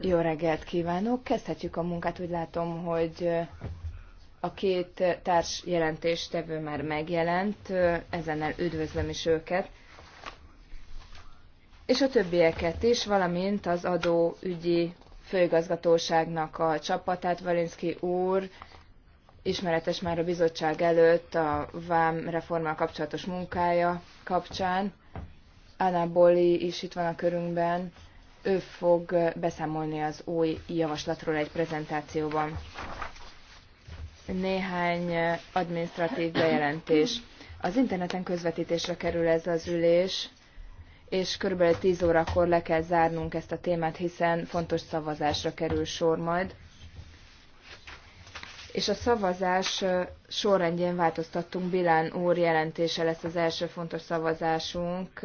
Jó reggelt kívánok! Kezdhetjük a munkát. Úgy látom, hogy uh, a két társ jelentéstevő már megjelent, uh, ezennel üdvözlöm is őket, és a többieket is, valamint az adóügyi főigazgatóságnak a csapatát, Valinszki úr, ismeretes már a bizottság előtt a vám reformmal kapcsolatos munkája kapcsán. Anna Bolli is itt van a körünkben. Ő fog beszámolni az új javaslatról egy prezentációban. Néhány administratív bejelentés. Az interneten közvetítésre kerül ez az ülés, és körülbelül 10 órakor le kell zárnunk ezt a témát, hiszen fontos szavazásra kerül sor majd. És a szavazás sorrendjén változtattunk, Bilán úr jelentése lesz az első fontos szavazásunk,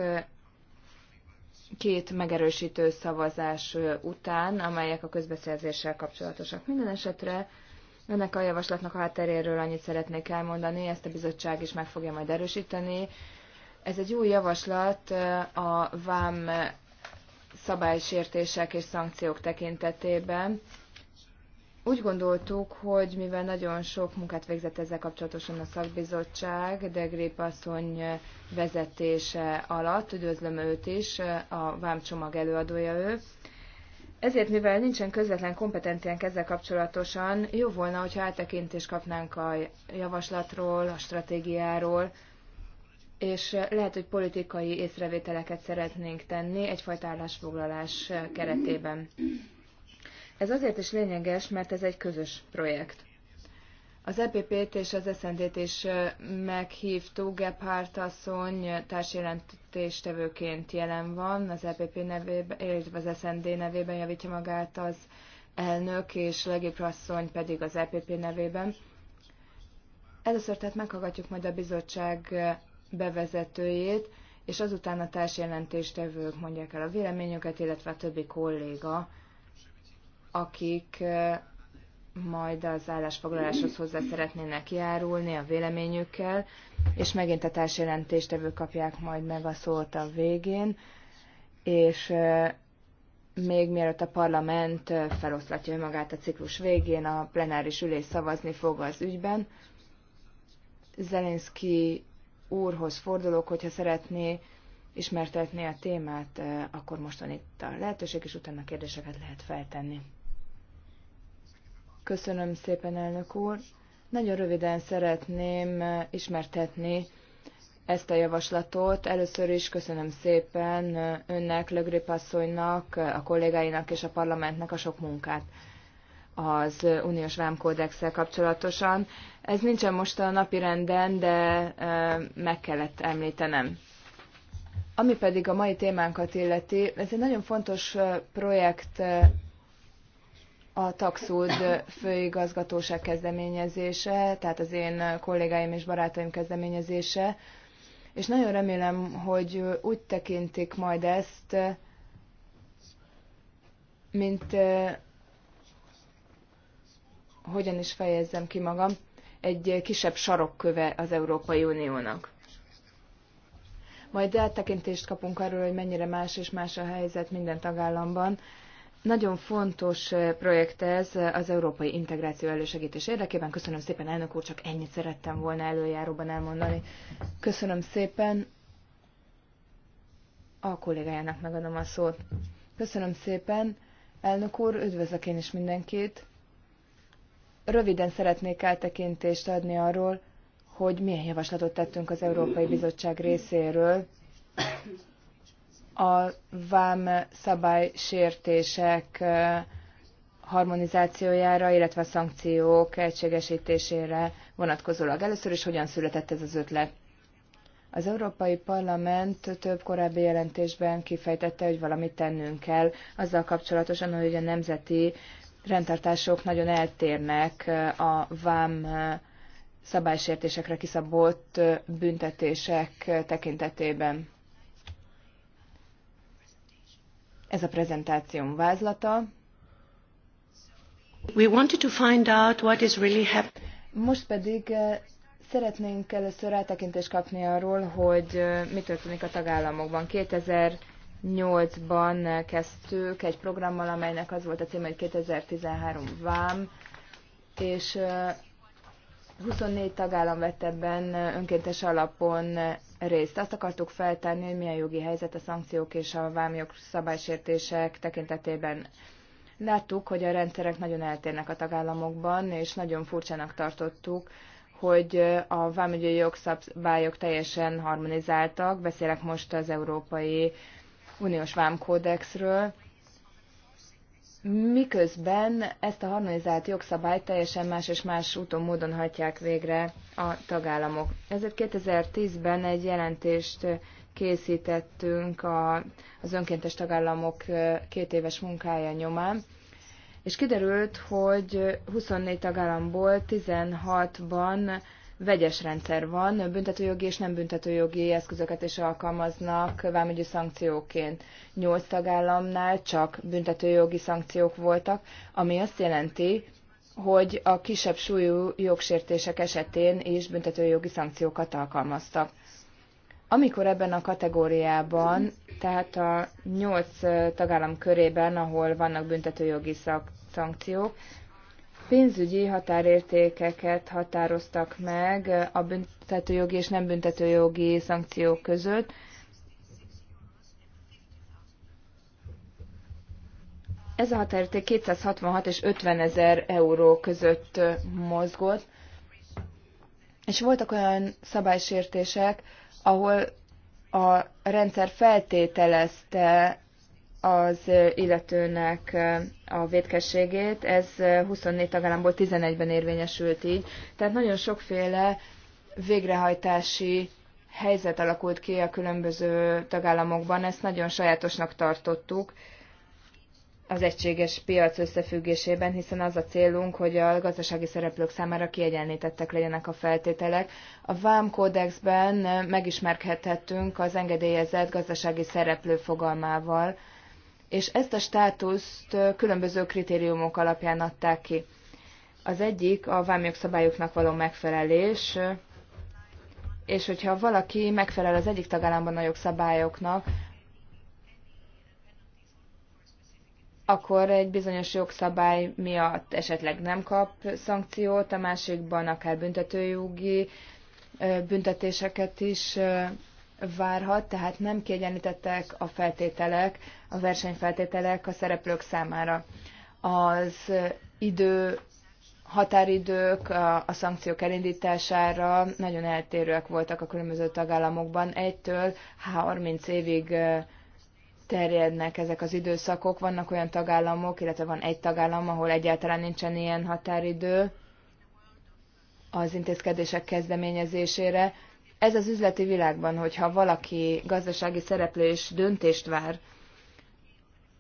két megerősítő szavazás után, amelyek a közbeszerzéssel kapcsolatosak. Minden esetre ennek a javaslatnak a hátteréről annyit szeretnék elmondani, ezt a bizottság is meg fogja majd erősíteni. Ez egy új javaslat a vám szabálysértések és szankciók tekintetében. Úgy gondoltuk, hogy mivel nagyon sok munkát végzett ezzel kapcsolatosan a szakbizottság, de Grép asszony vezetése alatt, üdvözlöm őt is, a csomag előadója ő, ezért, mivel nincsen közvetlen kompetenciánk ezzel kapcsolatosan, jó volna, hogyha eltekintést kapnánk a javaslatról, a stratégiáról, és lehet, hogy politikai észrevételeket szeretnénk tenni egyfajta állásfoglalás keretében. Ez azért is lényeges, mert ez egy közös projekt. Az EPP-t és az SZND-t is meghívtuk, Gebhardt asszony társjelentéstevőként jelen van, az EPP nevében, illetve az SZND nevében javítja magát az elnök, és Legip asszony pedig az EPP nevében. Először tehát meghallgatjuk majd a bizottság bevezetőjét, és azután a társjelentéstevők mondják el a véleményüket, illetve a többi kolléga akik majd az állásfoglaláshoz hozzá szeretnének járulni a véleményükkel, és megint a társjelentéstevő kapják majd meg a szót a végén, és még mielőtt a parlament feloszlatja magát a ciklus végén, a plenáris ülés szavazni fog az ügyben. Zelenszky úrhoz fordulok, hogyha szeretné ismertetni a témát, akkor most van itt a lehetőség, és utána kérdéseket lehet feltenni. Köszönöm szépen, elnök úr. Nagyon röviden szeretném eh, ismertetni ezt a javaslatot. Először is köszönöm szépen eh, önnek, Lögrip eh, a kollégáinak és a parlamentnek a sok munkát az uniós vámkódexsel kapcsolatosan. Ez nincsen most a napi renden, de meg kellett említenem. Ami pedig a mai témánkat illeti, ez egy nagyon fontos projekt a Taxud főigazgatóság kezdeményezése, tehát az én kollégáim és barátaim kezdeményezése, és nagyon remélem, hogy úgy tekintik majd ezt, mint hogyan is fejezzem ki magam, egy kisebb sarokköve az Európai Uniónak. Majd eltekintést kapunk arról, hogy mennyire más és más a helyzet minden tagállamban, nagyon fontos projekt ez az európai integráció elősegítés érdekében. Köszönöm szépen, elnök úr, csak ennyit szerettem volna előjáróban elmondani. Köszönöm szépen. A kollégájának megadom a szót. Köszönöm szépen. Elnök úr, üdvözlök én is mindenkit. Röviden szeretnék eltekintést adni arról, hogy milyen javaslatot tettünk az Európai Bizottság részéről a vám szabálysértések harmonizációjára, illetve a szankciók egységesítésére vonatkozólag. Először is hogyan született ez az ötlet? Az Európai Parlament több korábbi jelentésben kifejtette, hogy valamit tennünk kell azzal kapcsolatosan, hogy a nemzeti rendtartások nagyon eltérnek a vám szabálysértésekre kiszabott büntetések tekintetében. Ez a prezentációm vázlata. We wanted to find out what is really happening. Most pedig eh, szeretnénk először rátekintést kapni arról, hogy eh, mi történik a tagállamokban. 2008-ban eh, kezdtük egy programmal, amelynek az volt a címe, hogy 2013 vám, és 24 tagállam vett ebben önkéntes alapon részt. Azt akartuk feltenni, hogy milyen jogi helyzet a szankciók és a vámjog szabálysértések tekintetében. Láttuk, hogy a rendszerek nagyon eltérnek a tagállamokban, és nagyon furcsának tartottuk, hogy a vámügyi jogszabályok teljesen harmonizáltak. Beszélek most az Európai Uniós Vámkódexről, miközben ezt a harmonizált jogszabályt teljesen más és más úton módon hatják végre a tagállamok. Ezért 2010-ben egy jelentést készítettünk a, az önkéntes tagállamok két éves munkája nyomán, és kiderült, hogy 24 tagállamból 16-ban vegyes rendszer van, büntetőjogi és nem büntetőjogi eszközöket is alkalmaznak vámügyi szankcióként. Nyolc tagállamnál csak büntetőjogi szankciók voltak, ami azt jelenti, hogy a kisebb súlyú jogsértések esetén is büntetőjogi szankciókat alkalmaztak. Amikor ebben a kategóriában, tehát a nyolc tagállam körében, ahol vannak büntetőjogi szankciók, pénzügyi határértékeket határoztak meg a büntetőjogi és nem büntetőjogi szankciók között. Ez a határérték 266 és 50 ezer euró között mozgott, és voltak olyan szabálysértések, ahol a rendszer feltételezte az illetőnek eh, a védkességét. Ez 24 eh, tagállamból 11-ben érvényesült így. Tehát nagyon sokféle végrehajtási helyzet alakult ki a különböző tagállamokban, ezt nagyon sajátosnak tartottuk az egységes piac összefüggésében, hiszen az a célunk, hogy a gazdasági szereplők számára kiegyenlítettek legyenek a feltételek. A VÁM kódexben eh, megismerkedhettünk az engedélyezett gazdasági szereplő fogalmával, és ezt a státuszt különböző kritériumok alapján adták ki. Az egyik a vámjogszabályoknak való megfelelés, és hogyha valaki megfelel az egyik tagállamban a jogszabályoknak, akkor egy bizonyos jogszabály miatt esetleg nem kap szankciót, a másikban akár büntetőjogi büntetéseket is várhat, tehát nem kiegyenlítettek a feltételek, a versenyfeltételek a szereplők számára. Az idő, határidők a szankciók elindítására nagyon eltérőek voltak a különböző tagállamokban. Egytől 30 évig terjednek ezek az időszakok. Vannak olyan tagállamok, illetve van egy tagállam, ahol egyáltalán nincsen ilyen határidő az intézkedések kezdeményezésére. Ez az üzleti világban, hogyha valaki gazdasági szereplés döntést vár,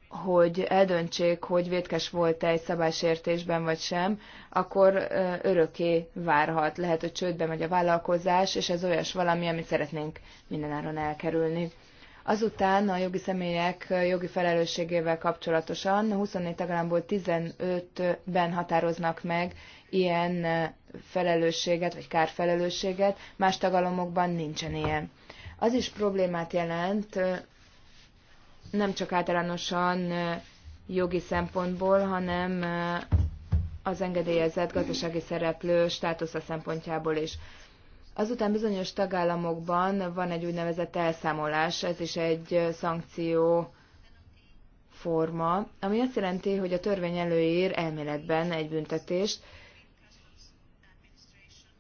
hogy eldöntsék, hogy vétkes volt-e egy szabálysértésben vagy sem, akkor örökké várhat. Lehet, hogy csődbe megy a vállalkozás, és ez olyas valami, amit szeretnénk mindenáron elkerülni. Azután a jogi személyek jogi felelősségével kapcsolatosan 24 tagállamból 15-ben határoznak meg ilyen felelősséget, vagy kárfelelősséget, más tagalomokban nincsen ilyen. Az is problémát jelent, nem csak általánosan jogi szempontból, hanem az engedélyezett gazdasági szereplő státusza szempontjából is. Azután bizonyos tagállamokban van egy úgynevezett elszámolás, ez is egy szankció forma, ami azt jelenti, hogy a törvény előír elméletben egy büntetést,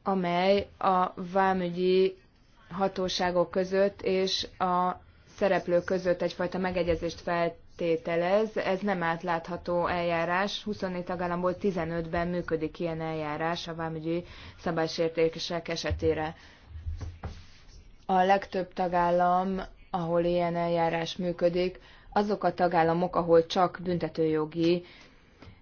amely a vámügyi hatóságok között és a szereplők között egyfajta megegyezést felt tételez Ez nem átlátható eljárás. 24 tagállamból 15-ben működik ilyen eljárás a vámügyi szabálysértések esetére. A legtöbb tagállam, ahol ilyen eljárás működik, azok a tagállamok, ahol csak büntetőjogi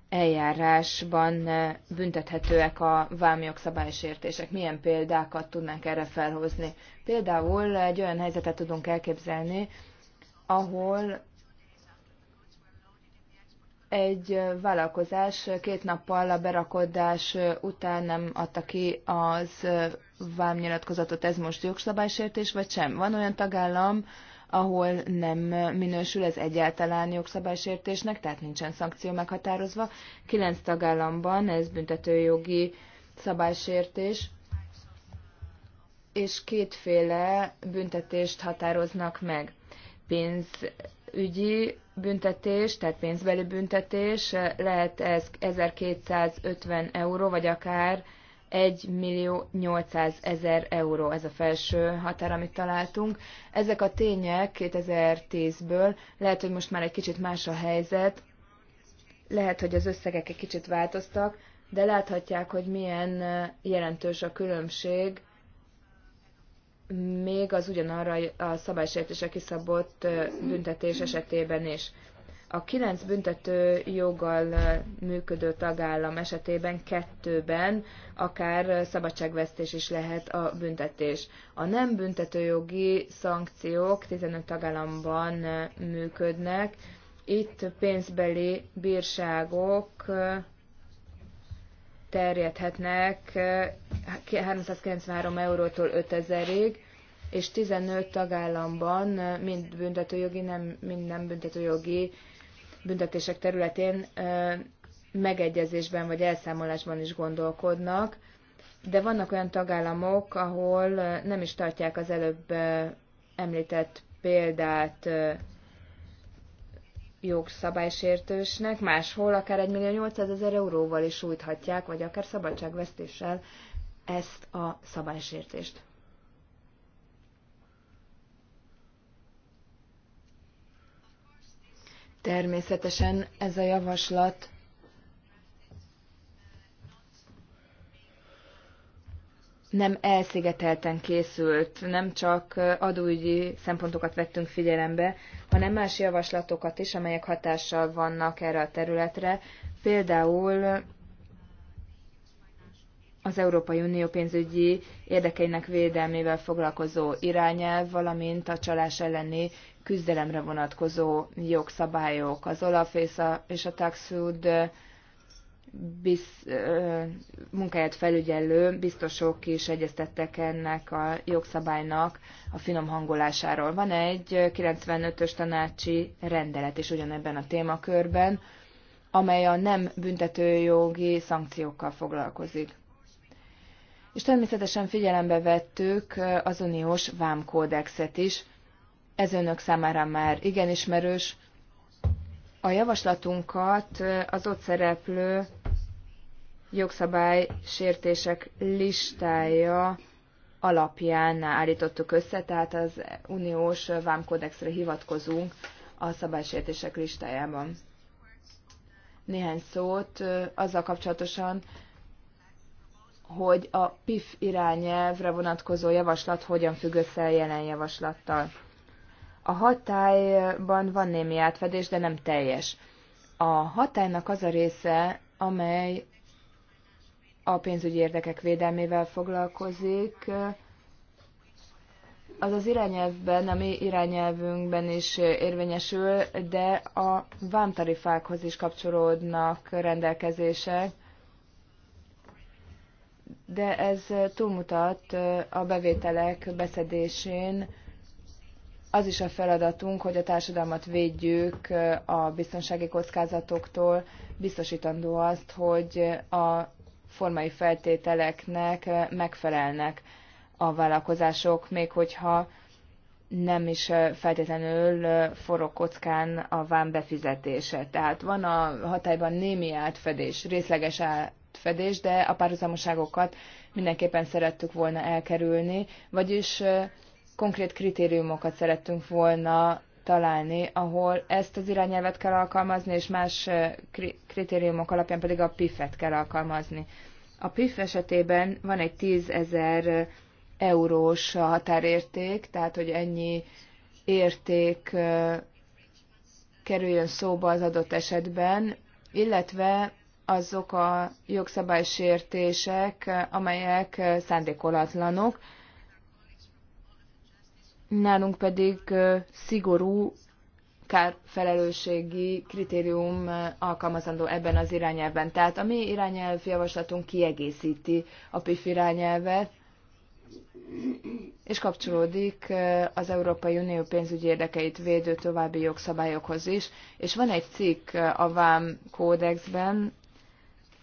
eljárásban büntethetőek a vámjog szabálysértések. Milyen példákat tudnánk erre felhozni? Például egy olyan helyzetet tudunk elképzelni, ahol egy vállalkozás két nappal a berakodás után nem adta ki az vámnyilatkozatot, ez most jogszabálysértés, vagy sem? Van olyan tagállam, ahol nem minősül ez egyáltalán jogszabálysértésnek, tehát nincsen szankció meghatározva. Kilenc tagállamban ez büntetőjogi szabálysértés, és kétféle büntetést határoznak meg. Pénz ügyi büntetés, tehát pénzbeli büntetés, lehet ez 1250 euró, vagy akár 1 millió 800 ezer euró, ez a felső határ, amit találtunk. Ezek a tények 2010-ből, lehet, hogy most már egy kicsit más a helyzet, lehet, hogy az összegek egy kicsit változtak, de láthatják, hogy milyen jelentős a különbség még az ugyanarra a szabálysértése kiszabott büntetés esetében is. A kilenc büntető joggal működő tagállam esetében kettőben akár szabadságvesztés is lehet a büntetés. A nem jogi szankciók 15 tagállamban működnek. Itt pénzbeli bírságok terjedhetnek 393 eh, eurótól 5000-ig, és 15 tagállamban eh, mind büntetőjogi, nem, mind nem büntetőjogi büntetések területén eh, megegyezésben vagy elszámolásban is gondolkodnak, de vannak olyan tagállamok, ahol nem is tartják az előbb említett példát jogszabálysértősnek, máshol akár 1 millió 800 ezer euróval is újthatják, vagy akár szabadságvesztéssel ezt a szabálysértést. Természetesen ez a javaslat nem elszigetelten készült, nem csak adóügyi szempontokat vettünk figyelembe, hanem más javaslatokat is, amelyek hatással vannak erre a területre. Például az Európai Unió pénzügyi érdekeinek védelmével foglalkozó irányelv, valamint a csalás elleni küzdelemre vonatkozó jogszabályok. Az OLAF és a, és a Taxud biz, munkáját felügyelő biztosok is egyeztettek ennek a jogszabálynak a finom hangolásáról. Van egy 95-ös tanácsi rendelet is ugyanebben a témakörben, amely a nem büntetőjogi szankciókkal foglalkozik. És természetesen figyelembe vettük az uniós vámkódexet is. Ez önök számára már igen ismerős. A javaslatunkat az ott szereplő jogszabály sértések listája alapján állítottuk össze, tehát az uniós vámkódexre hivatkozunk a szabálysértések listájában. Néhány szót azzal kapcsolatosan, hogy a PIF irányelvre vonatkozó javaslat hogyan függ össze a jelen javaslattal. A hatályban van némi átfedés, de nem teljes. A hatálynak az a része, amely a pénzügyi érdekek védelmével foglalkozik. Az az irányelvben, a mi irányelvünkben is érvényesül, de a vámtarifákhoz is kapcsolódnak rendelkezések, de ez túlmutat a bevételek beszedésén. Az is a feladatunk, hogy a társadalmat védjük a biztonsági kockázatoktól, biztosítandó azt, hogy a formai feltételeknek megfelelnek a vállalkozások, még hogyha nem is feltétlenül forró kockán a vám befizetése. Tehát van a hatályban némi átfedés, részleges átfedés, de a párhuzamoságokat mindenképpen szerettük volna elkerülni, vagyis konkrét kritériumokat szerettünk volna találni, ahol ezt az irányelvet kell alkalmazni, és más kritériumok alapján pedig a PIF-et kell alkalmazni. A PIF esetében van egy 10 ezer eurós határérték, tehát hogy ennyi érték kerüljön szóba az adott esetben, illetve azok a jogszabálysértések, amelyek szándékolatlanok, nálunk pedig szigorú felelősségi kritérium alkalmazandó ebben az irányelvben. Tehát a mi irányelv javaslatunk kiegészíti a PIF irányelvet, és kapcsolódik az Európai Unió pénzügyi érdekeit védő további jogszabályokhoz is. És van egy cikk a VÁM kódexben,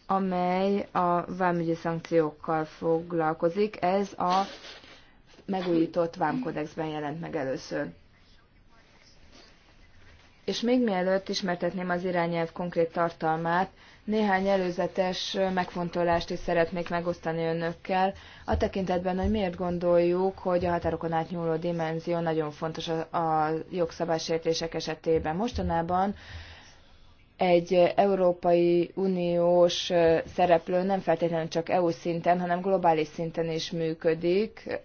amely a vámügyi szankciókkal foglalkozik. Ez a megújított vámkodexben jelent meg először. És még mielőtt ismertetném az irányelv konkrét tartalmát, néhány előzetes megfontolást is szeretnék megosztani önökkel, a tekintetben, hogy miért gondoljuk, hogy a határokon átnyúló dimenzió nagyon fontos a, a jogszabálysértések esetében. Mostanában egy Európai Uniós szereplő nem feltétlenül csak EU szinten, hanem globális szinten is működik,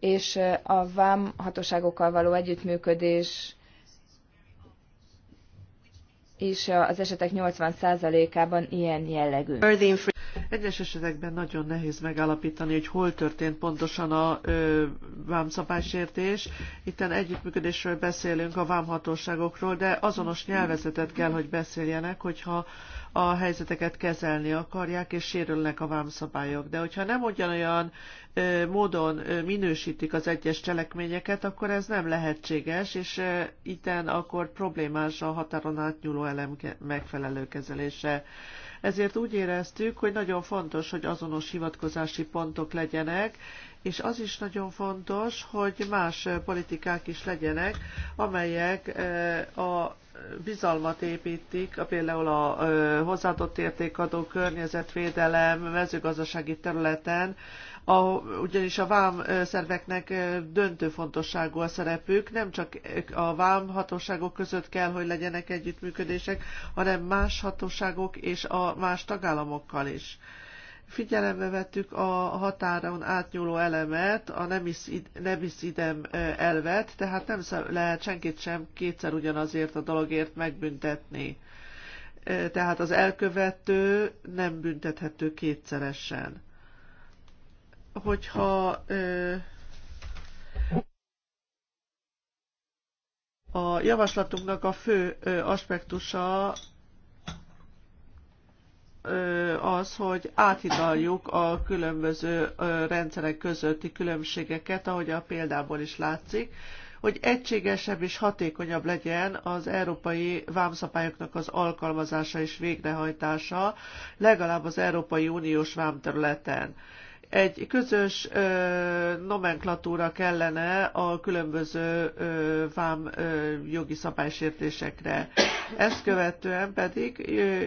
és a vám hatóságokkal való együttműködés és az esetek 80%-ában ilyen jellegű. Egyes esetekben nagyon nehéz megállapítani, hogy hol történt pontosan a ö, vámszabálysértés. Itten együttműködésről beszélünk a vámhatóságokról, de azonos nyelvezetet kell, hogy beszéljenek, hogyha a helyzeteket kezelni akarják, és sérülnek a vámszabályok. De hogyha nem ugyanolyan módon minősítik az egyes cselekményeket, akkor ez nem lehetséges, és itten akkor problémás a határon átnyúló elem megfelelő kezelése. Ezért úgy éreztük, hogy nagyon fontos, hogy azonos hivatkozási pontok legyenek, és az is nagyon fontos, hogy más politikák is legyenek, amelyek a bizalmat építik, például a hozzáadott értékadó környezetvédelem mezőgazdasági területen, a, ugyanis a vám szerveknek döntő fontosságú a szerepük, nem csak a vám hatóságok között kell, hogy legyenek együttműködések, hanem más hatóságok és a más tagállamokkal is. Figyelembe vettük a határon átnyúló elemet, a nem is, idem elvet, tehát nem lehet senkit sem kétszer ugyanazért a dologért megbüntetni. Tehát az elkövető nem büntethető kétszeresen. Hogyha a javaslatunknak a fő aspektusa az, hogy áthidaljuk a különböző rendszerek közötti különbségeket, ahogy a példából is látszik, hogy egységesebb és hatékonyabb legyen az európai vámszabályoknak az alkalmazása és végrehajtása, legalább az Európai Uniós vámterületen egy közös ö, nomenklatúra kellene a különböző ö, vám ö, jogi szabálysértésekre. Ezt követően pedig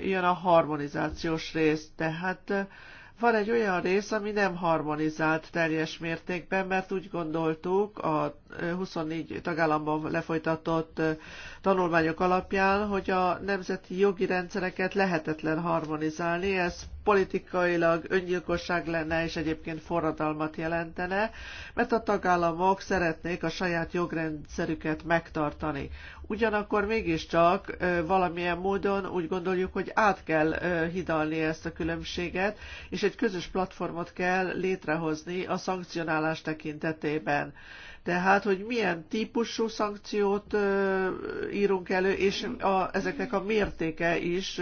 jön a harmonizációs rész, tehát van egy olyan rész, ami nem harmonizált teljes mértékben, mert úgy gondoltuk a 24 tagállamban lefolytatott tanulmányok alapján, hogy a nemzeti jogi rendszereket lehetetlen harmonizálni, ez politikailag öngyilkosság lenne és egyébként forradalmat jelentene, mert a tagállamok szeretnék a saját jogrendszerüket megtartani ugyanakkor mégiscsak valamilyen módon úgy gondoljuk, hogy át kell hidalni ezt a különbséget, és egy közös platformot kell létrehozni a szankcionálás tekintetében. Tehát, hogy milyen típusú szankciót írunk elő, és a, ezeknek a mértéke is,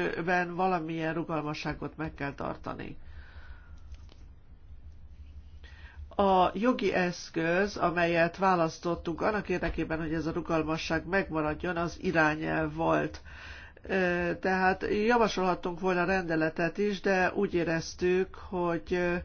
valamilyen rugalmasságot meg kell tartani. a jogi eszköz, amelyet választottunk annak érdekében, hogy ez a rugalmasság megmaradjon, az irányelv volt. Tehát javasolhattunk volna rendeletet is, de úgy éreztük, hogy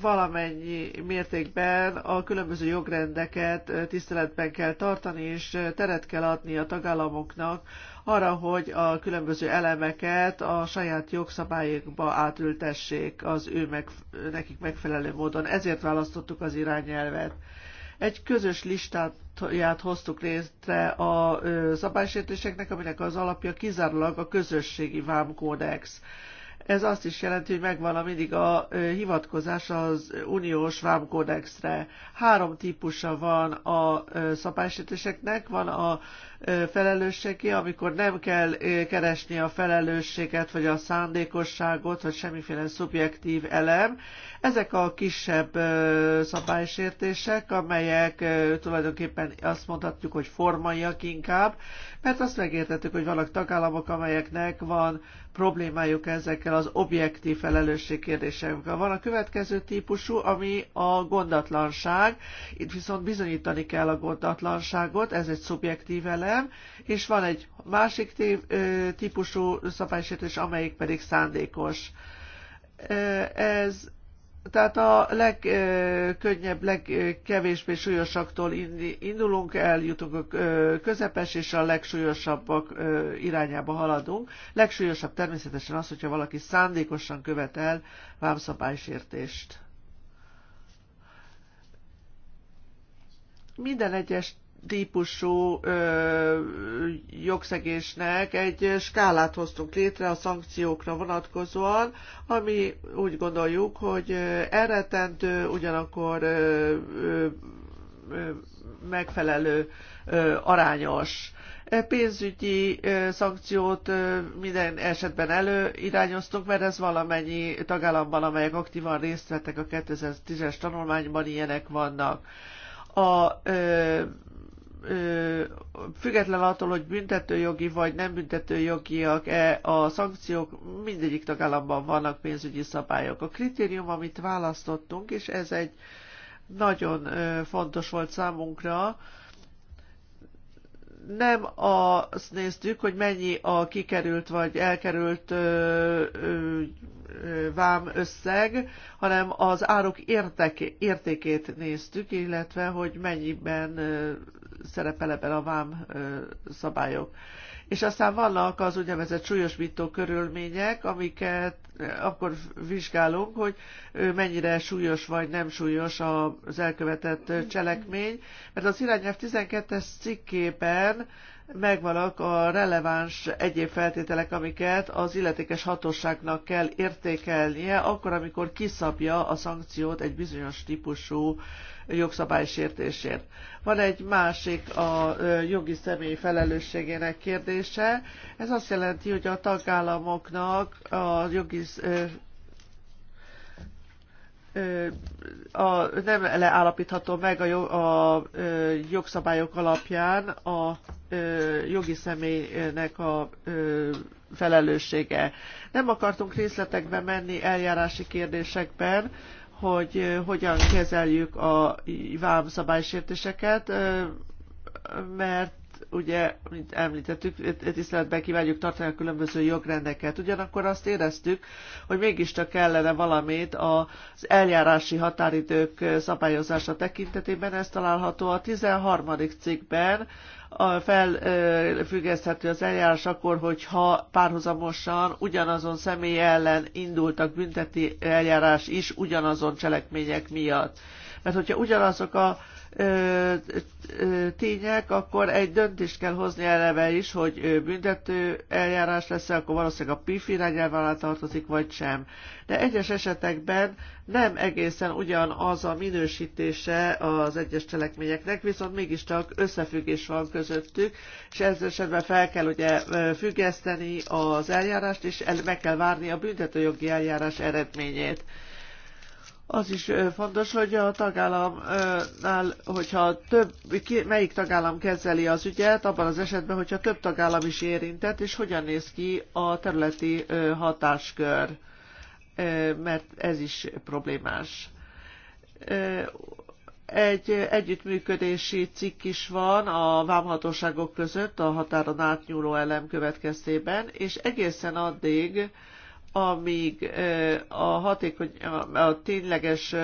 valamennyi mértékben a különböző jogrendeket tiszteletben kell tartani, és teret kell adni a tagállamoknak arra, hogy a különböző elemeket a saját jogszabályokba átültessék az ő meg, nekik megfelelő módon. Ezért választottuk az irányelvet. Egy közös listát hoztuk létre a szabálysértéseknek, aminek az alapja kizárólag a közösségi vámkódex. kódex ez azt is jelenti, hogy megvan a mindig a hivatkozás az uniós vámkódexre. Három típusa van a szabálysértéseknek, van a felelősség amikor nem kell keresni a felelősséget, vagy a szándékosságot, vagy semmiféle szubjektív elem. Ezek a kisebb szabálysértések, amelyek tulajdonképpen azt mondhatjuk, hogy formaiak inkább, mert azt megértettük, hogy vannak tagállamok, amelyeknek van problémájuk ezekkel az objektív felelősség kérdésekkel. Van a következő típusú, ami a gondatlanság. Itt viszont bizonyítani kell a gondatlanságot, ez egy szubjektív elem, nem, és van egy másik típusú szabálysértés, amelyik pedig szándékos. Ez tehát a legkönnyebb, legkevésbé súlyosaktól indulunk el, jutunk a közepes és a legsúlyosabbak irányába haladunk. Legsúlyosabb természetesen az, hogyha valaki szándékosan követel vámszabálysértést. Minden egyes típusú ö, jogszegésnek egy skálát hoztunk létre a szankciókra vonatkozóan, ami úgy gondoljuk, hogy elretentő, ugyanakkor ö, ö, megfelelő ö, arányos e, pénzügyi szankciót minden esetben előirányoztunk, mert ez valamennyi tagállamban, amelyek aktívan részt vettek a 2010-es tanulmányban, ilyenek vannak. A ö, független attól, hogy büntetőjogi vagy nem büntetőjogiak-e a szankciók, mindegyik tagállamban vannak pénzügyi szabályok. A kritérium, amit választottunk, és ez egy nagyon fontos volt számunkra, nem azt néztük, hogy mennyi a kikerült vagy elkerült vám összeg, hanem az áruk érteke, értékét néztük, illetve hogy mennyiben szerepel ebben a vám szabályok. És aztán vannak az úgynevezett súlyosbító körülmények, amiket akkor vizsgálunk, hogy mennyire súlyos vagy nem súlyos az elkövetett cselekmény, mert az irányelv 12-es cikkében megvannak a releváns egyéb feltételek, amiket az illetékes hatóságnak kell értékelnie, akkor, amikor kiszabja a szankciót egy bizonyos típusú jogszabálysértésért. Van egy másik a jogi személy felelősségének kérdése. Ez azt jelenti, hogy a tagállamoknak a jogi a, nem leállapítható meg a, jog, a a jogszabályok alapján a a jogi személynek a a felelőssége. Nem akartunk részletekbe menni eljárási kérdésekben, hogy hogyan kezeljük a vámszabálysértéseket, mert ugye, mint említettük, tiszteletben kívánjuk tartani a különböző jogrendeket. Ugyanakkor azt éreztük, hogy mégiscsak kellene valamit az eljárási határidők szabályozása tekintetében. Ez található a 13. cikkben, felfüggeszthető az eljárás akkor, hogyha párhuzamosan ugyanazon személy ellen indultak bünteti eljárás is ugyanazon cselekmények miatt. Mert hogyha ugyanazok a tények, akkor egy döntést kell hozni eleve is, hogy büntető eljárás lesz, akkor valószínűleg a PIF irányelv alá tartozik, vagy sem. De egyes esetekben nem egészen ugyanaz a minősítése az egyes cselekményeknek, viszont mégiscsak összefüggés van közöttük, és ez esetben fel kell ugye függeszteni az eljárást, és meg kell várni a büntetőjogi eljárás eredményét. Az is fontos, hogy a tagállamnál, hogyha több, ki, melyik tagállam kezeli az ügyet, abban az esetben, hogyha több tagállam is érintett, és hogyan néz ki a területi hatáskör, mert ez is problémás egy együttműködési cikk is van a vámhatóságok között a határon átnyúló elem következtében, és egészen addig, amíg a hatékony, a tényleges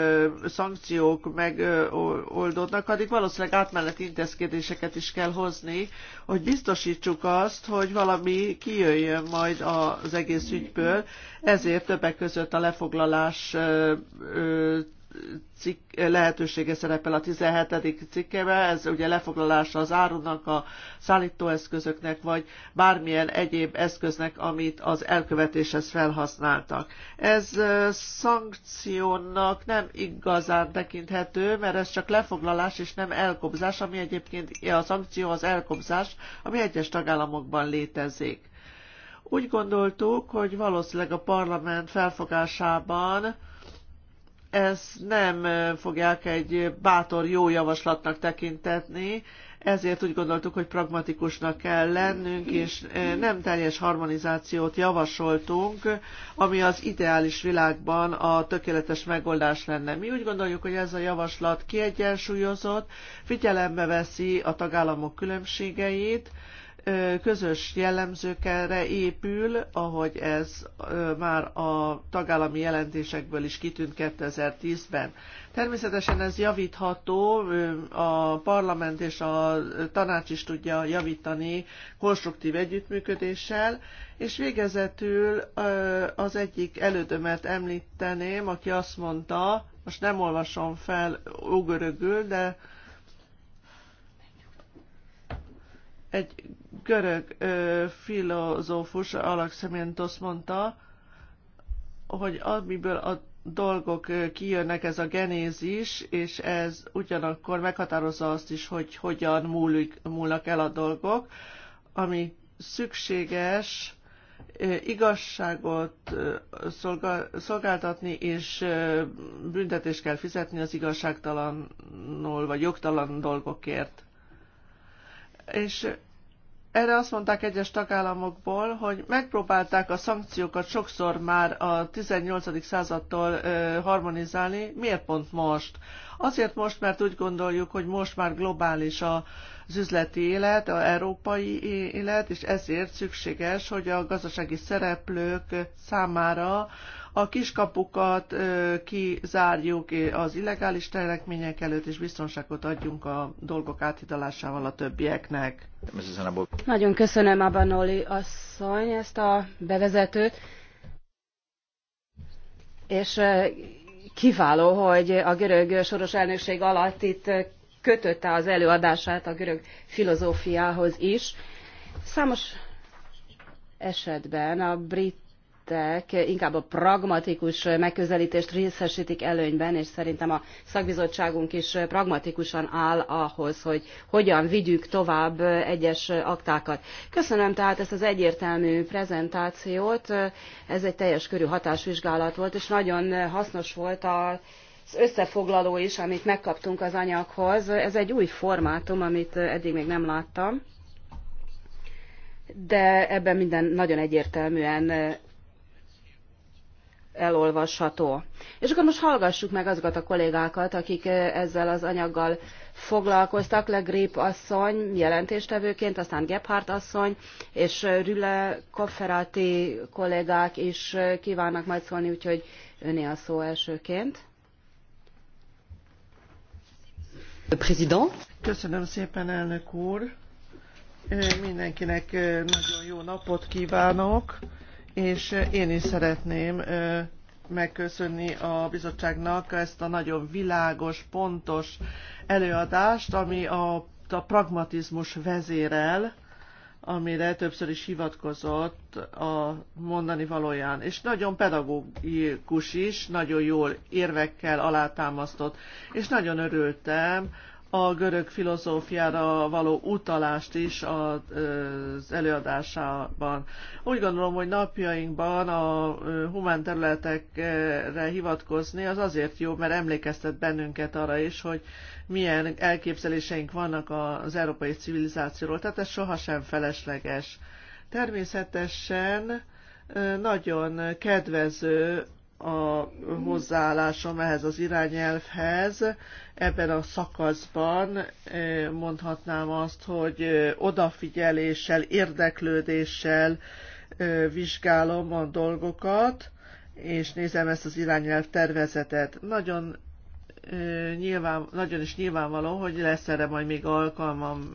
szankciók megoldódnak, addig valószínűleg átmeneti intézkedéseket is kell hozni, hogy biztosítsuk azt, hogy valami kijöjjön majd az egész ügyből, ezért többek között a lefoglalás cikk, lehetősége szerepel a 17. cikkeben, ez ugye lefoglalása az árunak, a szállítóeszközöknek, vagy bármilyen egyéb eszköznek, amit az elkövetéshez felhasználtak. Ez szankciónak nem igazán tekinthető, mert ez csak lefoglalás és nem elkobzás, ami egyébként a szankció az elkobzás, ami egyes tagállamokban létezik. Úgy gondoltuk, hogy valószínűleg a parlament felfogásában ezt nem fogják egy bátor, jó javaslatnak tekintetni, ezért úgy gondoltuk, hogy pragmatikusnak kell lennünk, és nem teljes harmonizációt javasoltunk, ami az ideális világban a tökéletes megoldás lenne. Mi úgy gondoljuk, hogy ez a javaslat kiegyensúlyozott, figyelembe veszi a tagállamok különbségeit, közös jellemzőkre épül, ahogy ez már a tagállami jelentésekből is kitűnt 2010-ben. Természetesen ez javítható, a parlament és a tanács is tudja javítani konstruktív együttműködéssel, és végezetül az egyik elődömet említeném, aki azt mondta, most nem olvasom fel ógörögül, de Egy görög ö, filozófus, Alaxementos mondta, hogy amiből a dolgok kijönnek, ez a genézis, és ez ugyanakkor meghatározza azt is, hogy hogyan múlik, múlnak el a dolgok, ami szükséges igazságot szolgáltatni, és büntetést kell fizetni az igazságtalanul vagy jogtalan dolgokért. És erre azt mondták egyes tagállamokból, hogy megpróbálták a szankciókat sokszor már a 18. századtól harmonizálni. Miért pont most? Azért most, mert úgy gondoljuk, hogy most már globális az üzleti élet, a európai élet, és ezért szükséges, hogy a gazdasági szereplők számára a kiskapukat kizárjuk az illegális telekmények előtt, és biztonságot adjunk a dolgok áthidalásával a többieknek. Nagyon köszönöm Abanoli asszony ezt a bevezetőt, és kiváló, hogy a görög soros elnökség alatt itt kötötte az előadását a görög filozófiához is. Számos esetben a brit tettek, inkább a pragmatikus megközelítést részesítik előnyben, és szerintem a szakbizottságunk is pragmatikusan áll ahhoz, hogy hogyan vigyük tovább egyes aktákat. Köszönöm tehát ezt az egyértelmű prezentációt, ez egy teljes körű hatásvizsgálat volt, és nagyon hasznos volt a az összefoglaló is, amit megkaptunk az anyaghoz. Ez egy új formátum, amit eddig még nem láttam de ebben minden nagyon egyértelműen elolvasható. És akkor most hallgassuk meg azokat a kollégákat, akik ezzel az anyaggal foglalkoztak, Legrip asszony jelentéstevőként, aztán Gebhardt asszony, és Rüle Kofferati kollégák is kívánnak majd szólni, úgyhogy öné a szó elsőként. President. Köszönöm szépen, elnök úr! Mindenkinek nagyon jó napot kívánok! és én is szeretném megköszönni a bizottságnak ezt a nagyon világos, pontos előadást, ami a, a pragmatizmus vezérel, amire többször is hivatkozott a mondani valóján. És nagyon pedagógikus is, nagyon jól érvekkel alátámasztott. És nagyon örültem a görög filozófiára való utalást is az előadásában. Úgy gondolom, hogy napjainkban a humán területekre hivatkozni az azért jó, mert emlékeztet bennünket arra is, hogy milyen elképzeléseink vannak az európai civilizációról, tehát ez sohasem felesleges. Természetesen nagyon kedvező a hozzáállásom ehhez az irányelvhez. Ebben a szakaszban eh, mondhatnám azt, hogy eh, odafigyeléssel, érdeklődéssel eh, vizsgálom a dolgokat, és nézem ezt az irányelv tervezetet. Nagyon nyilván, nagyon is nyilvánvaló, hogy lesz erre majd még alkalmam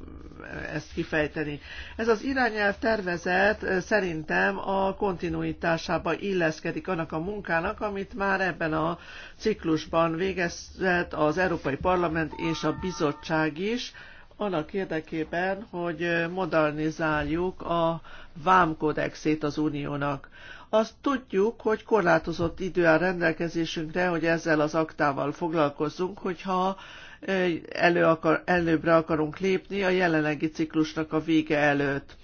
ezt kifejteni. Ez az irányelv tervezet szerintem a kontinuitásába illeszkedik annak a munkának, amit már ebben a ciklusban végezett az Európai Parlament és a bizottság is, annak érdekében, hogy modernizáljuk a vámkodexét az uniónak azt tudjuk, hogy korlátozott idő áll rendelkezésünkre, hogy ezzel az aktával foglalkozzunk, hogyha elő akar, előbbre akarunk lépni a jelenlegi ciklusnak a vége előtt.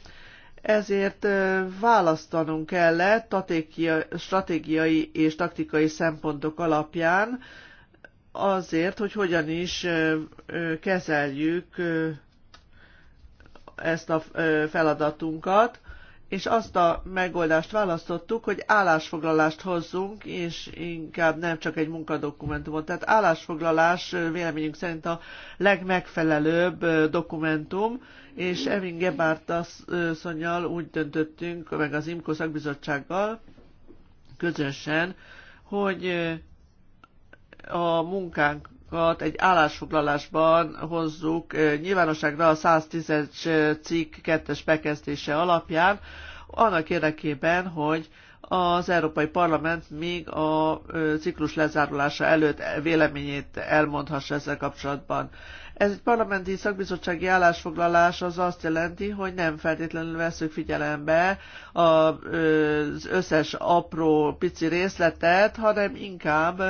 Ezért választanunk kellett stratégiai és taktikai szempontok alapján azért, hogy hogyan is kezeljük ezt a feladatunkat, és azt a megoldást választottuk, hogy állásfoglalást hozzunk, és inkább nem csak egy munkadokumentumot. Tehát állásfoglalás véleményünk szerint a legmegfelelőbb dokumentum, és Evin Gebárt asszonyjal úgy döntöttünk, meg az IMKO szakbizottsággal közösen, hogy a munkánk egy állásfoglalásban hozzuk nyilvánosságra a 110 cikk kettes bekezdése alapján, annak érdekében, hogy az Európai Parlament még a ciklus lezárulása előtt véleményét elmondhassa ezzel kapcsolatban. Ez egy parlamenti szakbizottsági állásfoglalás az azt jelenti, hogy nem feltétlenül veszük figyelembe az összes apró pici részletet, hanem inkább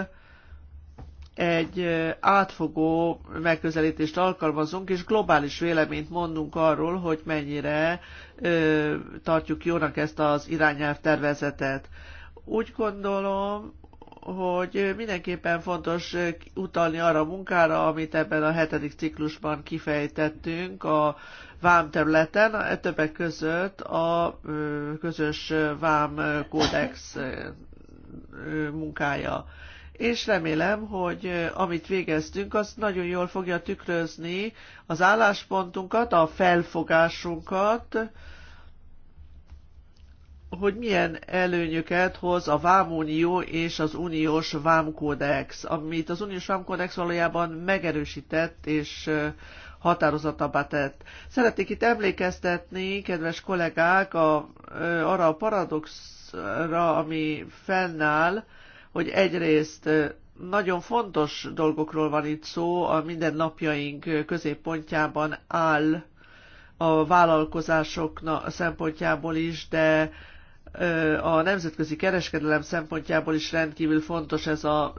egy átfogó megközelítést alkalmazunk, és globális véleményt mondunk arról, hogy mennyire ö, tartjuk jónak ezt az irányelv tervezetet. Úgy gondolom, hogy mindenképpen fontos utalni arra a munkára, amit ebben a hetedik ciklusban kifejtettünk a a többek között a közös vámkódex munkája és remélem, hogy amit végeztünk, azt nagyon jól fogja tükrözni az álláspontunkat, a felfogásunkat, hogy milyen előnyöket hoz a Vámunió és az Uniós Vámkódex, amit az Uniós Vámkódex valójában megerősített és határozatabbá tett. Szeretnék itt emlékeztetni, kedves kollégák, a, arra a paradoxra, ami fennáll, hogy egyrészt nagyon fontos dolgokról van itt szó, a mindennapjaink középpontjában áll a vállalkozások szempontjából is, de a nemzetközi kereskedelem szempontjából is rendkívül fontos ez a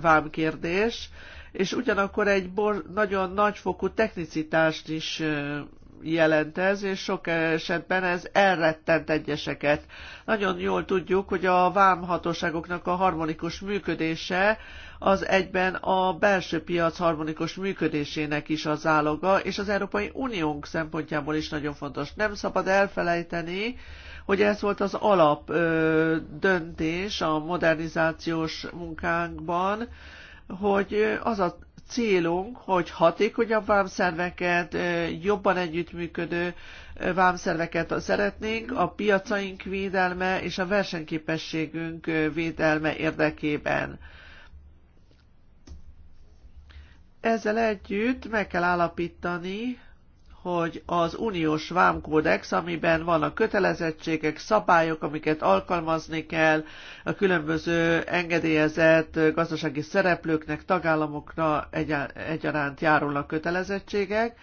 vámkérdés, és ugyanakkor egy bor, nagyon nagyfokú technicitást is jelent ez, és sok esetben ez elrettent egyeseket. Nagyon jól tudjuk, hogy a vámhatóságoknak a harmonikus működése az egyben a belső piac harmonikus működésének is az záloga, és az Európai Uniónk szempontjából is nagyon fontos. Nem szabad elfelejteni, hogy ez volt az alap ö, döntés a modernizációs munkánkban, hogy az a célunk, hogy hatékonyabb vámszerveket, jobban együttműködő vámszerveket szeretnénk a piacaink védelme és a versenyképességünk védelme érdekében. Ezzel együtt meg kell állapítani, hogy az uniós vámkódex, amiben vannak kötelezettségek, szabályok, amiket alkalmazni kell a különböző engedélyezett gazdasági szereplőknek, tagállamokra egyaránt járulnak kötelezettségek,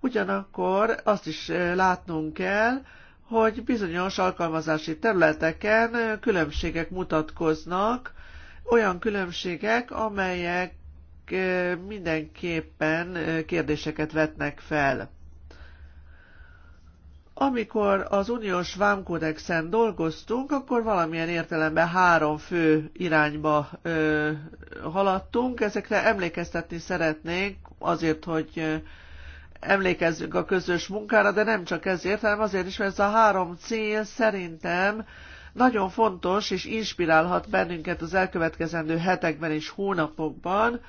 ugyanakkor azt is látnunk kell, hogy bizonyos alkalmazási területeken különbségek mutatkoznak, olyan különbségek, amelyek mindenképpen kérdéseket vetnek fel. Amikor az uniós vámkódexen dolgoztunk, akkor valamilyen értelemben három fő irányba ö, haladtunk. Ezekre emlékeztetni szeretnénk azért, hogy emlékezzünk a közös munkára, de nem csak ezért, hanem azért is, mert ez a három cél szerintem nagyon fontos és inspirálhat bennünket az elkövetkezendő hetekben és hónapokban,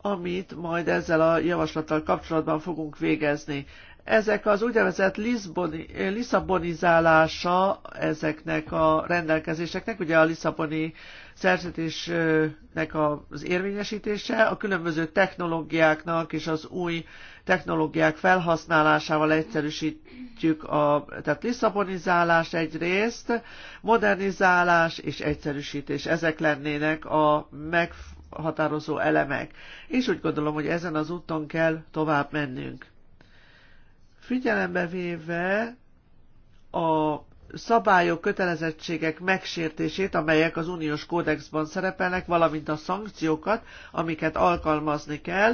amit majd ezzel a javaslattal kapcsolatban fogunk végezni ezek az úgynevezett Lisboni, eh, Lisszabonizálása ezeknek a rendelkezéseknek, ugye a Lisszaboni szerződésnek az érvényesítése, a különböző technológiáknak és az új technológiák felhasználásával egyszerűsítjük a tehát Lisszabonizálás egyrészt, modernizálás és egyszerűsítés. Ezek lennének a meghatározó elemek. És úgy gondolom, hogy ezen az úton kell tovább mennünk figyelembe véve a szabályok, kötelezettségek megsértését, amelyek az uniós kódexban szerepelnek, valamint a szankciókat, amiket alkalmazni kell.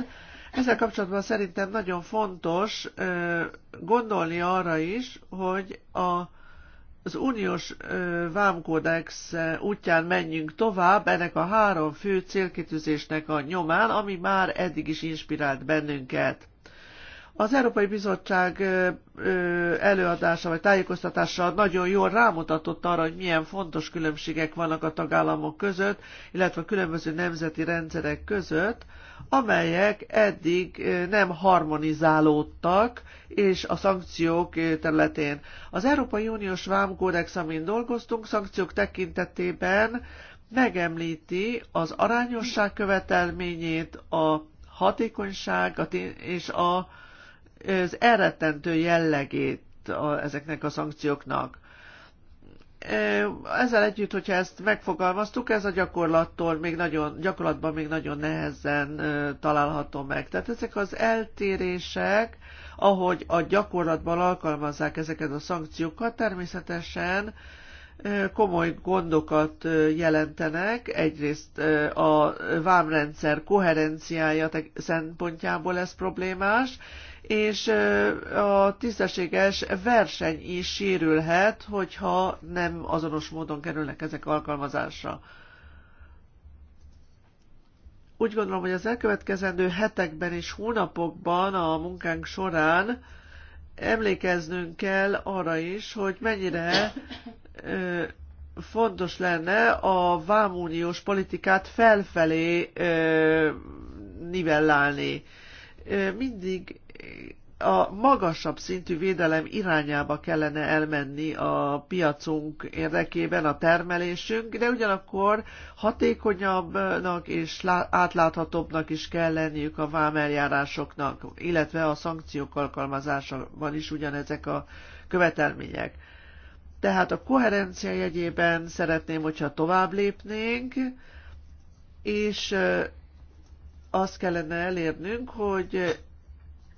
Ezzel kapcsolatban szerintem nagyon fontos gondolni arra is, hogy a, az uniós vámkódex útján menjünk tovább ennek a három fő célkitűzésnek a nyomán, ami már eddig is inspirált bennünket. Az Európai Bizottság előadása vagy tájékoztatása nagyon jól rámutatott arra, hogy milyen fontos különbségek vannak a tagállamok között, illetve a különböző nemzeti rendszerek között, amelyek eddig nem harmonizálódtak, és a szankciók területén. Az Európai Uniós Vámkódex, amin dolgoztunk, szankciók tekintetében megemlíti az arányosság követelményét, a hatékonyság és a az elrettentő jellegét a, ezeknek a szankcióknak. Ezzel együtt, hogyha ezt megfogalmaztuk, ez a gyakorlattól még nagyon, gyakorlatban még nagyon nehezen található meg. Tehát ezek az eltérések, ahogy a gyakorlatban alkalmazzák ezeket a szankciókat, természetesen komoly gondokat jelentenek. Egyrészt a vámrendszer koherenciája szempontjából ez problémás, és a tisztességes verseny is sérülhet, hogyha nem azonos módon kerülnek ezek alkalmazásra. Úgy gondolom, hogy az elkövetkezendő hetekben és hónapokban a munkánk során emlékeznünk kell arra is, hogy mennyire fontos lenne a vámúniós politikát felfelé nivellálni. mindig a magasabb szintű védelem irányába kellene elmenni a piacunk érdekében, a termelésünk, de ugyanakkor hatékonyabbnak és átláthatóbbnak is kell lenniük a vámeljárásoknak, illetve a szankciók alkalmazásában is ugyanezek a követelmények. Tehát a koherencia jegyében szeretném, hogyha tovább lépnénk, és azt kellene elérnünk, hogy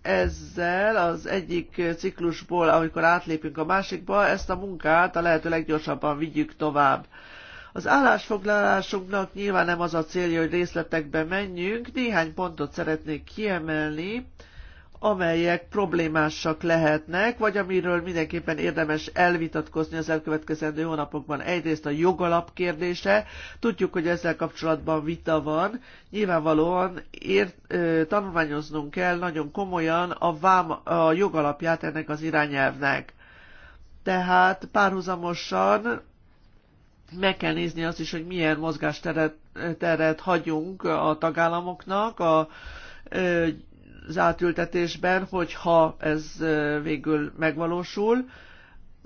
ezzel az egyik ciklusból, amikor átlépünk a másikba, ezt a munkát a lehető leggyorsabban vigyük tovább. Az állásfoglalásunknak nyilván nem az a célja, hogy részletekbe menjünk, néhány pontot szeretnék kiemelni, amelyek problémásak lehetnek, vagy amiről mindenképpen érdemes elvitatkozni az elkövetkezendő hónapokban. Egyrészt a jogalap kérdése. Tudjuk, hogy ezzel kapcsolatban vita van. Nyilvánvalóan ért, ö, tanulmányoznunk kell nagyon komolyan a, vám, a jogalapját ennek az irányelvnek. Tehát párhuzamosan meg kell nézni azt is, hogy milyen mozgásteret teret hagyunk a tagállamoknak a az átültetésben, hogyha ez végül megvalósul,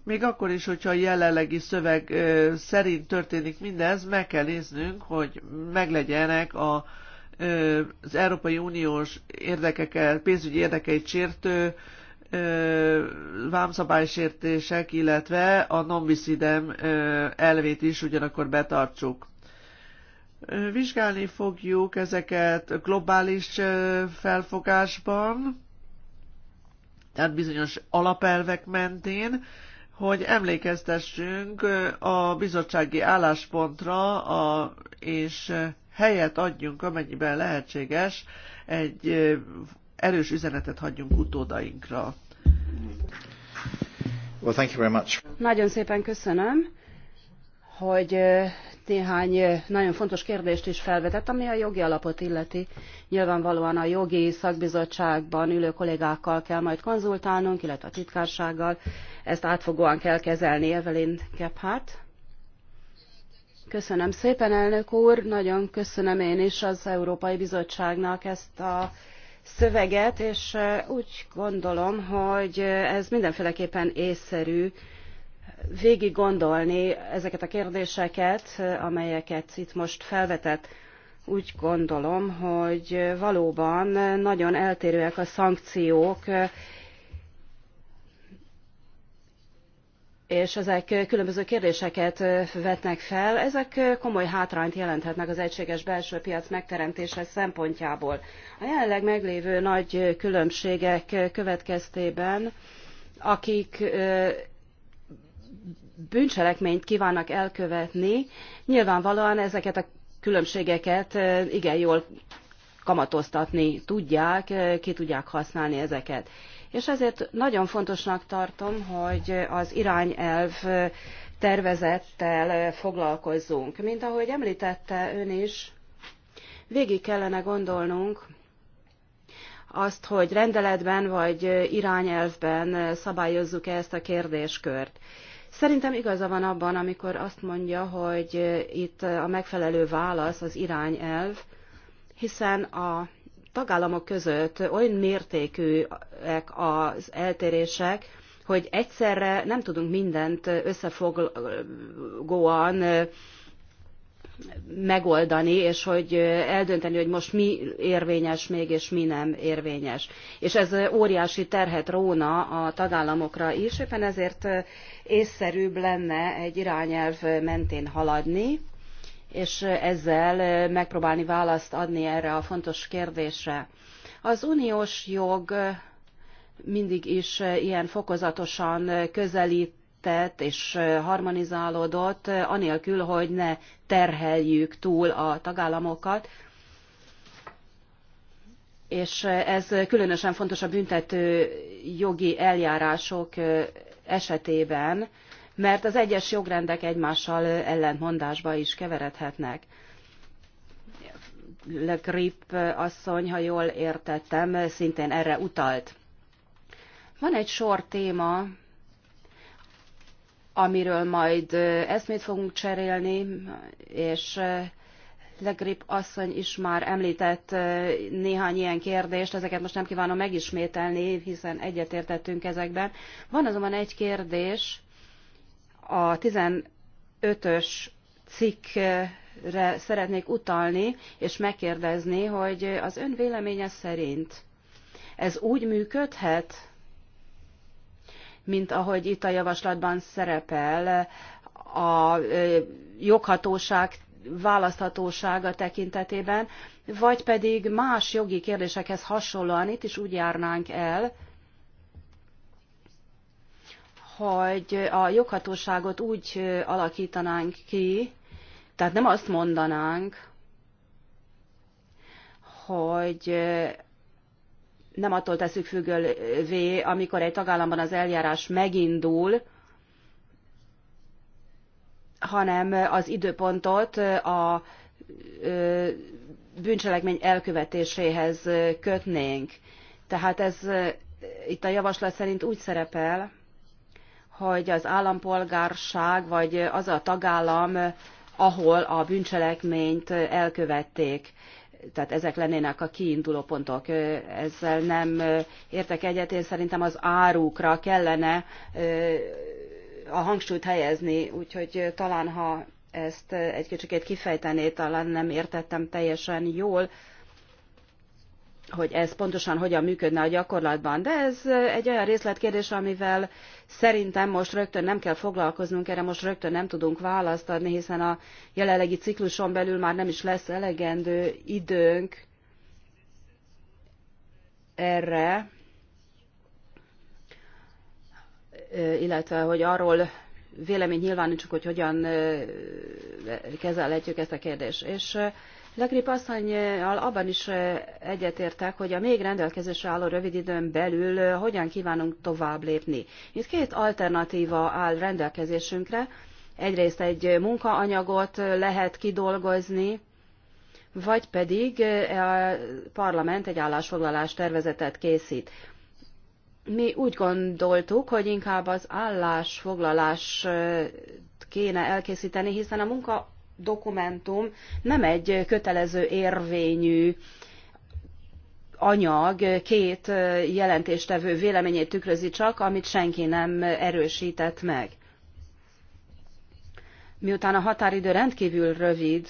még akkor is, hogyha a jelenlegi szöveg szerint történik mindez, meg kell néznünk, hogy meglegyenek a, az Európai Uniós érdekeket, pénzügyi érdekeit sértő vámszabálysértések, illetve a non elvét is ugyanakkor betartsuk. Vizsgálni fogjuk ezeket globális felfogásban, tehát bizonyos alapelvek mentén, hogy emlékeztessünk a bizottsági álláspontra, a, és helyet adjunk, amennyiben lehetséges, egy erős üzenetet hagyjunk utódainkra. Well, thank you very much. Nagyon szépen köszönöm hogy néhány nagyon fontos kérdést is felvetett, ami a jogi alapot illeti. Nyilvánvalóan a jogi szakbizottságban ülő kollégákkal kell majd konzultálnunk, illetve a titkársággal. Ezt átfogóan kell kezelni, Evelyn Kephart. Köszönöm szépen, elnök úr, nagyon köszönöm én is az Európai Bizottságnak ezt a szöveget, és úgy gondolom, hogy ez mindenféleképpen észszerű, végig gondolni ezeket a kérdéseket, amelyeket itt most felvetett. Úgy gondolom, hogy valóban nagyon eltérőek a szankciók, és ezek különböző kérdéseket vetnek fel. Ezek komoly hátrányt jelenthetnek az egységes belső piac megteremtése szempontjából. A jelenleg meglévő nagy különbségek következtében, akik bűncselekményt kívánnak elkövetni, nyilvánvalóan ezeket a különbségeket igen jól kamatoztatni tudják, ki tudják használni ezeket. És ezért nagyon fontosnak tartom, hogy az irányelv tervezettel foglalkozzunk. Mint ahogy említette ön is, végig kellene gondolnunk azt, hogy rendeletben vagy irányelvben szabályozzuk -e ezt a kérdéskört. Szerintem igaza van abban, amikor azt mondja, hogy itt a megfelelő válasz az irányelv, hiszen a tagállamok között olyan mértékűek az eltérések, hogy egyszerre nem tudunk mindent összefogóan megoldani, és hogy eldönteni, hogy most mi érvényes még, és mi nem érvényes. És ez óriási terhet róna a tagállamokra is, éppen ezért észszerűbb lenne egy irányelv mentén haladni, és ezzel megpróbálni választ adni erre a fontos kérdésre. Az uniós jog mindig is ilyen fokozatosan közelít tett és harmonizálódott, anélkül, hogy ne terheljük túl a tagállamokat. És ez különösen fontos a büntető jogi eljárások esetében, mert az egyes jogrendek egymással ellentmondásba is keveredhetnek. Le Grip asszony, ha jól értettem, szintén erre utalt. Van egy sor téma, amiről majd eszmét fogunk cserélni, és Legrip asszony is már említett néhány ilyen kérdést, ezeket most nem kívánom megismételni, hiszen egyetértettünk ezekben. Van azonban egy kérdés, a 15-ös cikkre szeretnék utalni, és megkérdezni, hogy az ön véleménye szerint ez úgy működhet, mint ahogy itt a javaslatban szerepel, a joghatóság választhatósága tekintetében, vagy pedig más jogi kérdésekhez hasonlóan itt is úgy járnánk el, hogy a joghatóságot úgy alakítanánk ki, tehát nem azt mondanánk, hogy nem attól teszük függővé, amikor egy tagállamban az eljárás megindul, hanem az időpontot a bűncselekmény elkövetéséhez kötnénk. Tehát ez itt a javaslat szerint úgy szerepel, hogy az állampolgárság vagy az a tagállam, ahol a bűncselekményt elkövették tehát ezek lennének a kiinduló pontok. Ezzel nem értek egyet, én szerintem az árukra kellene a hangsúlyt helyezni, úgyhogy talán ha ezt egy kicsikét kifejtené, talán nem értettem teljesen jól, hogy ez pontosan hogyan működne a gyakorlatban, de ez egy olyan részletkérdés, amivel szerintem most rögtön nem kell foglalkoznunk, erre most rögtön nem tudunk választ adni, hiszen a jelenlegi cikluson belül már nem is lesz elegendő időnk erre, illetve hogy arról vélemény nyilvánítsuk, hogy hogyan kezelhetjük ezt a kérdést. És Legrip asszonyjal abban is egyetértek, hogy a még rendelkezésre álló rövid időn belül hogyan kívánunk tovább lépni. Itt két alternatíva áll rendelkezésünkre. Egyrészt egy munkaanyagot lehet kidolgozni, vagy pedig a parlament egy állásfoglalás tervezetet készít. Mi úgy gondoltuk, hogy inkább az állásfoglalás kéne elkészíteni, hiszen a munka dokumentum nem egy kötelező érvényű anyag két jelentéstevő véleményét tükrözi csak, amit senki nem erősített meg. Miután a határidő rendkívül rövid,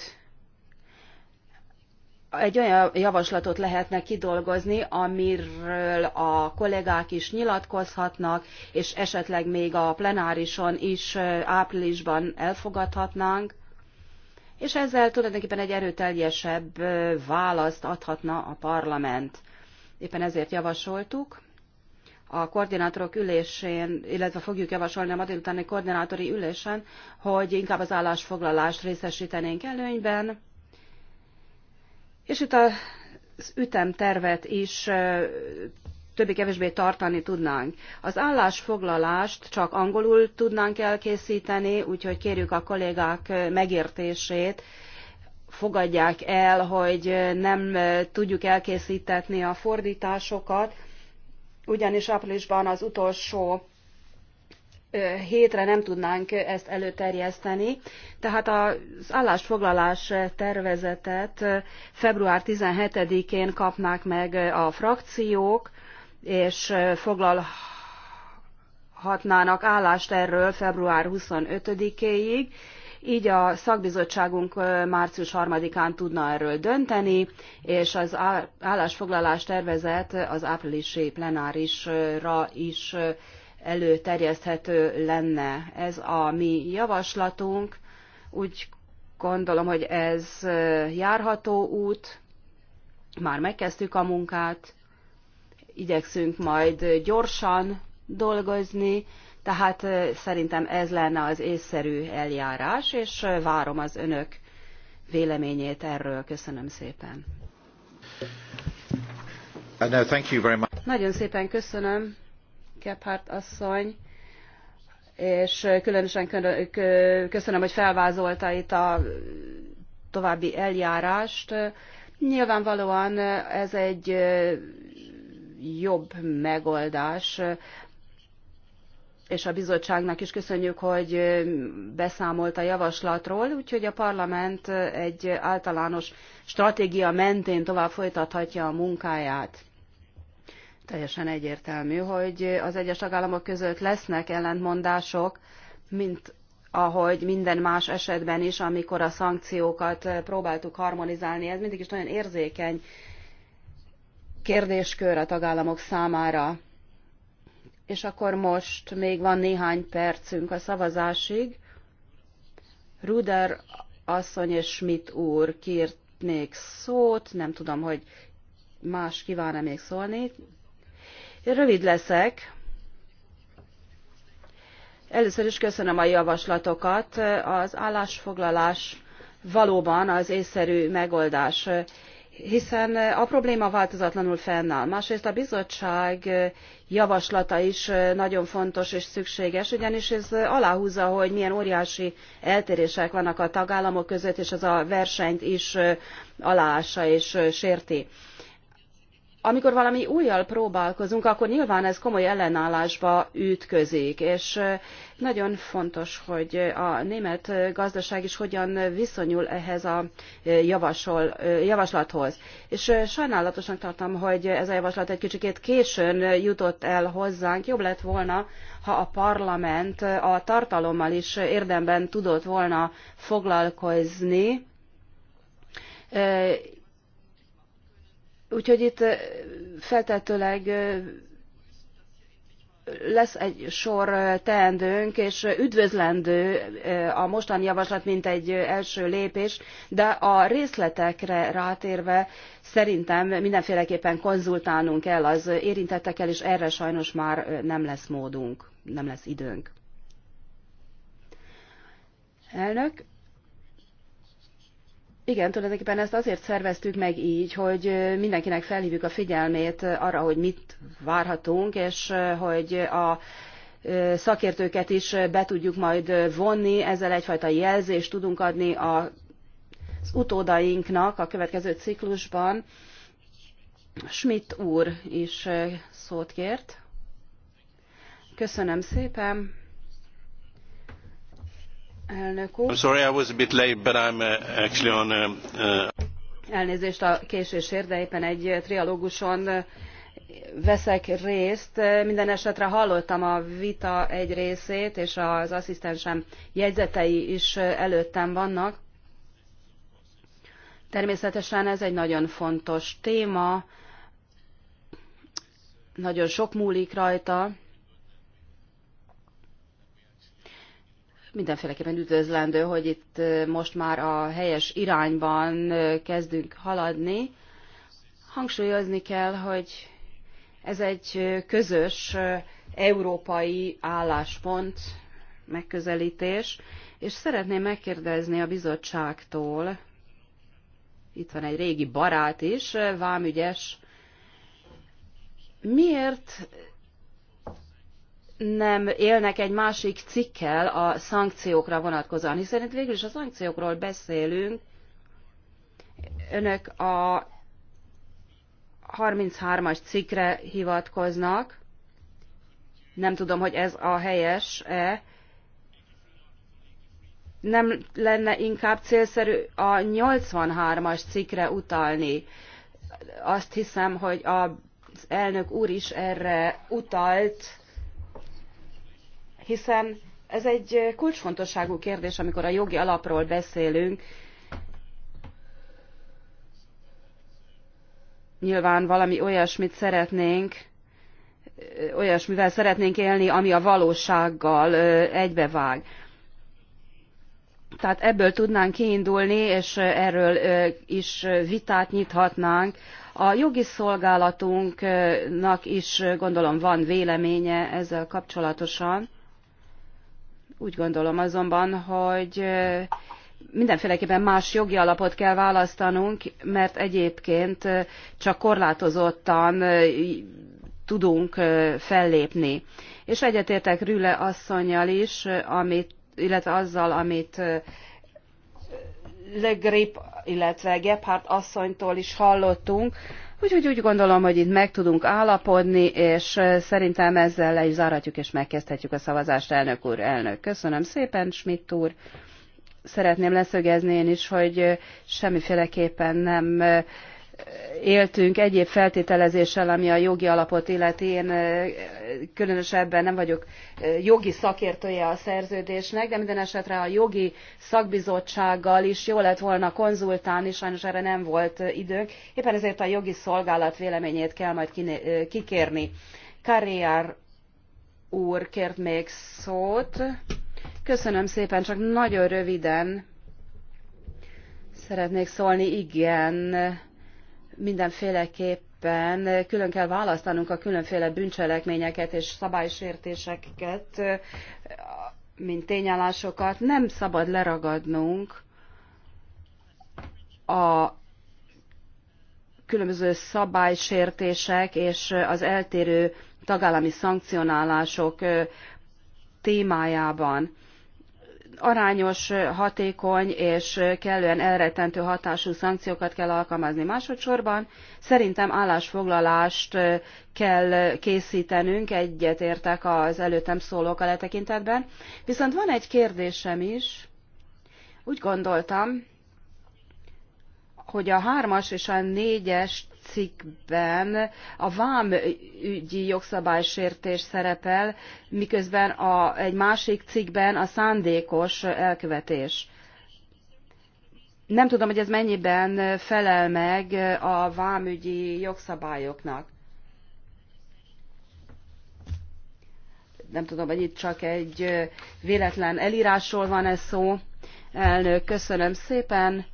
egy olyan javaslatot lehetne kidolgozni, amiről a kollégák is nyilatkozhatnak, és esetleg még a plenárison is áprilisban elfogadhatnánk és ezzel tulajdonképpen egy erőteljesebb választ adhatna a parlament. Éppen ezért javasoltuk, a koordinátorok ülésén, illetve fogjuk javasolni a ma délutáni koordinátori ülésen, hogy inkább az állásfoglalást részesítenénk előnyben. És itt az ütemtervet is többé-kevésbé tartani tudnánk. Az állásfoglalást csak angolul tudnánk elkészíteni, úgyhogy kérjük a kollégák megértését, fogadják el, hogy nem tudjuk elkészítetni a fordításokat, ugyanis áprilisban az utolsó hétre nem tudnánk ezt előterjeszteni. Tehát az állásfoglalás tervezetet február 17-én kapnák meg a frakciók, és foglalhatnának állást erről február 25-éig, így a szakbizottságunk március 3-án tudna erről dönteni, és az állásfoglalás tervezet az áprilisi plenárisra is előterjeszthető lenne. Ez a mi javaslatunk. Úgy gondolom, hogy ez járható út. Már megkezdtük a munkát, igyekszünk majd gyorsan dolgozni, tehát szerintem ez lenne az észszerű eljárás, és várom az önök véleményét erről. Köszönöm szépen. Uh, no, thank you very much. Nagyon szépen köszönöm, Kephart asszony, és különösen köszönöm, hogy felvázolta itt a további eljárást. Nyilvánvalóan ez egy jobb megoldás, és a bizottságnak is köszönjük, hogy beszámolt a javaslatról, úgyhogy a parlament egy általános stratégia mentén tovább folytathatja a munkáját. Teljesen egyértelmű, hogy az egyes tagállamok között lesznek ellentmondások, mint ahogy minden más esetben is, amikor a szankciókat próbáltuk harmonizálni. Ez mindig is nagyon érzékeny kérdéskör a tagállamok számára. És akkor most még van néhány percünk a szavazásig. Ruder asszony és Schmidt úr még szót, nem tudom, hogy más kíván-e még szólni. Én rövid leszek. Először is köszönöm a javaslatokat. Az állásfoglalás valóban az észszerű megoldás hiszen eh, a probléma változatlanul fennáll. Másrészt a bizottság eh, javaslata is eh, nagyon fontos és szükséges, ugyanis ez aláhúzza, hogy milyen óriási eltérések vannak a tagállamok között, és ez a versenyt is aláássa és sérti amikor valami újjal próbálkozunk, akkor nyilván ez komoly ellenállásba ütközik, és nagyon fontos, hogy a német gazdaság is hogyan viszonyul ehhez a javasol, javaslathoz. És sajnálatosnak tartom, hogy ez a javaslat egy kicsikét későn jutott el hozzánk. Jobb lett volna, ha a parlament a tartalommal is érdemben tudott volna foglalkozni, Úgyhogy itt feltetőleg lesz egy sor teendőnk, és üdvözlendő a mostani javaslat, mint egy első lépés, de a részletekre rátérve szerintem mindenféleképpen konzultálnunk kell az érintettekkel, és erre sajnos már nem lesz módunk, nem lesz időnk. Elnök, igen, tulajdonképpen ezt azért szerveztük meg így, hogy mindenkinek felhívjuk a figyelmét arra, hogy mit várhatunk, és hogy a szakértőket is be tudjuk majd vonni, ezzel egyfajta jelzést tudunk adni az utódainknak a következő ciklusban. Schmidt úr is szót kért. Köszönöm szépen elnök úr. I'm sorry, I was a bit late, but I'm uh, actually on... Um, uh... Elnézést a késésért, de éppen egy trialóguson uh, veszek részt. Minden esetre hallottam a vita egy részét, és az asszisztensem jegyzetei is uh, előttem vannak. Természetesen ez egy nagyon fontos téma, nagyon sok múlik rajta, mindenféleképpen üdvözlendő, hogy itt most már a helyes irányban kezdünk haladni. Hangsúlyozni kell, hogy ez egy közös európai álláspont, megközelítés, és szeretném megkérdezni a bizottságtól, itt van egy régi barát is, vámügyes, miért nem élnek egy másik cikkel a szankciókra vonatkozóan, hiszen itt végül is a szankciókról beszélünk. Önök a 33-as cikkre hivatkoznak. Nem tudom, hogy ez a helyes-e. Nem lenne inkább célszerű a 83-as cikkre utalni. Azt hiszem, hogy az elnök úr is erre utalt hiszen ez egy eh, kulcsfontosságú kérdés, amikor a jogi alapról beszélünk. Nyilván valami olyasmit szeretnénk, eh, olyasmivel szeretnénk élni, ami a valósággal eh, egybevág. Tehát ebből tudnánk kiindulni, és erről is vitát nyithatnánk. A jogi szolgálatunknak is gondolom van véleménye ezzel kapcsolatosan. Úgy gondolom azonban, hogy mindenféleképpen más jogi alapot kell választanunk, mert egyébként csak korlátozottan tudunk fellépni. És egyetértek Rüle asszonyjal is, amit, illetve azzal, amit Le Grip, illetve Gebhardt asszonytól is hallottunk, Úgyhogy úgy gondolom, hogy itt meg tudunk állapodni, és szerintem ezzel le is zárhatjuk, és megkezdhetjük a szavazást, elnök úr, elnök. Köszönöm szépen, Schmidt úr. Szeretném leszögezni én is, hogy semmiféleképpen nem éltünk egyéb feltételezéssel, ami a jogi alapot illeti. Én különösebben nem vagyok jogi szakértője a szerződésnek, de minden esetre a jogi szakbizottsággal is jó lett volna konzultálni, sajnos erre nem volt időnk. Éppen ezért a jogi szolgálat véleményét kell majd kikérni. Karriár úr kért még szót. Köszönöm szépen, csak nagyon röviden szeretnék szólni. Igen, mindenféleképpen külön kell választanunk a különféle bűncselekményeket és szabálysértéseket, mint tényállásokat. Nem szabad leragadnunk a különböző szabálysértések és az eltérő tagállami szankcionálások témájában arányos, hatékony és kellően elrettentő hatású szankciókat kell alkalmazni. Másodszorban szerintem állásfoglalást kell készítenünk, egyetértek az előttem szólókkal e tekintetben. Viszont van egy kérdésem is. Úgy gondoltam, hogy a hármas és a négyes cikkben a vám ügyi jogszabálysértés szerepel, miközben a, egy másik cikkben a szándékos elkövetés. Nem tudom, hogy ez mennyiben felel meg a vámügyi jogszabályoknak. Nem tudom, hogy itt csak egy véletlen elírásról van ez szó. Elnök, köszönöm szépen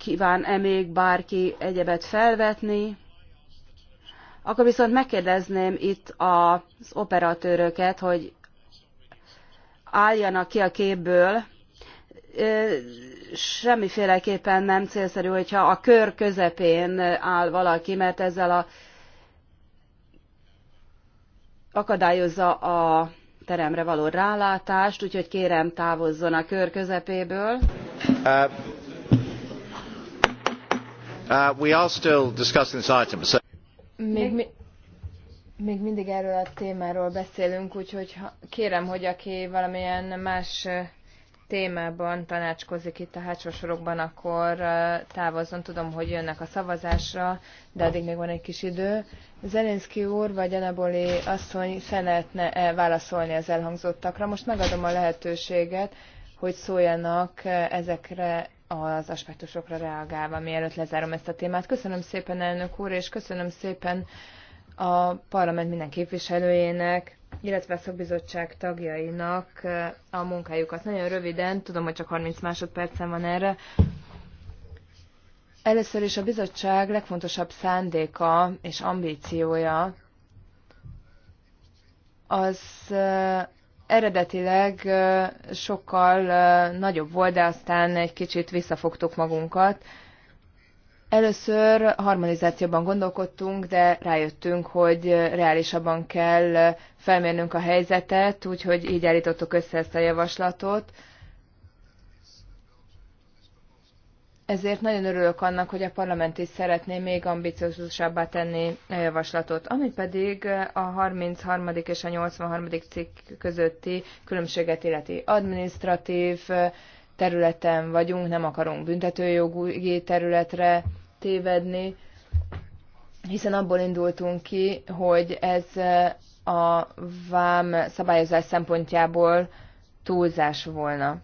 kíván-e még bárki egyebet felvetni, akkor viszont megkérdezném itt az operatőröket, hogy álljanak ki a képből. Semmiféleképpen nem célszerű, hogyha a kör közepén áll valaki, mert ezzel a akadályozza a teremre való rálátást, úgyhogy kérem távozzon a kör közepéből. Uh. Uh, we are still discussing this item, so... még, még mindig erről a témáról beszélünk, úgyhogy kérem, hogy aki valamilyen más témában tanácskozik itt a hátsó sorokban, akkor távozzon. Tudom, hogy jönnek a szavazásra, de addig még van egy kis idő. Zelenszky úr vagy Anaboli asszony szeretne -e válaszolni az elhangzottakra. Most megadom a lehetőséget, hogy szóljanak e, ezekre az aspektusokra reagálva, mielőtt lezárom ezt a témát. Köszönöm szépen, elnök úr, és köszönöm szépen a parlament minden képviselőjének, illetve a szakbizottság tagjainak a munkájukat. Nagyon röviden, tudom, hogy csak 30 másodpercen van erre. Először is a bizottság legfontosabb szándéka és ambíciója az eredetileg sokkal nagyobb volt, de aztán egy kicsit visszafogtuk magunkat. Először harmonizációban gondolkodtunk, de rájöttünk, hogy reálisabban kell felmérnünk a helyzetet, úgyhogy így állítottuk össze ezt a javaslatot. Ezért nagyon örülök annak, hogy a parlament is szeretné még ambiciózusabbá tenni a javaslatot, ami pedig a 33. és a 83. cikk közötti különbséget illeti. Administratív területen vagyunk, nem akarunk büntetőjogi területre tévedni, hiszen abból indultunk ki, hogy ez a vám szabályozás szempontjából túlzás volna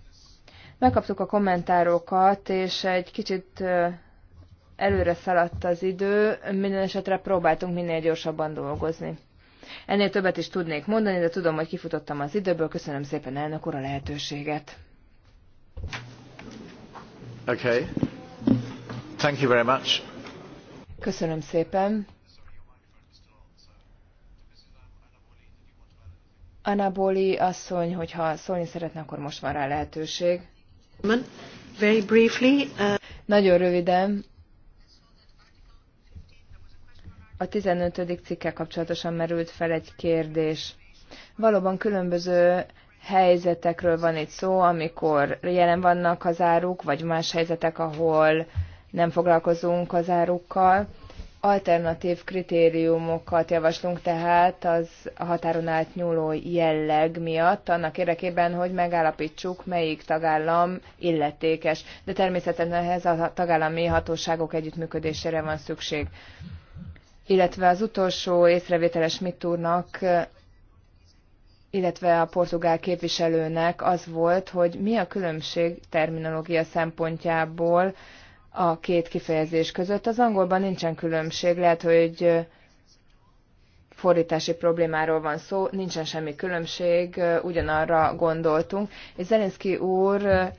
Megkaptuk a kommentárokat, és egy kicsit előre szaladt az idő, minden esetre próbáltunk minél gyorsabban dolgozni. Ennél többet is tudnék mondani, de tudom, hogy kifutottam az időből. Köszönöm szépen, elnök úr, a lehetőséget. Okay. Thank you very much. Köszönöm szépen. Anaboli asszony, hogyha szólni szeretne, akkor most van rá lehetőség. Uh, Nagyon röviden. A 15. cikkel kapcsolatosan merült fel egy kérdés. Valóban különböző helyzetekről van itt szó, amikor jelen vannak az áruk, vagy más helyzetek, ahol nem foglalkozunk az árukkal. Alternatív kritériumokat javaslunk tehát az a határon átnyúló jelleg miatt, annak érdekében, hogy megállapítsuk, melyik tagállam illetékes. De természetesen ehhez a tagállami hatóságok együttműködésére van szükség. Illetve az utolsó észrevételes mitúrnak illetve a portugál képviselőnek az volt, hogy mi a különbség terminológia szempontjából a két kifejezés között. Az angolban nincsen különbség, lehet, hogy fordítási problémáról van szó, nincsen semmi különbség, ugyanarra gondoltunk. És Zelenszky úr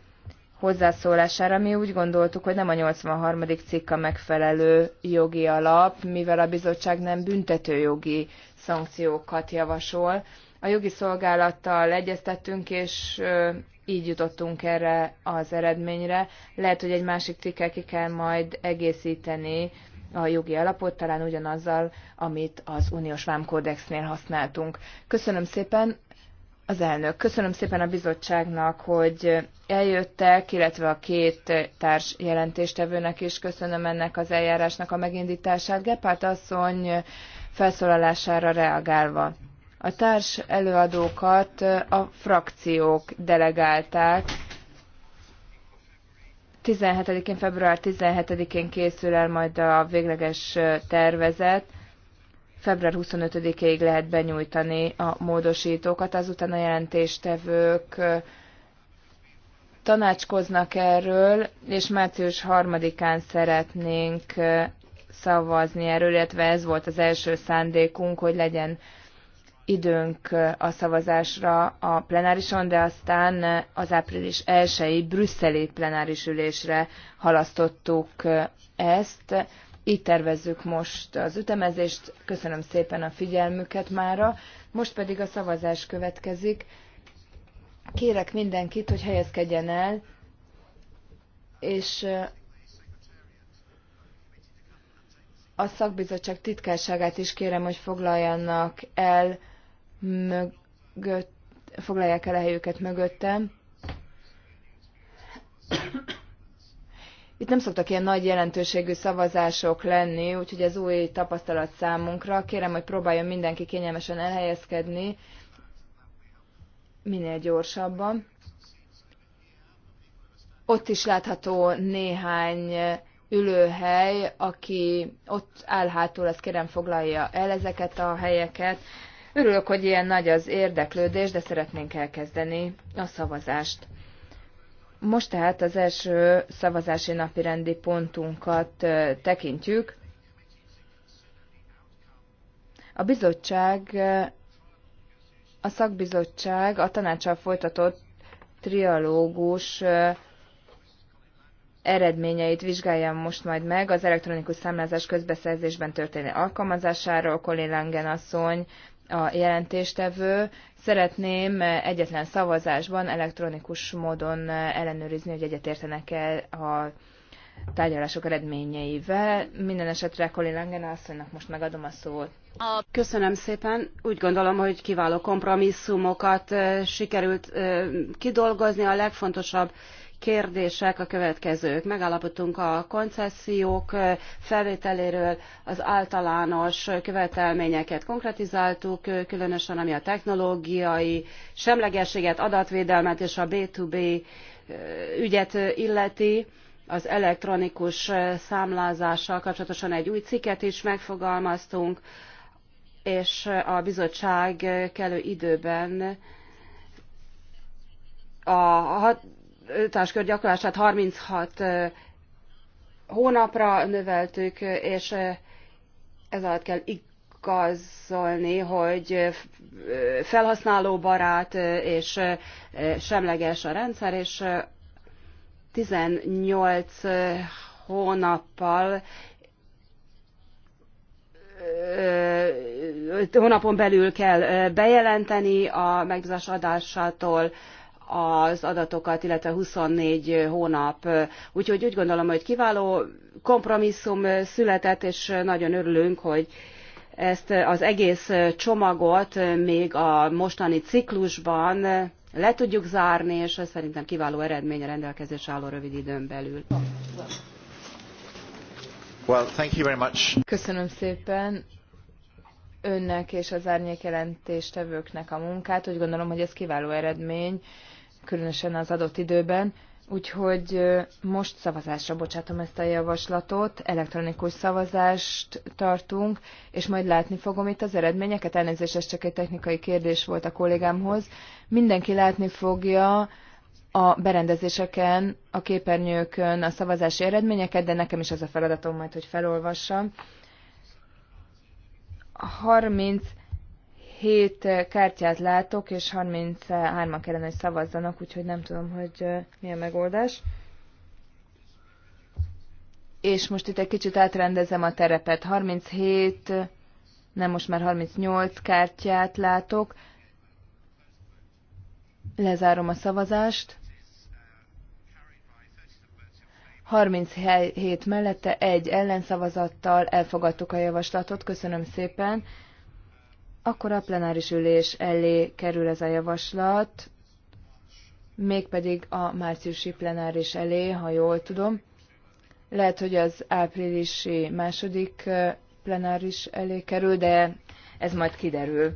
hozzászólására mi úgy gondoltuk, hogy nem a 83. cikk a megfelelő jogi alap, mivel a bizottság nem büntetőjogi szankciókat javasol, a jogi szolgálattal egyeztettünk, és így jutottunk erre az eredményre. Lehet, hogy egy másik cikkel ki kell majd egészíteni a jogi alapot, talán ugyanazzal, amit az uniós vámkódexnél használtunk. Köszönöm szépen az elnök. Köszönöm szépen a bizottságnak, hogy eljöttek, illetve a két társ jelentéstevőnek is köszönöm ennek az eljárásnak a megindítását. Gepárt asszony felszólalására reagálva. A társ előadókat a frakciók delegálták. 17-én, február 17-én készül el majd a végleges tervezet. Február 25-ig lehet benyújtani a módosítókat, azután a jelentéstevők tanácskoznak erről, és március 3-án szeretnénk szavazni erről, illetve ez volt az első szándékunk, hogy legyen időnk a szavazásra a plenárison, de aztán az április 1-i brüsszeli plenáris ülésre halasztottuk ezt. Így tervezzük most az ütemezést. Köszönöm szépen a figyelmüket mára. Most pedig a szavazás következik. Kérek mindenkit, hogy helyezkedjen el, és a szakbizottság titkárságát is kérem, hogy foglaljanak el mögött, foglalják el a helyüket mögöttem. Itt nem szoktak ilyen nagy jelentőségű szavazások lenni, úgyhogy ez új tapasztalat számunkra. Kérem, hogy próbáljon mindenki kényelmesen elhelyezkedni, minél gyorsabban. Ott is látható néhány ülőhely, aki ott áll hátul, azt kérem foglalja el ezeket a helyeket. Örülök, hogy ilyen nagy az érdeklődés, de szeretnénk elkezdeni a szavazást. Most tehát az első szavazási rendi pontunkat tekintjük. A bizottság, a szakbizottság a tanácsal folytatott trialógus eredményeit vizsgálja most majd meg az elektronikus számlázás közbeszerzésben történő alkalmazásáról. Colin Langen asszony a jelentéstevő. Szeretném egyetlen szavazásban elektronikus módon ellenőrizni, hogy egyetértenek-e a tárgyalások eredményeivel. Minden esetre Koli Langen asszonynak most megadom a szót. Köszönöm szépen. Úgy gondolom, hogy kiváló kompromisszumokat sikerült kidolgozni. A legfontosabb kérdések a következők. Megállapodtunk a koncesziók felvételéről, az általános követelményeket konkretizáltuk, különösen ami a technológiai semlegességet, adatvédelmet és a B2B ügyet illeti az elektronikus számlázással kapcsolatosan egy új cikket is megfogalmaztunk, és a bizottság kellő időben a társkör gyakorlását 36 hónapra növeltük, és ez alatt kell igazolni, hogy felhasználó barát és semleges a rendszer, és 18 hónappal hónapon belül kell bejelenteni a megbízás adásától az adatokat, illetve 24 hónap. Úgyhogy úgy gondolom, hogy kiváló kompromisszum született, és nagyon örülünk, hogy ezt az egész csomagot még a mostani ciklusban le tudjuk zárni, és ez szerintem kiváló eredmény a rendelkezés álló rövid időn belül. Well, thank you very much. Köszönöm szépen önnek és az jelentéstevőknek a munkát. Úgy gondolom, hogy ez kiváló eredmény különösen az adott időben. Úgyhogy most szavazásra bocsátom ezt a javaslatot, elektronikus szavazást tartunk, és majd látni fogom itt az eredményeket. Elnézést, ez csak egy technikai kérdés volt a kollégámhoz. Mindenki látni fogja a berendezéseken, a képernyőkön a szavazási eredményeket, de nekem is az a feladatom majd, hogy felolvassam. 30 7 eh, kártyát látok, és 33-an kellene, hogy szavazzanak, úgyhogy nem tudom, hogy eh, mi a megoldás. És most itt egy kicsit átrendezem a terepet. 37, nem most már 38 kártyát látok. Lezárom a szavazást. 37 mellette egy ellenszavazattal elfogadtuk a javaslatot. Köszönöm szépen akkor a plenáris ülés elé kerül ez a javaslat, mégpedig a márciusi plenáris elé, ha jól tudom. Lehet, hogy az áprilisi második plenáris elé kerül, de ez majd kiderül.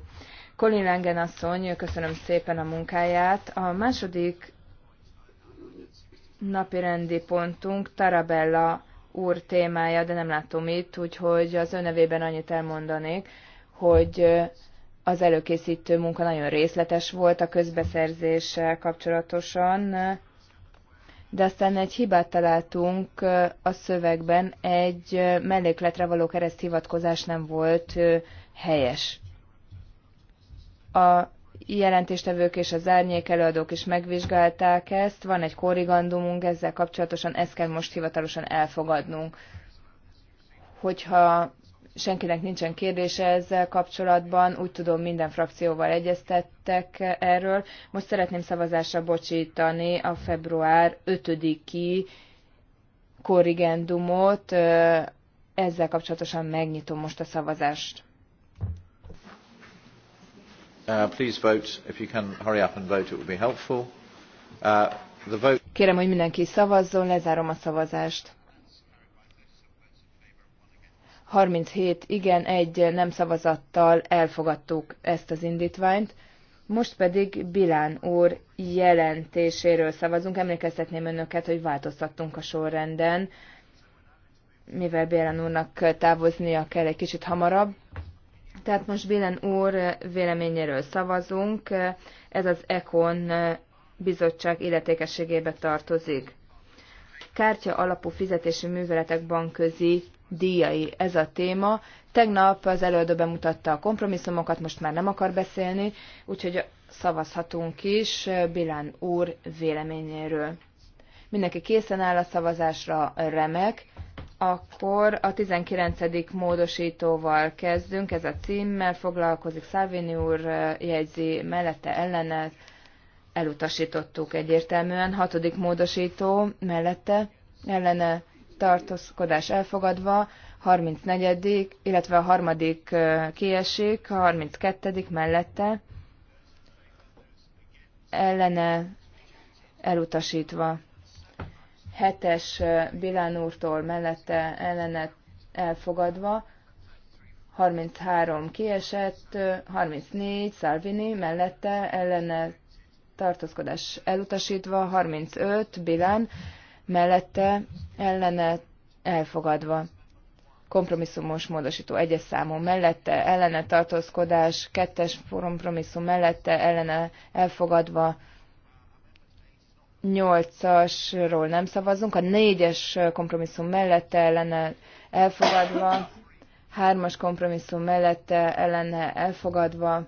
Colin Langen asszony, köszönöm szépen a munkáját. A második napi rendi pontunk Tarabella úr témája, de nem látom itt, úgyhogy az önnevében annyit elmondanék, hogy az előkészítő munka nagyon részletes volt a közbeszerzéssel kapcsolatosan, de aztán egy hibát találtunk a szövegben, egy mellékletre való kereszt hivatkozás nem volt helyes. A jelentéstevők és az árnyék előadók is megvizsgálták ezt, van egy korrigandumunk ezzel kapcsolatosan, ezt kell most hivatalosan elfogadnunk. Hogyha senkinek nincsen kérdése ezzel kapcsolatban, úgy tudom minden frakcióval egyeztettek erről. Most szeretném szavazásra bocsítani a február 5-i korrigendumot, ezzel kapcsolatosan megnyitom most a szavazást. Uh, uh, Kérem, hogy mindenki szavazzon, lezárom a szavazást. 37 igen, egy nem szavazattal elfogadtuk ezt az indítványt. Most pedig Bilán úr jelentéséről szavazunk. Emlékeztetném önöket, hogy változtattunk a sorrenden, mivel Bilán úrnak távoznia kell egy kicsit hamarabb. Tehát most Bilán úr véleményéről szavazunk. Ez az ECON bizottság illetékességébe tartozik kártya alapú fizetési műveletek bankközi díjai ez a téma. Tegnap az előadó bemutatta a kompromisszumokat, most már nem akar beszélni, úgyhogy szavazhatunk is Bilán úr véleményéről. Mindenki készen áll a szavazásra, remek. Akkor a 19. módosítóval kezdünk, ez a címmel foglalkozik, Szávini úr eh, jegyzi mellette ellenet, elutasítottuk egyértelműen. Hatodik módosító mellette ellene tartózkodás elfogadva, 34. illetve a harmadik kiesik, a 32. mellette ellene elutasítva. Hetes Bilán úrtól mellette ellene elfogadva, 33 kiesett, 34 Salvini mellette ellene tartózkodás elutasítva, 35 Bilán mellette ellene elfogadva. Kompromisszumos módosító egyes számú mellette ellene tartózkodás, kettes kompromisszum mellette ellene elfogadva, nyolcasról nem szavazunk, a négyes kompromisszum mellette ellene elfogadva, hármas kompromisszum mellette ellene elfogadva,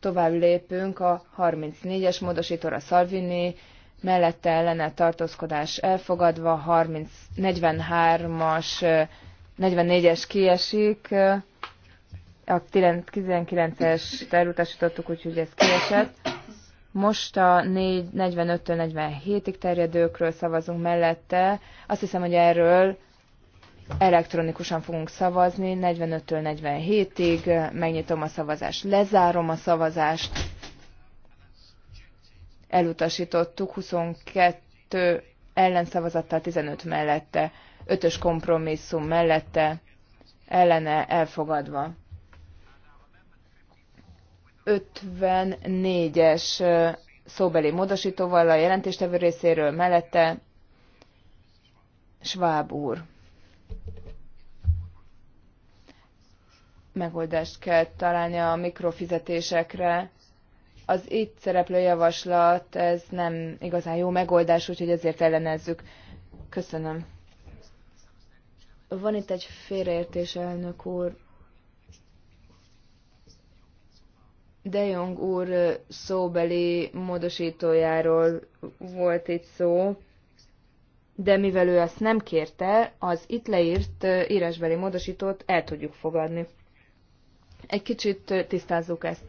tovább lépünk a 34-es módosítóra Salvini, mellette ellene tartózkodás elfogadva, 43-as, 44-es kiesik, a 19 es elutasítottuk, úgyhogy ez kiesett. Most a 45-től 47-ig terjedőkről szavazunk mellette. Azt hiszem, hogy erről elektronikusan fogunk szavazni 45-től 47-ig, megnyitom a szavazást, lezárom a szavazást, elutasítottuk 22 ellenszavazattal 15 mellette, 5-ös kompromisszum mellette, ellene elfogadva. 54-es szóbeli módosítóval a jelentéstevő részéről mellette Schwab úr. Megoldást kell találni a mikrofizetésekre. Az itt szereplő javaslat, ez nem igazán jó megoldás, úgyhogy ezért ellenezzük. Köszönöm. Van itt egy félreértés, elnök úr. De Jong úr szóbeli módosítójáról volt itt szó, de mivel ő azt nem kérte, az itt leírt írásbeli módosítót el tudjuk fogadni. Egy kicsit tisztázzuk ezt.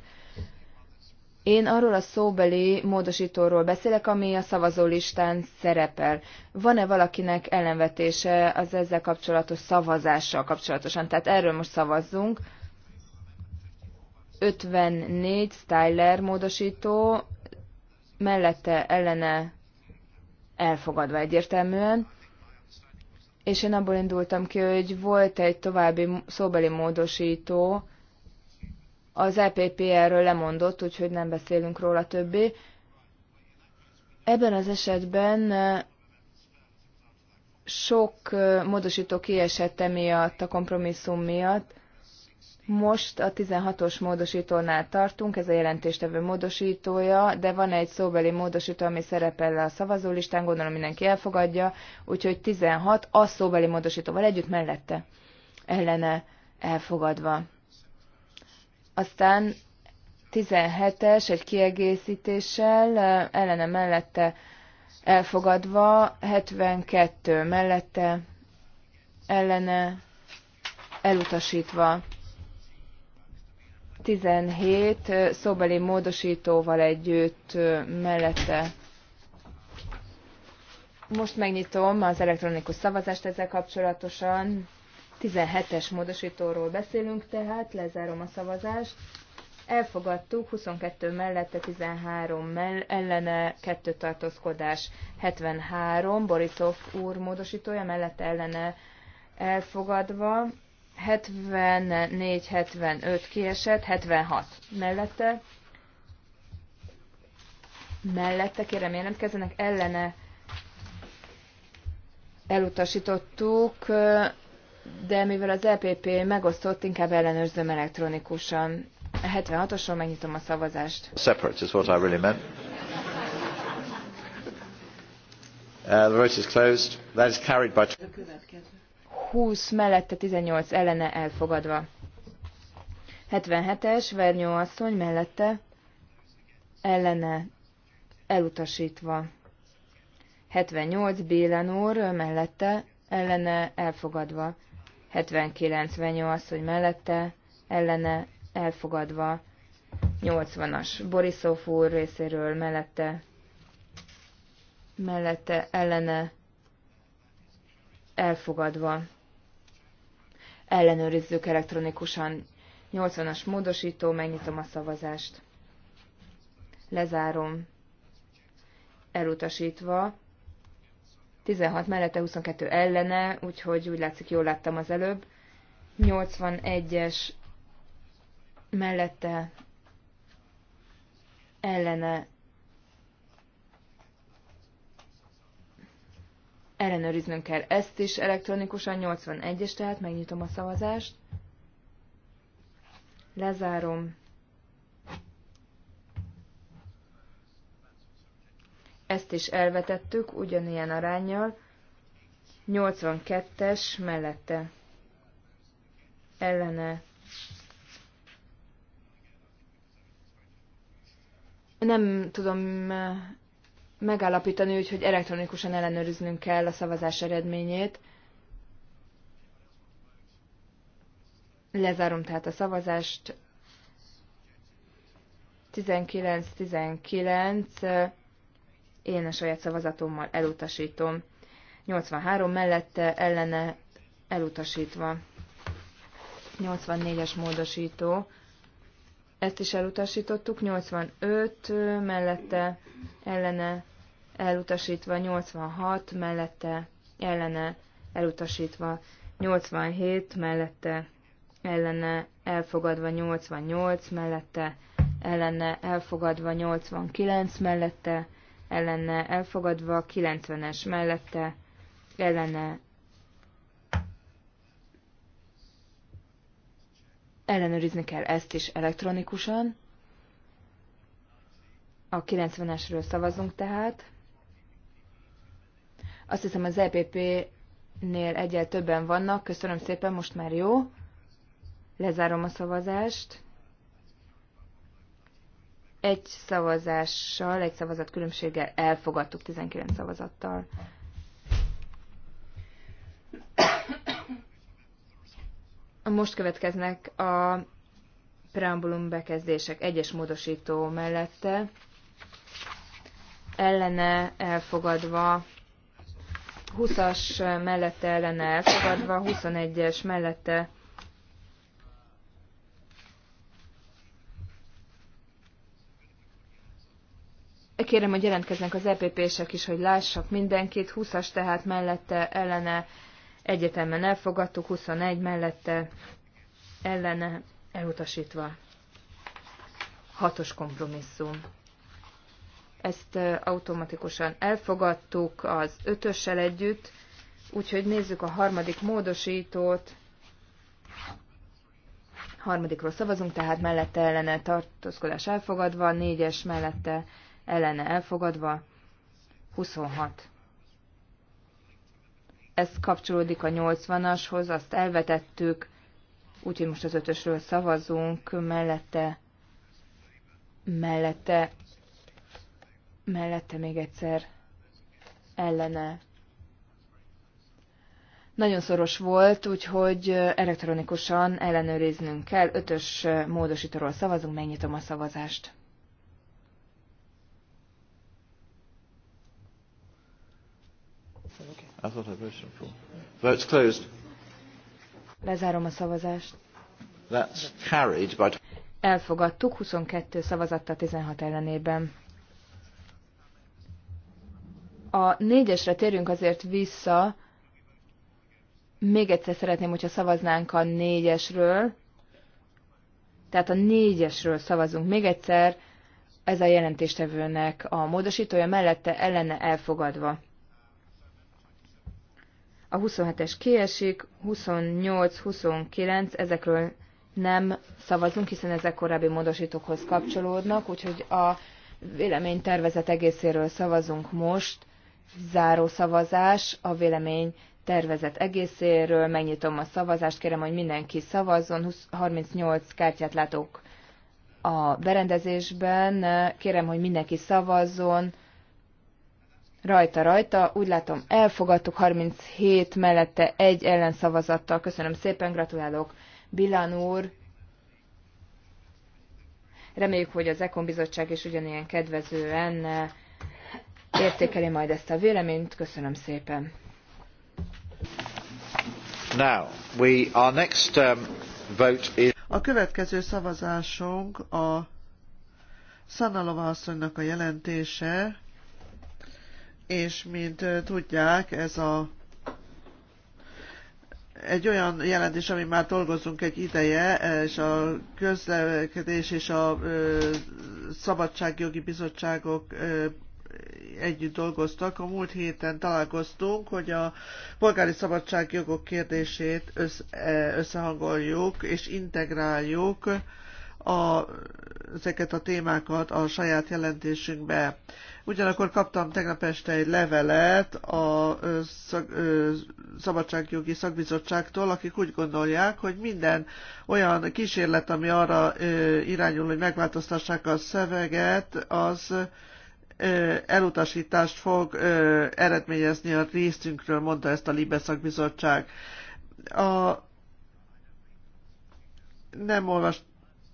Én arról a szóbeli módosítóról beszélek, ami a szavazólistán szerepel. Van-e valakinek ellenvetése az ezzel kapcsolatos szavazással kapcsolatosan? Tehát erről most szavazzunk. 54 Styler módosító, mellette ellene elfogadva egyértelműen. És én abból indultam ki, hogy volt egy további szóbeli módosító, az eppr ről lemondott, úgyhogy nem beszélünk róla többé. Ebben az esetben sok módosító kiesett emiatt, a kompromisszum miatt, most a 16-os módosítónál tartunk, ez a jelentéstevő módosítója, de van egy szóbeli módosító, ami szerepel a szavazólistán, gondolom mindenki elfogadja, úgyhogy 16 a szóbeli módosítóval együtt mellette ellene elfogadva. Aztán 17-es egy kiegészítéssel ellene mellette elfogadva, 72 mellette ellene elutasítva. 17 szóbeli módosítóval együtt mellette. Most megnyitom az elektronikus szavazást ezzel kapcsolatosan. 17-es módosítóról beszélünk tehát, lezárom a szavazást. Elfogadtuk 22 mellette, 13 mell ellene, 2 tartózkodás, 73, Borisov úr módosítója mellette ellene elfogadva, 74-75 kiesett, 76 mellette. Mellette, kérem jelentkezzenek, ellene elutasítottuk, de mivel az EPP megosztott, inkább ellenőrzöm elektronikusan. 76-osról megnyitom a szavazást. Separate is what I really meant. Uh, the vote is closed. That is carried by... 20 mellette 18 ellene elfogadva. 77-es Vernyó asszony mellette ellene elutasítva. 78 Bélen úr mellette ellene elfogadva. 79 Vernyó asszony mellette ellene elfogadva. 80-as Borisov úr részéről mellette mellette ellene elfogadva ellenőrizzük elektronikusan. 80-as módosító, megnyitom a szavazást. Lezárom. Elutasítva. 16 mellette, 22 ellene, úgyhogy úgy látszik, jól láttam az előbb. 81-es mellette ellene Ellenőriznünk kell ezt is elektronikusan, 81-es, tehát megnyitom a szavazást. Lezárom. Ezt is elvetettük ugyanilyen arányjal. 82-es mellette. Ellene. Nem tudom megállapítani, úgyhogy elektronikusan ellenőriznünk kell a szavazás eredményét. Lezárom tehát a szavazást. 19-19, én a saját szavazatommal elutasítom. 83 mellette ellene elutasítva. 84-es módosító. Ezt is elutasítottuk. 85 mellette ellene elutasítva 86 mellette ellene elutasítva 87 mellette ellene elfogadva 88 mellette ellene elfogadva 89 mellette ellene elfogadva 90-es mellette ellene ellenőrizni kell ezt is elektronikusan. A 90-esről szavazunk tehát. Azt hiszem az EPP-nél egyel többen vannak. Köszönöm szépen, most már jó. Lezárom a szavazást. Egy szavazással, egy szavazat különbséggel elfogadtuk 19 szavazattal. Most következnek a preambulum bekezdések egyes módosító mellette, ellene elfogadva 20-as mellette ellene elfogadva, 21-es mellette Kérem, hogy jelentkeznek az EPP-sek is, hogy lássak mindenkit. 20-as tehát mellette ellene egyetemen elfogadtuk, 21 mellette ellene elutasítva. Hatos kompromisszum ezt automatikusan elfogadtuk az ötössel együtt, úgyhogy nézzük a harmadik módosítót. Harmadikról szavazunk, tehát mellette ellene tartózkodás elfogadva, négyes mellette ellene elfogadva, 26. Ez kapcsolódik a 80-ashoz, azt elvetettük, úgyhogy most az ötösről szavazunk, mellette, mellette mellette még egyszer ellene. Nagyon szoros volt, úgyhogy elektronikusan ellenőriznünk kell. Ötös módosítóról szavazunk, megnyitom a szavazást. Vote's closed. Lezárom a szavazást. That's carried by... Elfogadtuk 22 szavazattal 16 ellenében. A négyesre térünk azért vissza. Még egyszer szeretném, hogyha szavaznánk a négyesről. Tehát a négyesről szavazunk. Még egyszer ez a jelentéstevőnek a módosítója mellette ellene elfogadva. A 27-es kiesik, 28-29, ezekről nem szavazunk, hiszen ezek korábbi módosítókhoz kapcsolódnak, úgyhogy a véleménytervezet egészéről szavazunk most záró szavazás a vélemény tervezet egészéről. Megnyitom a szavazást, kérem, hogy mindenki szavazzon. 20, 38 kártyát látok a berendezésben. Kérem, hogy mindenki szavazzon. Rajta, rajta. Úgy látom, elfogadtuk 37 mellette egy ellenszavazattal. Köszönöm szépen, gratulálok. Bilán úr, reméljük, hogy az Ekon Bizottság is ugyanilyen kedvezően értékeli majd ezt a véleményt. Köszönöm szépen. Now, we, our next, um, vote is... A következő szavazásunk a Szanalova asszonynak a jelentése, és mint uh, tudják, ez a egy olyan jelentés, ami már dolgozunk egy ideje, e, és a közlekedés és a szabadságjogi bizottságok együtt dolgoztak. A múlt héten találkoztunk, hogy a polgári szabadságjogok kérdését e, összehangoljuk és integráljuk a, ezeket a témákat a saját jelentésünkbe. Ugyanakkor kaptam tegnap este egy levelet a szag, ö, Szabadságjogi Szakbizottságtól, akik úgy gondolják, hogy minden olyan kísérlet, ami arra ö, irányul, hogy megváltoztassák a szöveget, az elutasítást fog eredményezni a részünkről, mondta ezt a Libeszak Bizottság. A, nem olvast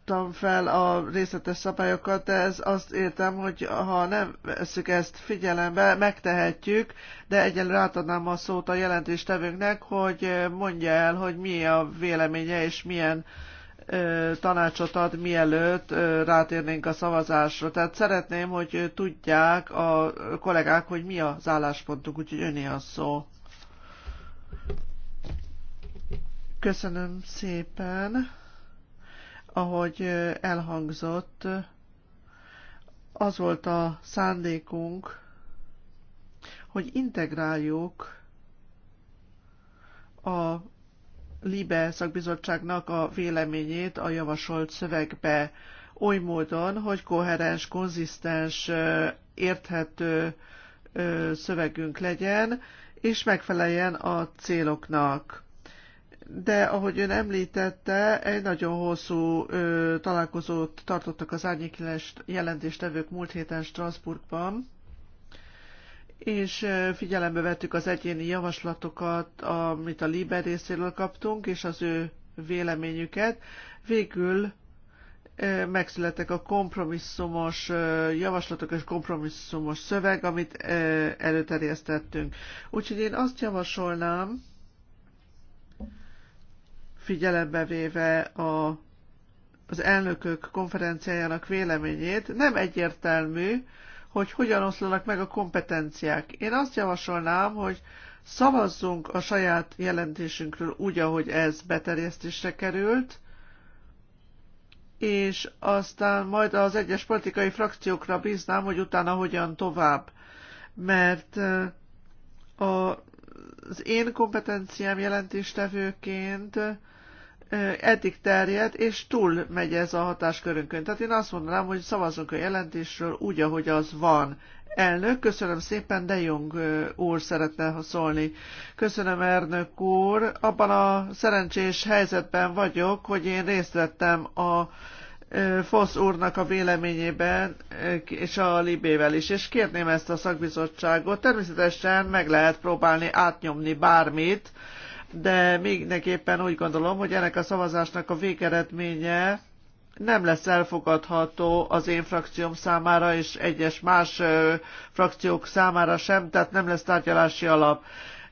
olvastam fel a részletes szabályokat, de ez azt értem, hogy ha nem veszük ezt figyelembe, megtehetjük, de egyelőre átadnám a szót a jelentéstevőnknek, hogy mondja el, hogy mi a véleménye és milyen tanácsot ad, mielőtt rátérnénk a szavazásra. Tehát szeretném, hogy tudják a kollégák, hogy mi az álláspontunk, úgyhogy öné a szó. Köszönöm szépen, ahogy elhangzott, az volt a szándékunk, hogy integráljuk a LIBE szakbizottságnak a véleményét a javasolt szövegbe oly módon, hogy koherens, konzisztens, érthető szövegünk legyen, és megfeleljen a céloknak. De ahogy ön említette, egy nagyon hosszú ö, találkozót tartottak az árnyék jelentéstevők múlt héten Strasbourgban, és figyelembe vettük az egyéni javaslatokat, amit a Liber részéről kaptunk, és az ő véleményüket. Végül megszülettek a kompromisszumos javaslatok és kompromisszumos szöveg, amit előterjesztettünk. Úgyhogy én azt javasolnám, figyelembe véve a, az elnökök konferenciájának véleményét, nem egyértelmű, hogy hogyan oszlanak meg a kompetenciák. Én azt javasolnám, hogy szavazzunk a saját jelentésünkről úgy, ahogy ez beterjesztésre került, és aztán majd az egyes politikai frakciókra bíznám, hogy utána hogyan tovább. Mert az én kompetenciám jelentéstevőként eddig terjed, és túl megy ez a hatáskörünkön. Tehát én azt mondanám, hogy szavazunk a jelentésről úgy, ahogy az van. Elnök, köszönöm szépen, De Jong úr szeretne szólni. Köszönöm, Ernök úr. Abban a szerencsés helyzetben vagyok, hogy én részt vettem a Fosz úrnak a véleményében és a Libével is, és kérném ezt a szakbizottságot. Természetesen meg lehet próbálni átnyomni bármit, de mindenképpen úgy gondolom, hogy ennek a szavazásnak a végeredménye nem lesz elfogadható az én frakcióm számára és egyes más frakciók számára sem, tehát nem lesz tárgyalási alap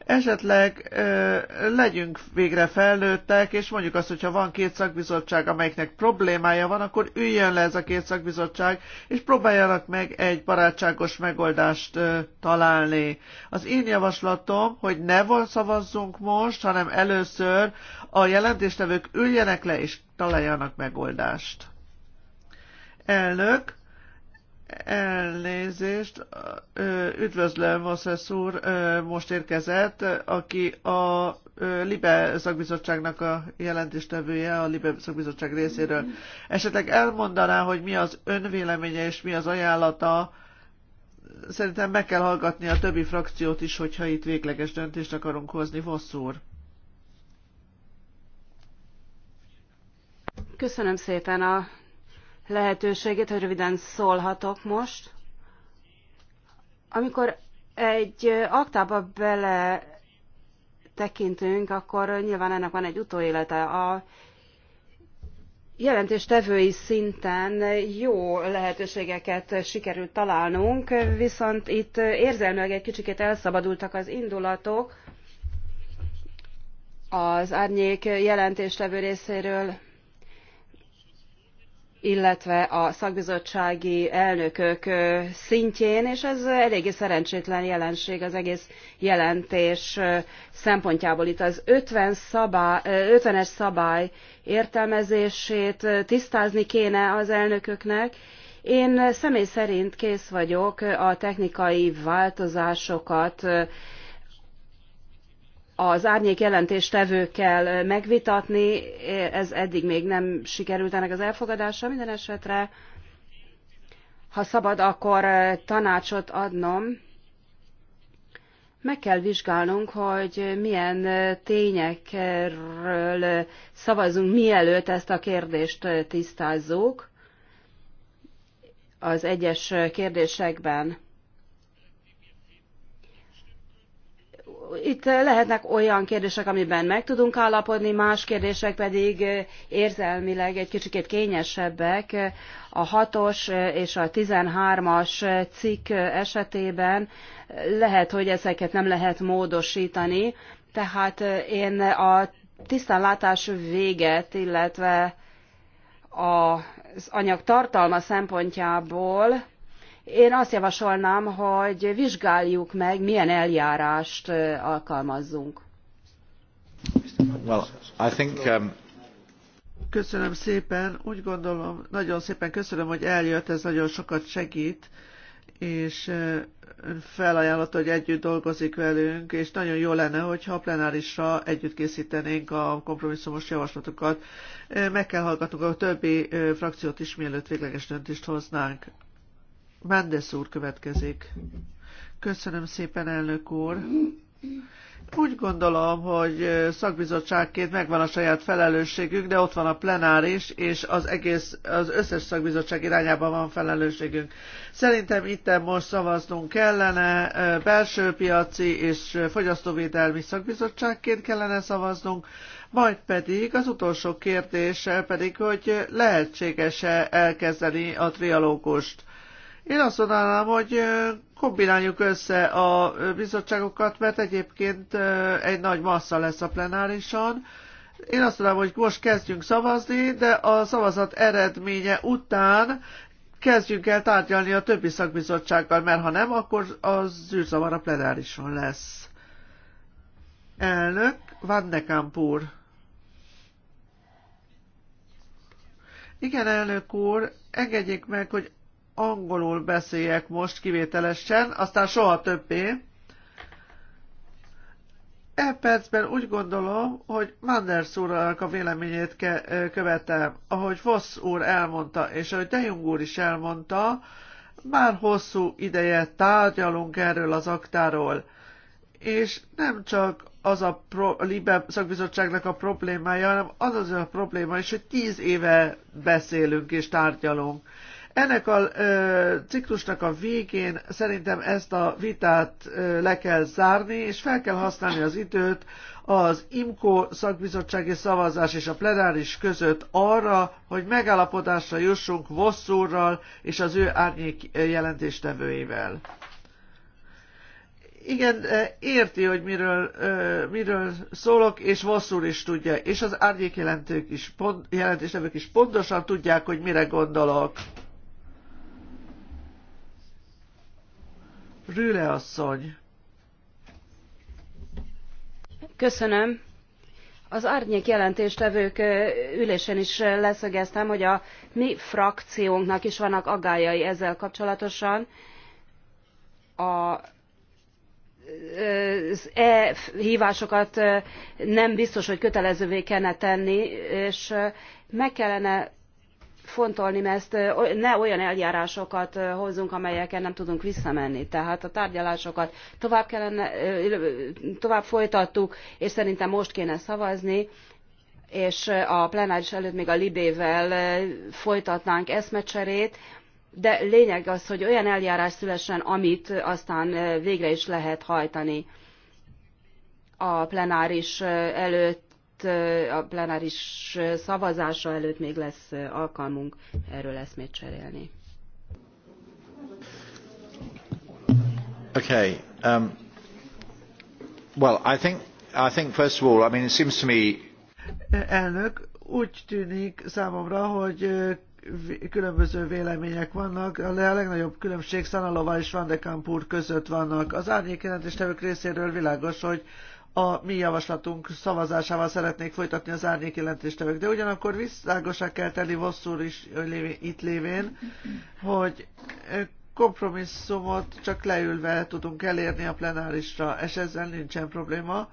esetleg ö, legyünk végre felnőttek, és mondjuk azt, hogyha van két szakbizottság, amelyiknek problémája van, akkor üljön le ez a két szakbizottság, és próbáljanak meg egy barátságos megoldást ö, találni. Az én javaslatom, hogy ne szavazzunk most, hanem először a jelentéstevők üljenek le, és találjanak megoldást. Elnök, Elnézést, üdvözlöm, Moszesz úr, most érkezett, aki a Libe szakbizottságnak a jelentéstevője, a Libe szakbizottság részéről. Esetleg elmondaná, hogy mi az önvéleménye és mi az ajánlata. Szerintem meg kell hallgatni a többi frakciót is, hogyha itt végleges döntést akarunk hozni. Vossz úr. Köszönöm szépen a lehetőséget hogy röviden szólhatok most. Amikor egy aktába bele tekintünk, akkor nyilván ennek van egy utóélete. A jelentéstevői szinten jó lehetőségeket sikerült találnunk, viszont itt érzelmileg egy kicsikét elszabadultak az indulatok az árnyék jelentéstevő részéről illetve a szakbizottsági elnökök szintjén, és ez eléggé szerencsétlen jelenség az egész jelentés szempontjából. Itt az 50 szabály, 50-es szabály értelmezését tisztázni kéne az elnököknek. Én személy szerint kész vagyok a technikai változásokat az árnyék jelentéstevőkkel megvitatni. Ez eddig még nem sikerült ennek az elfogadása. Minden esetre, ha szabad, akkor eh, tanácsot adnom. Meg kell vizsgálnunk, hogy milyen eh, tényekről eh, szavazunk, mielőtt ezt a kérdést tisztázzuk az egyes kérdésekben. itt lehetnek olyan kérdések, amiben meg tudunk állapodni, más kérdések pedig érzelmileg egy kicsikét kényesebbek. A hatos os és a tizenhármas as cikk esetében lehet, hogy ezeket nem lehet módostani tehát én a tisztánlátás véget, illetve az anyag tartalma szempontjából én azt javasolnám, hogy vizsgáljuk meg, milyen eljárást alkalmazzunk. Well, I think, um... Köszönöm szépen, úgy gondolom, nagyon szépen köszönöm, hogy eljött, ez nagyon sokat segít, és felajánlott, hogy együtt dolgozik velünk, és nagyon jó lenne, hogyha a plenárisra együtt készítenénk a kompromisszumos javaslatokat. Meg kell hallgatnunk a többi frakciót is, mielőtt végleges döntést hoznánk. Mendes úr következik. Köszönöm szépen, elnök úr. Úgy gondolom, hogy szakbizottságként megvan a saját felelősségünk, de ott van a plenáris, és az egész, az összes szakbizottság irányában van felelősségünk. Szerintem itt most szavaznunk kellene, belső piaci és fogyasztóvédelmi szakbizottságként kellene szavaznunk, majd pedig az utolsó kérdése pedig, hogy lehetséges-e elkezdeni a trialógust én azt mondanám, hogy kombináljuk össze a bizottságokat, mert egyébként egy nagy massza lesz a plenárison. Én azt mondanám, hogy most kezdjünk szavazni, de a szavazat eredménye után kezdjünk el tárgyalni a többi szakbizottsággal, mert ha nem, akkor az zűrzavar a plenárison lesz. Elnök Van de Kampur. Igen, elnök úr, engedjék meg, hogy angolul beszéljek most kivételesen, aztán soha többé. E percben úgy gondolom, hogy Manders úrnak a véleményét ke- követem. Ahogy Voss úr elmondta, és ahogy Dejung úr is elmondta, már hosszú ideje tárgyalunk erről az aktáról. És nem csak az a pro- Libe szakbizottságnak a problémája, hanem az az a probléma is, hogy tíz éve beszélünk és tárgyalunk. Ennek a ciklusnak a végén szerintem ezt a vitát le kell zárni, és fel kell használni az időt az IMCO szakbizottsági szavazás és a plenáris között arra, hogy megállapodásra jussunk Vosszúrral és az ő árnyék jelentéstevőivel. igen, érti, hogy miről, miről szólok, és Vosszúr is tudja, és az árnyék jelentők is, pont, jelentéstevők is pontosan tudják, hogy mire gondolok. Rüle asszony. Köszönöm. Az árnyék jelentéstevők ülésen is leszögeztem, hogy a mi frakciónknak is vannak aggályai ezzel kapcsolatosan. A az e hívásokat nem biztos, hogy kötelezővé kellene tenni, és meg kellene fontolni, mert ne olyan eljárásokat hozzunk, amelyeken nem tudunk visszamenni. Tehát a tárgyalásokat tovább, kellene, tovább folytattuk, és szerintem most kéne szavazni, és a plenáris előtt még a libével folytatnánk eszmecserét, de lényeg az, hogy olyan eljárás szülessen, amit aztán végre is lehet hajtani a plenáris előtt a plenáris szavazása előtt még lesz alkalmunk erről eszmét cserélni. Okay. Um, well, I think, I think first of all, I mean, it seems to me... Elnök, úgy tűnik számomra, hogy különböző vélemények vannak, a legnagyobb különbség Szanalova és Van de Kampur között vannak. Az árnyék jelentéstevők részéről világos, hogy a mi javaslatunk szavazásával szeretnék folytatni az árnyék jelentéstevők. De ugyanakkor visszágosá kell tenni Vosszúr is itt lévén, hogy kompromisszumot csak leülve tudunk elérni a plenárisra, és ezzel nincsen probléma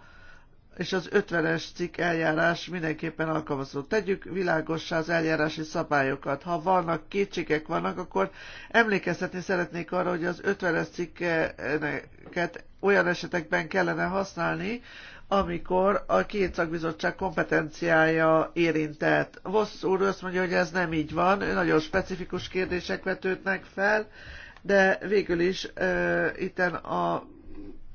és az 50-es cikk eljárás mindenképpen alkalmazott. Tegyük világossá az eljárási szabályokat. Ha vannak kétségek vannak, akkor emlékeztetni szeretnék arra, hogy az 50-es cikkeket olyan esetekben kellene használni, amikor a két szakbizottság kompetenciája érintett. Vossz úr azt mondja, hogy ez nem így van, nagyon specifikus kérdések vetődnek fel, de végül is uh, itten a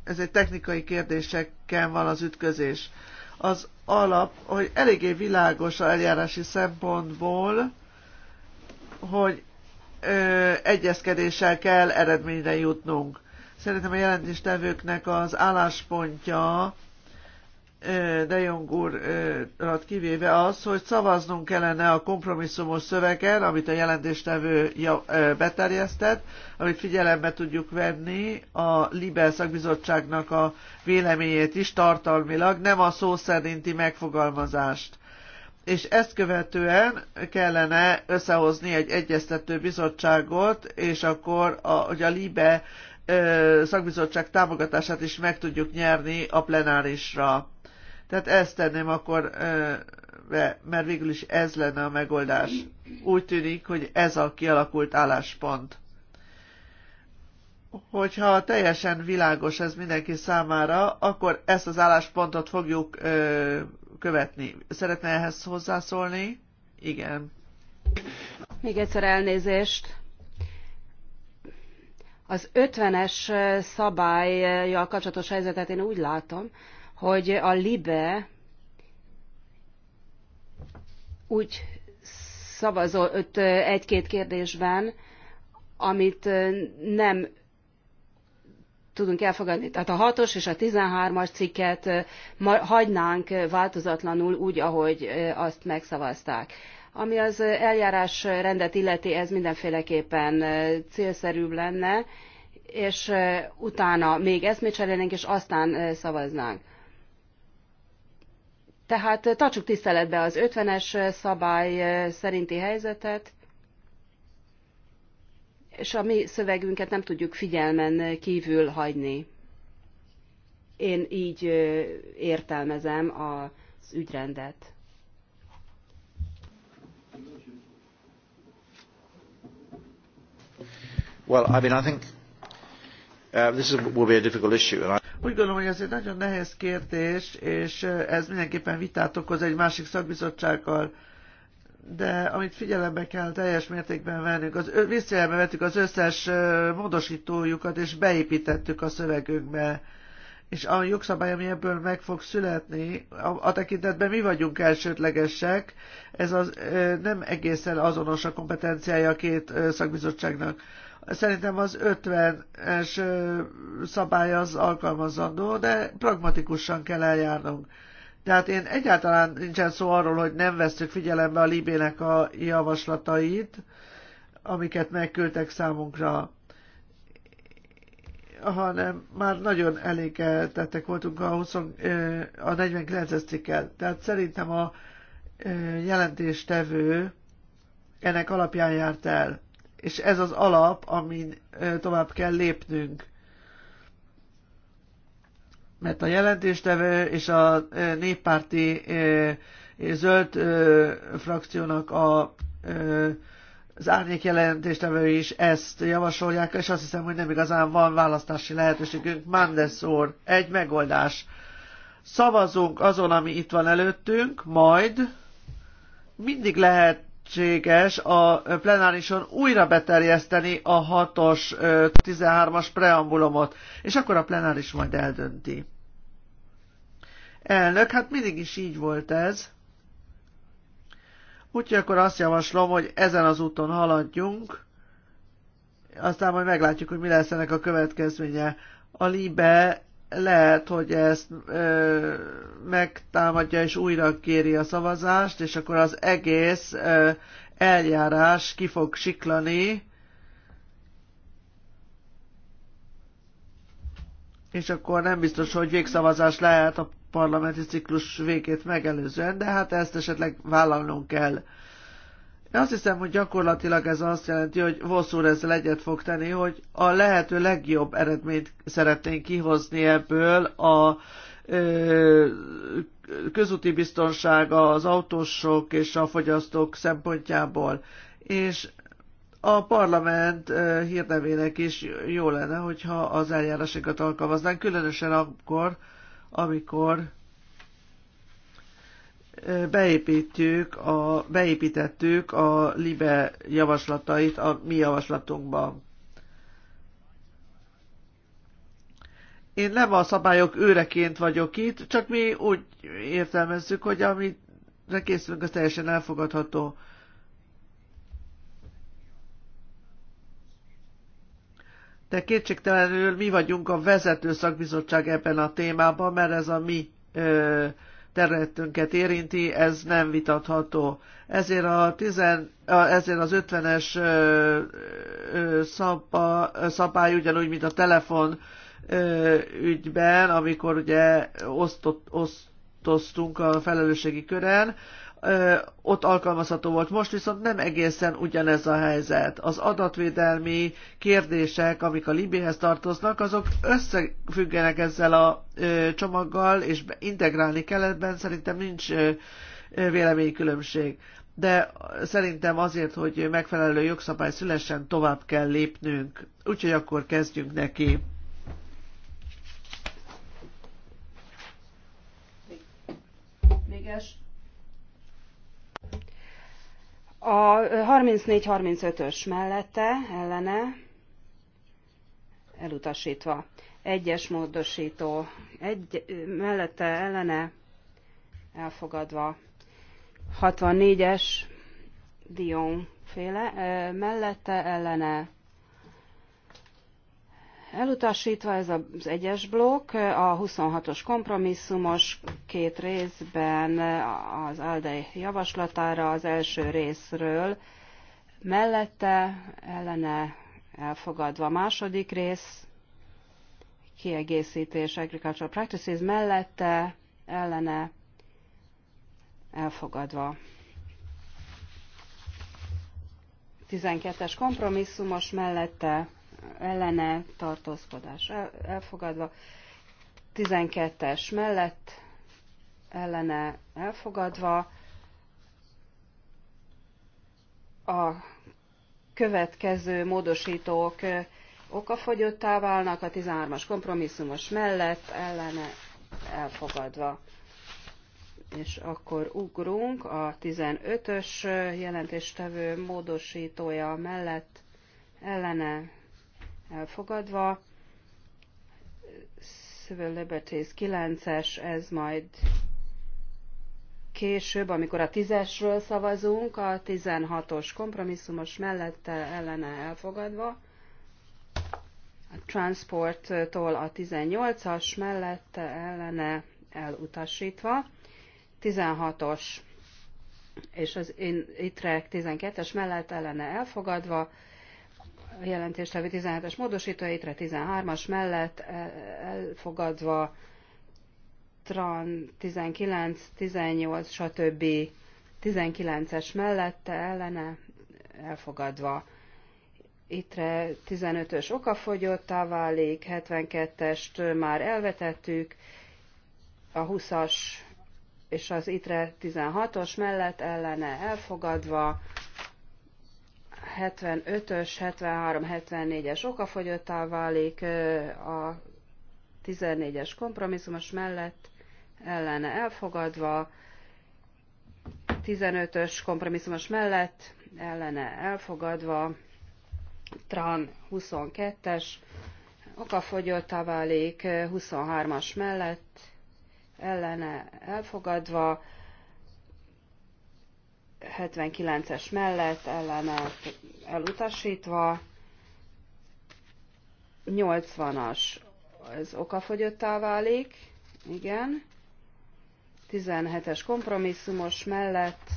ez egy technikai kérdésekkel van az ütközés. Az alap, hogy eléggé világos a eljárási szempontból, hogy ö, egyezkedéssel kell eredményre jutnunk. Szerintem a jelentéstevőknek az álláspontja de Jong úr kivéve az, hogy szavaznunk kellene a kompromisszumos szövegen, amit a jelentéstevő beterjesztett, amit figyelembe tudjuk venni a Libel szakbizottságnak a véleményét is tartalmilag, nem a szó szerinti megfogalmazást. És ezt követően kellene összehozni egy egyeztető bizottságot, és akkor a, hogy a Libe szakbizottság támogatását is meg tudjuk nyerni a plenárisra tehát ezt tenném akkor mert végül is ez lenne a megoldás. Úgy tűnik, hogy ez a kialakult álláspont. Hogyha teljesen világos ez mindenki számára, akkor ezt az álláspontot fogjuk követni. Szeretne ehhez hozzászólni? Igen. Még egyszer elnézést. Az 50-es szabályjal kapcsolatos helyzetet én úgy látom, hogy a LIBE úgy szavazott egy-két kérdésben, amit nem tudunk elfogadni. Tehát a 6-os és a 13-as cikket hagynánk változatlanul úgy, ahogy azt megszavazták. Ami az eljárás rendet illeti, ez mindenféleképpen célszerűbb lenne, és utána még eszmét cserélnénk, és aztán szavaznánk. Tehát tartsuk tiszteletbe az 50-es szabály szerinti helyzetet, és a mi szövegünket nem tudjuk figyelmen kívül hagyni. Én így értelmezem az ügyrendet. Well, I mean, I think Uh, Úgy gondolom, hogy ez egy nagyon nehéz kérdés, és uh, ez mindenképpen vitát okoz egy másik szakbizottsággal, de amit figyelembe kell teljes mértékben vennünk, az, visszajelbe vettük az összes uh, módosítójukat, és beépítettük a szövegünkbe és a jogszabály, ami ebből meg fog születni, a, a tekintetben mi vagyunk elsődlegesek, ez az, nem egészen azonos a kompetenciája a két szakbizottságnak. Szerintem az 50-es szabály az alkalmazandó, de pragmatikusan kell eljárnunk. Tehát én egyáltalán nincsen szó arról, hogy nem vesztük figyelembe a Libének a javaslatait, amiket megküldtek számunkra, hanem már nagyon elégetettek voltunk a, 20, a 49-es cikkel. Tehát szerintem a jelentéstevő ennek alapján járt el és ez az alap, amin tovább kell lépnünk. Mert a jelentéstevő és a néppárti zöld frakciónak a az árnyék jelentéstevő is ezt javasolják, és azt hiszem, hogy nem igazán van választási lehetőségünk. Mandeszor, egy megoldás. Szavazunk azon, ami itt van előttünk, majd mindig lehet lehetséges a plenárison újra beterjeszteni a 6-os, 13-as preambulumot, és akkor a plenáris majd eldönti. Elnök, hát mindig is így volt ez. Úgyhogy akkor azt javaslom, hogy ezen az úton haladjunk, aztán majd meglátjuk, hogy mi lesz ennek a következménye. A Libe lehet, hogy ezt ö, megtámadja és újra kéri a szavazást, és akkor az egész ö, eljárás ki fog siklani, és akkor nem biztos, hogy végszavazás lehet a parlamenti ciklus végét megelőzően, de hát ezt esetleg vállalnunk kell. De azt hiszem, hogy gyakorlatilag ez azt jelenti, hogy Vosszúr ezzel egyet fog tenni, hogy a lehető legjobb eredményt szeretnénk kihozni ebből a ö, közúti biztonsága az autósok és a fogyasztók szempontjából. És a parlament hírnevének is jó lenne, hogyha az eljárásokat alkalmaznánk, különösen akkor, amikor beépítjük a, beépítettük a LIBE javaslatait a mi javaslatunkba. Én nem a szabályok őreként vagyok itt, csak mi úgy értelmezzük, hogy amire készülünk, az teljesen elfogadható. De kétségtelenül mi vagyunk a vezető szakbizottság ebben a témában, mert ez a mi ö, területünket érinti, ez nem vitatható. Ezért, a tizen, ezért az 50-es szabály ugyanúgy, mint a telefon ügyben, amikor ugye osztott, osztoztunk a felelősségi körén ott alkalmazható volt. Most viszont nem egészen ugyanez a helyzet. Az adatvédelmi kérdések, amik a Libéhez tartoznak, azok összefüggenek ezzel a csomaggal, és integrálni kell ebben, szerintem nincs véleménykülönbség. De szerintem azért, hogy megfelelő jogszabály szülessen, tovább kell lépnünk. Úgyhogy akkor kezdjünk neki. Még, még es a 34-35-ös mellette, ellene, elutasítva. Egyes módosító, egy, mellette, ellene, elfogadva. 64-es, Dion féle, mellette, ellene, Elutasítva ez az egyes blokk, a 26-os kompromisszumos két részben az ALDE javaslatára az első részről, mellette ellene elfogadva a második rész, kiegészítés Agricultural Practices mellette ellene elfogadva. 12-es kompromisszumos mellette ellene tartózkodás elfogadva, 12-es mellett ellene elfogadva, a következő módosítók okafogyottá válnak, a 13-as kompromisszumos mellett ellene elfogadva. És akkor ugrunk a 15-ös jelentéstevő módosítója mellett ellene elfogadva. Civil Liberties 9-es, ez majd később, amikor a 10-esről szavazunk, a 16-os kompromisszumos mellette ellene elfogadva. A transporttól a 18-as mellette ellene elutasítva. 16-os és az ITREK 12-es mellett ellene elfogadva, jelentéstevő 17-es módosítóitre, 13-as mellett e, elfogadva, Tran 19, 18, stb. 19-es mellette ellene elfogadva. Ittre 15-ös okafogyottá válik, 72-est már elvetettük, a 20-as és az ITRE 16-os mellett ellene elfogadva, 75-ös, 73-74-es okafogyottá válik a 14-es kompromisszumos mellett ellene elfogadva, 15-ös kompromisszumos mellett ellene elfogadva, TRAN 22-es, okafogyottá válik 23-as mellett ellene elfogadva, 79-es mellett ellene elutasítva, 80-as az okafogyottá válik, igen, 17-es kompromisszumos mellett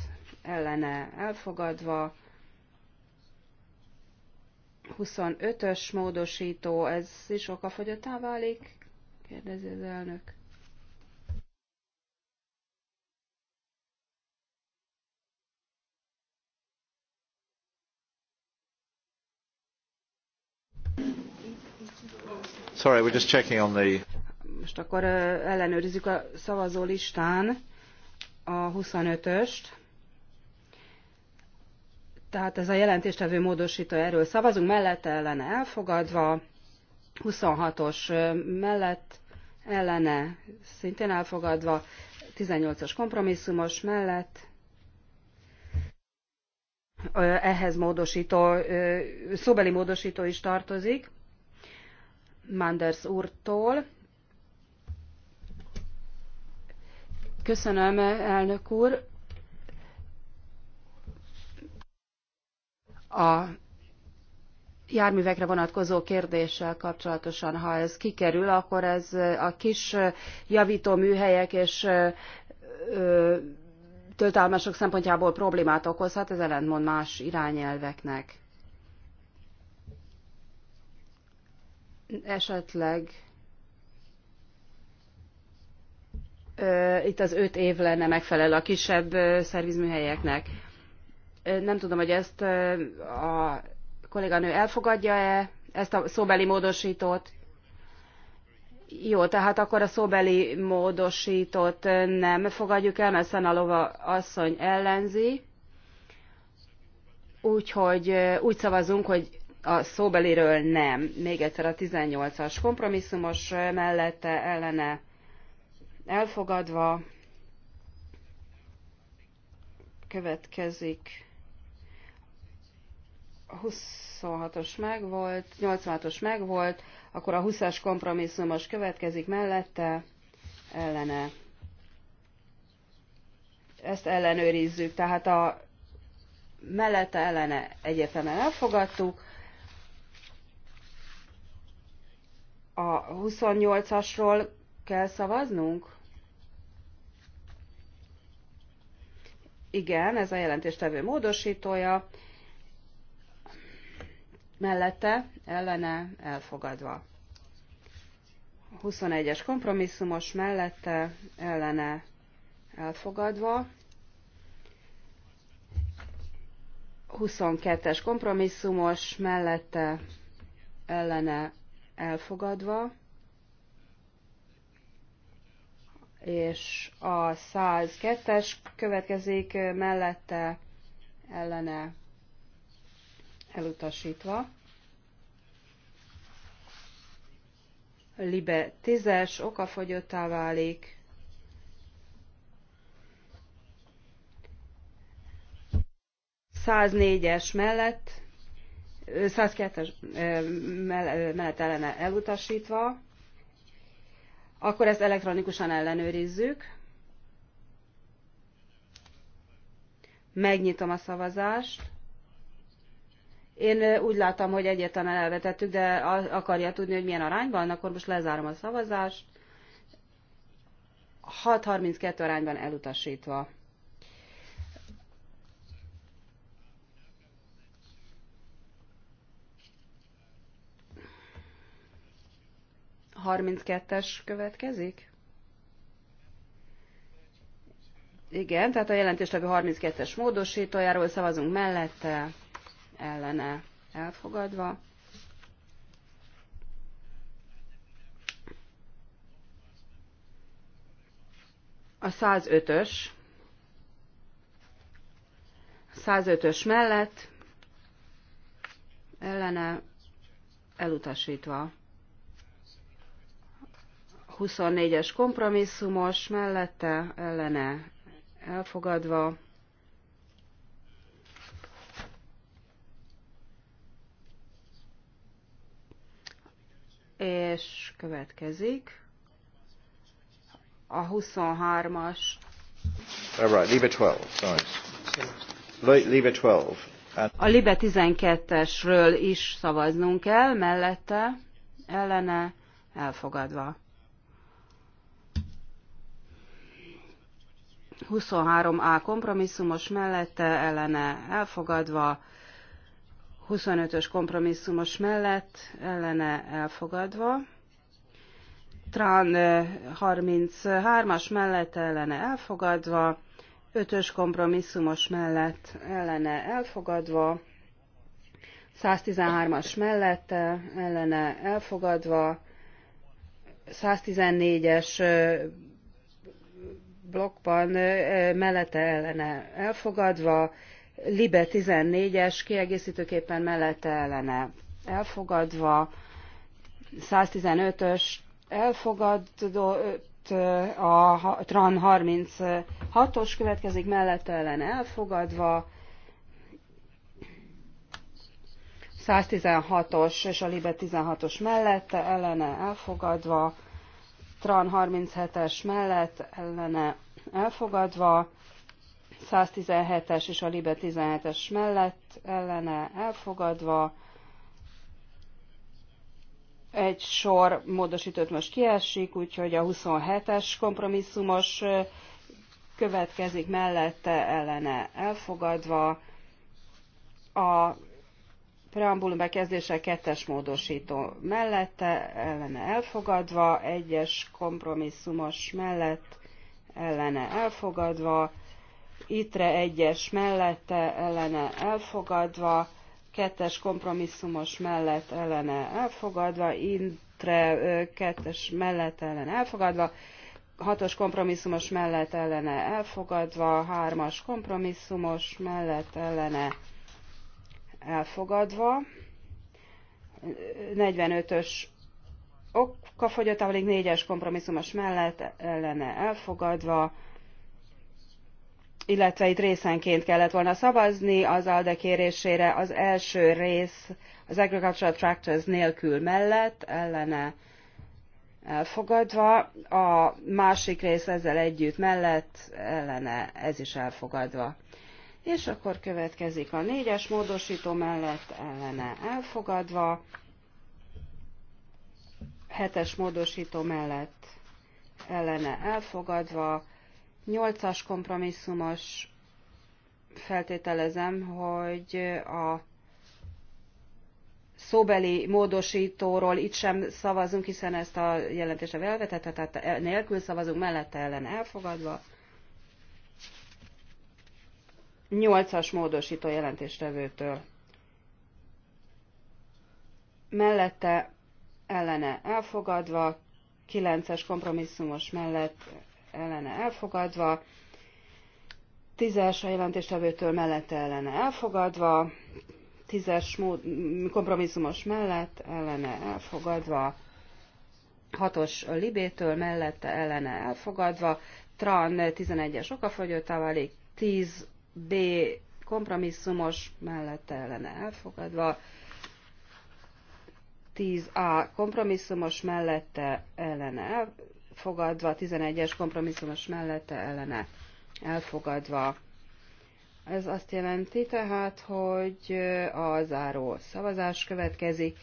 ellene elfogadva, 25-ös módosító, ez is okafogyottá válik? Kérdezi az elnök. Sorry, we're just checking on the... Most akkor ellenőrizzük a szavazó listán a 25-öst. Tehát ez a jelentéstevő módosító erről szavazunk, mellette ellene elfogadva, 26-os mellett ellene szintén elfogadva, 18-as kompromisszumos mellett, ehhez módosító, szóbeli módosító is tartozik, Manders úrtól. Köszönöm, elnök úr. A járművekre vonatkozó kérdéssel kapcsolatosan, ha ez kikerül, akkor ez a kis javító műhelyek és töltelmások szempontjából problémát okozhat, ez ellentmond más irányelveknek. esetleg itt az öt év lenne megfelelő a kisebb szervizműhelyeknek. Nem tudom, hogy ezt a kolléganő elfogadja-e, ezt a szóbeli módosítót. Jó, tehát akkor a szóbeli módosítót nem fogadjuk el, mert Szenalova asszony ellenzi. Úgyhogy úgy szavazunk, hogy a szóbeliről nem. Még egyszer a 18-as kompromisszumos mellette ellene elfogadva következik 26-os megvolt, 86-os megvolt, akkor a 20-as kompromisszumos következik mellette, ellene. Ezt ellenőrizzük, tehát a mellette ellene egyetemen elfogadtuk, A 28-asról kell szavaznunk? Igen, ez a jelentéstevő módosítója. Mellette, ellene, elfogadva. 21-es kompromisszumos mellette, ellene, elfogadva. 22-es kompromisszumos mellette, ellene, elfogadva, és a 102-es következik mellette ellene elutasítva. Libe 10-es okafogyottá válik. Száznégyes mellett 102-es mellett ellene elutasítva, akkor ezt elektronikusan ellenőrizzük. Megnyitom a szavazást. Én úgy láttam, hogy egyértelműen elvetettük, de akarja tudni, hogy milyen arányban, akkor most lezárom a szavazást. 632 arányban elutasítva. 32-es következik? Igen, tehát a jelentéstevő 32-es módosítójáról szavazunk mellette, ellene elfogadva. A 105-ös 105-ös mellett ellene elutasítva. 24-es kompromisszumos, mellette ellene elfogadva. És következik a 23-as. All right, Libe 12, nice. Libe 12. A Libe 12-esről is szavaznunk kell, mellette, ellene, elfogadva. 23A kompromisszumos mellette ellene elfogadva, 25-ös kompromisszumos mellett ellene elfogadva, Trán 33-as mellett ellene elfogadva, 5-ös kompromisszumos mellett ellene elfogadva, 113-as mellette ellene elfogadva, 114-es blokkban mellette ellene elfogadva, Libe 14-es kiegészítőképpen mellette ellene elfogadva, 115-ös elfogadott, a TRAN 36-os következik mellette ellene elfogadva, 116-os és a Libe 16-os mellette ellene elfogadva, TRAN 37-es mellett ellene elfogadva, 117-es és a LIBE 17-es mellett ellene elfogadva, egy sor módosított most kiesik, úgyhogy a 27-es kompromisszumos következik mellette ellene elfogadva, a preambulum bekezdése kettes módosító mellette, ellene elfogadva, egyes kompromisszumos mellett, ellene elfogadva, itre egyes mellette, ellene elfogadva, kettes kompromisszumos mellett, ellene elfogadva, intre kettes mellett, ellene elfogadva, hatos kompromisszumos mellett, ellene elfogadva, hármas kompromisszumos mellett, ellene elfogadva, elfogadva. 45-ös okafogyott, 4-es kompromisszumos mellett ellene elfogadva, illetve itt részenként kellett volna szavazni az ALDE kérésére az első rész az Agricultural Tractors nélkül mellett ellene elfogadva, a másik rész ezzel együtt mellett ellene ez is elfogadva és akkor következik a négyes módosító mellett ellene elfogadva, hetes módosító mellett ellene elfogadva, nyolcas kompromisszumos feltételezem, hogy a szóbeli módosítóról itt sem szavazunk, hiszen ezt a jelentésre elvetett, tehát nélkül szavazunk, mellette ellen elfogadva. 8-as módosító jelentéstevőtől. Mellette ellene elfogadva, 9-es kompromisszumos mellett ellene elfogadva, 10-es a jelentéstevőtől mellette ellene elfogadva, 10-es kompromisszumos mellett ellene elfogadva, 6-os libétől mellette ellene elfogadva, TRAN 11-es okafogyottá válik, 10 B kompromisszumos mellette ellene elfogadva, 10A kompromisszumos mellette ellene elfogadva, 11-es kompromisszumos mellette ellene elfogadva. Ez azt jelenti tehát, hogy a záró szavazás következik.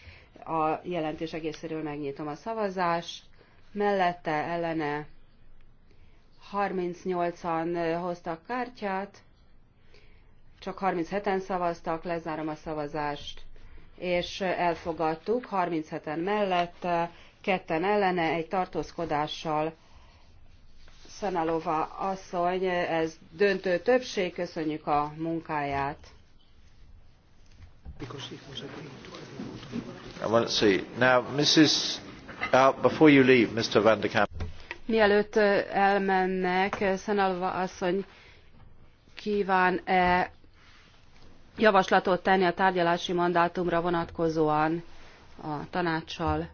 A jelentés egészéről megnyitom a szavazást. Mellette ellene 38-an hoztak kártyát, csak 37-en szavaztak, lezárom a szavazást, és elfogadtuk, 37-en mellett, ketten ellene, egy tartózkodással. Szenalova asszony, ez döntő többség, köszönjük a munkáját. I want to see. Now, Mrs. Uh, before you leave, Mr. Van de Kamp. Mielőtt uh, elmennek, Szenalova asszony kíván-e javaslatot tenni a tárgyalási mandátumra vonatkozóan a tanácssal.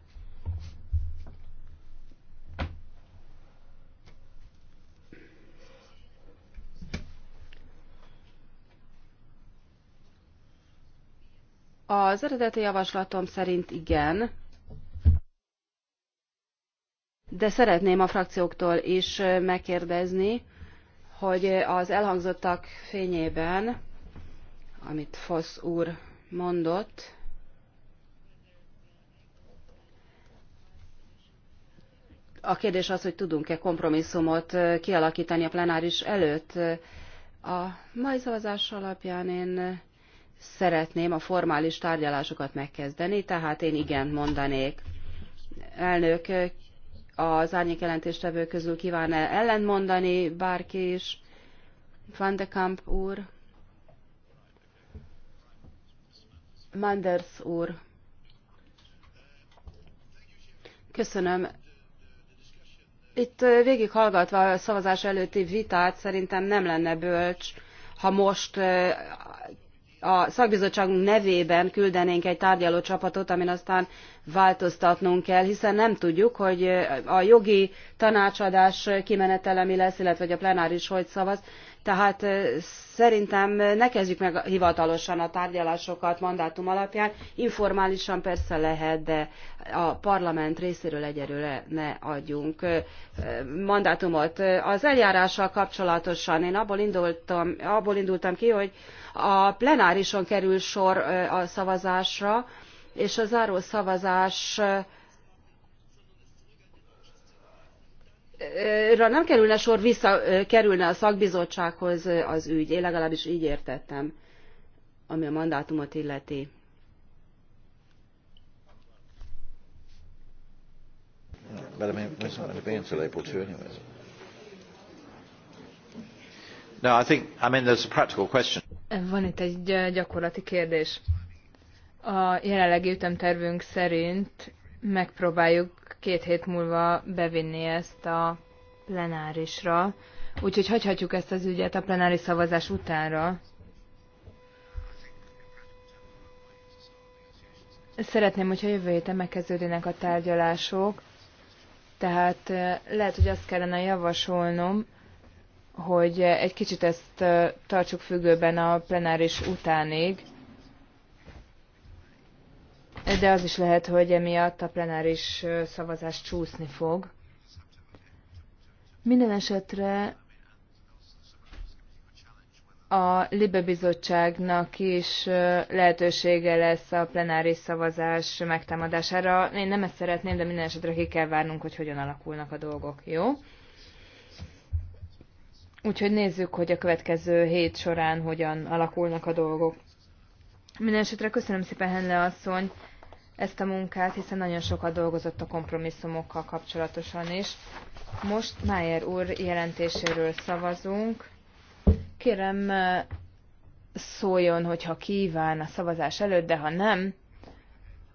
Az eredeti javaslatom szerint igen, de szeretném a frakcióktól is megkérdezni, hogy az elhangzottak fényében amit Fosz úr mondott. A kérdés az, hogy tudunk-e kompromisszumot kialakítani a plenáris előtt. A mai szavazás alapján én szeretném a formális tárgyalásokat megkezdeni, tehát én igen mondanék. Elnök, az jelentéstevő közül kíván-e ellentmondani bárki is? Van de Kamp úr. Manders úr. Köszönöm. Itt végighallgatva a szavazás előtti vitát szerintem nem lenne bölcs, ha most a szakbizottságunk nevében küldenénk egy tárgyalócsapatot, amin aztán változtatnunk kell, hiszen nem tudjuk, hogy a jogi tanácsadás kimenetelemi lesz, illetve hogy a plenáris hogy szavaz tehát szerintem ne kezdjük meg hivatalosan a tárgyalásokat mandátum alapján, informálisan persze lehet, de a parlament részéről egyelőre ne adjunk mandátumot. Az eljárással kapcsolatosan én abból indultam, abból indultam ki, hogy a plenárison kerül sor a szavazásra, és a záró szavazás nem kerülne sor, visszakerülne a szakbizottsághoz az ügy. Én legalábbis így értettem, ami a mandátumot illeti. No, I think, I mean, there's a practical question. Van itt egy gyakorlati kérdés. A jelenlegi ütemtervünk szerint megpróbáljuk két hét múlva bevinni ezt a plenárisra, úgyhogy hagyhatjuk ezt az ügyet a plenáris szavazás utánra. Szeretném, hogyha jövő héten megkezdődnének a tárgyalások, tehát lehet, hogy azt kellene javasolnom, hogy egy kicsit ezt tartsuk függőben a plenáris utánig, de az is lehet, hogy emiatt a plenáris szavazás csúszni fog. Minden esetre a Libe Bizottságnak is lehetősége lesz a plenáris szavazás megtámadására. Én nem ezt szeretném, de minden esetre ki kell várnunk, hogy hogyan alakulnak a dolgok. Jó? Úgyhogy nézzük, hogy a következő hét során hogyan alakulnak a dolgok. Minden esetre köszönöm szépen, Henle asszony, ezt a munkát, hiszen nagyon sokat dolgozott a kompromisszumokkal kapcsolatosan is. Most Mayer úr jelentéséről szavazunk. Kérem, szóljon, hogyha kíván a szavazás előtt, de ha nem,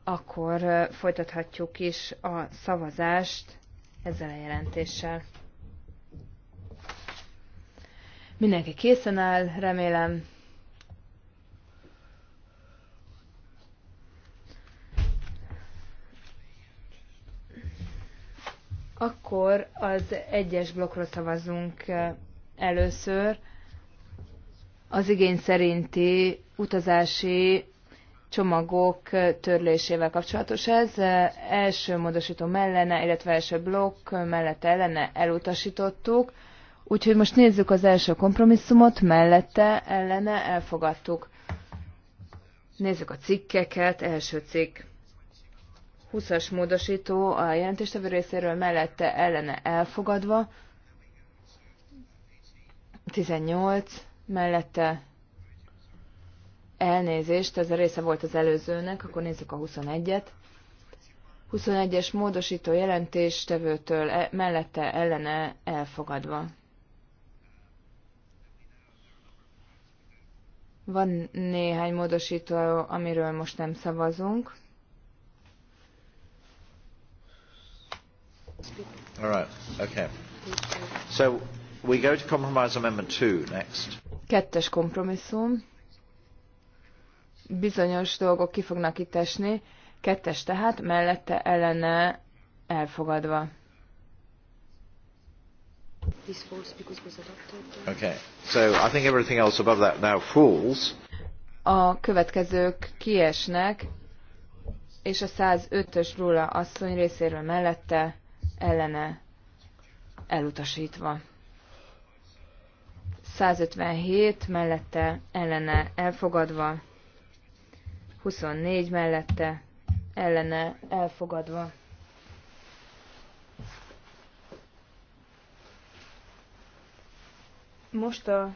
akkor folytathatjuk is a szavazást ezzel a jelentéssel. Mindenki készen áll, remélem. Akkor az egyes blokkra szavazunk eh, először. Az igény szerinti utazási csomagok eh, törlésével kapcsolatos ez. Eh, első módosító mellene, illetve első blokk mellette ellene elutasítottuk. Úgyhogy most nézzük az első kompromisszumot, mellette ellene elfogadtuk. Nézzük a cikkeket, első cikk 20-as módosító a jelentéstevő részéről mellette ellene elfogadva, 18 mellette elnézést, ez a része volt az előzőnek, akkor nézzük a 21-et. 21-es módosító jelentéstevőtől e- mellette ellene elfogadva. Van néhány módosító, amiről most nem szavazunk. All right. Okay. So we go to compromise amendment two next. Kettes kompromisszum. Bizonyos dolgok ki fognak itt esni. Kettes tehát, mellette ellene elfogadva. Okay. So I think everything else above that now falls. A következők kiesnek, és a 105-ös Rula asszony részéről mellette ellene elutasítva. 157 mellette ellene elfogadva, 24 mellette ellene elfogadva. Most a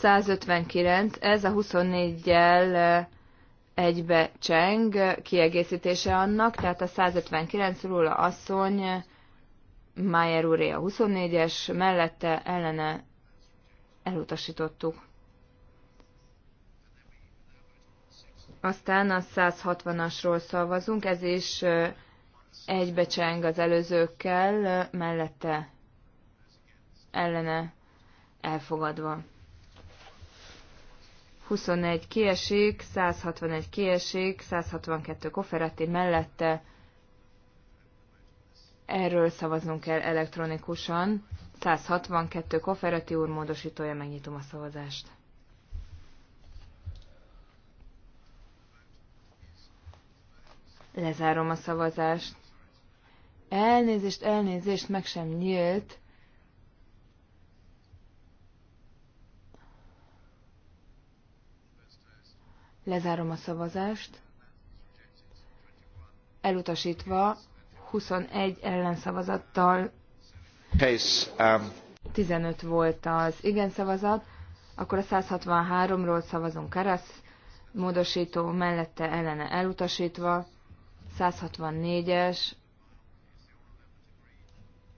159, ez a 24-jel egybe cseng, kiegészítése annak, tehát a 159 róla asszony, Májer úré a 24-es, mellette ellene elutasítottuk. Aztán a 160-asról szavazunk, ez is egybecseng az előzőkkel, mellette ellene elfogadva. 21 kiesik, 161 kiesik, 162 koferetti mellette. Erről szavaznunk kell elektronikusan. 162 koferetti úr módosítója, megnyitom a szavazást. Lezárom a szavazást. Elnézést, elnézést, meg sem nyílt. Lezárom a szavazást. Elutasítva 21 ellenszavazattal 15 um, volt az igen szavazat, akkor a 163-ról szavazunk Karasz, módosító mellette ellene elutasítva, 164-es,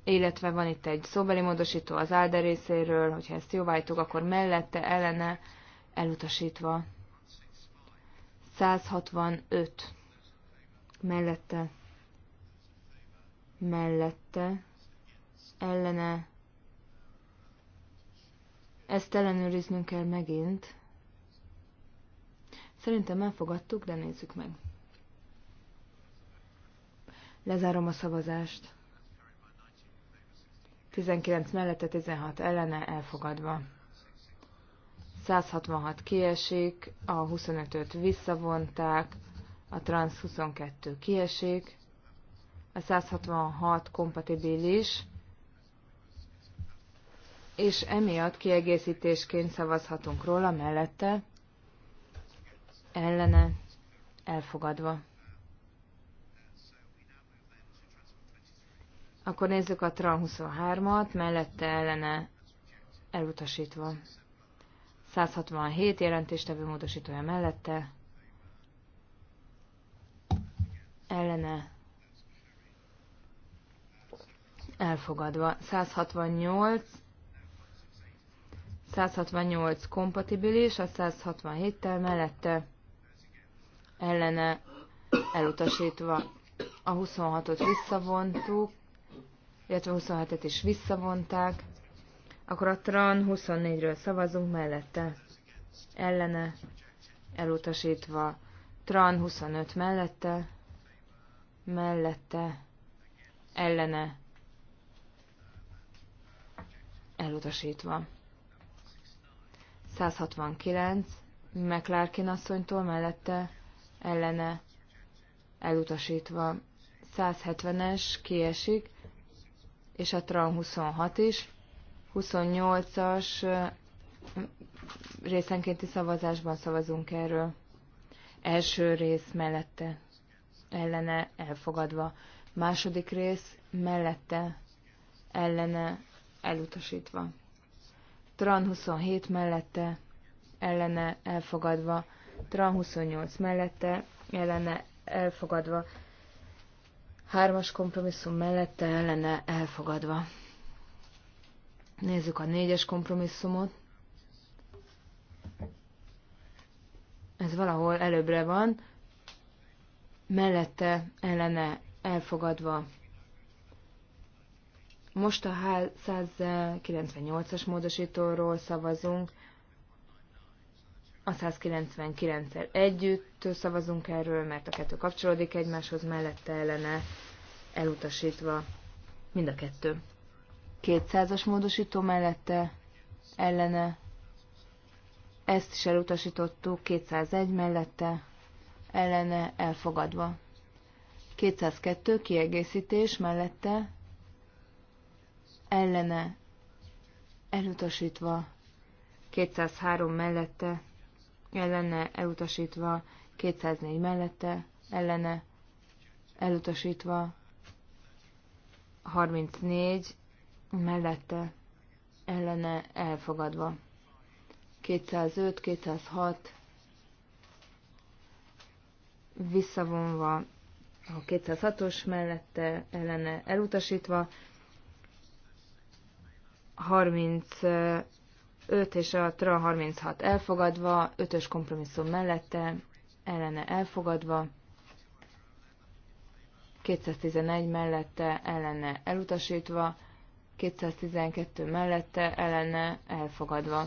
illetve van itt egy szóbeli módosító az Álder részéről, hogyha ezt jóvájtjuk, akkor mellette ellene elutasítva. 165 mellette, mellette, ellene, ezt ellenőriznünk kell megint. Szerintem elfogadtuk, de nézzük meg. Lezárom a szavazást. 19 mellette, 16 ellene, elfogadva. 166 kiesik, a 25-öt visszavonták, a trans 22 kiesik, a 166 kompatibilis, és emiatt kiegészítésként szavazhatunk róla mellette, ellene, elfogadva. Akkor nézzük a TRAN 23-at, mellette ellene elutasítva. 167 jelentéstevő módosítója mellette, ellene elfogadva. 168 168 kompatibilis, a 167-tel mellette ellene elutasítva. A 26-ot visszavontuk, illetve 27-et is visszavonták. Akkor a TRAN 24-ről szavazunk mellette. Ellene. Elutasítva. TRAN 25 mellette. Mellette. Ellene. Elutasítva. 169. McLarkin asszonytól mellette. Ellene. Elutasítva. 170-es kiesik, és a TRAN 26 is 28-as részenkénti szavazásban szavazunk erről. Első rész mellette ellene elfogadva. Második rész mellette ellene elutasítva. Tran 27 mellette ellene elfogadva. Tran 28 mellette ellene elfogadva. Hármas kompromisszum mellette ellene elfogadva. Nézzük a négyes kompromisszumot. Ez valahol előbbre van. Mellette ellene elfogadva. Most a 198-as módosítóról szavazunk. A 199-el együtt szavazunk erről, mert a kettő kapcsolódik egymáshoz, mellette ellene elutasítva mind a kettő. 200 módosító mellette ellene. Ezt is elutasítottuk 201 mellette ellene elfogadva. 202 kiegészítés mellette ellene elutasítva. 203 mellette ellene elutasítva. 204 mellette ellene elutasítva. 34 mellette ellene elfogadva. 205, 206 visszavonva, a 206-os mellette ellene elutasítva, 35 és a TRA 36 elfogadva, 5-ös kompromisszum mellette ellene elfogadva, 211 mellette ellene elutasítva, 212 mellette ellene elfogadva.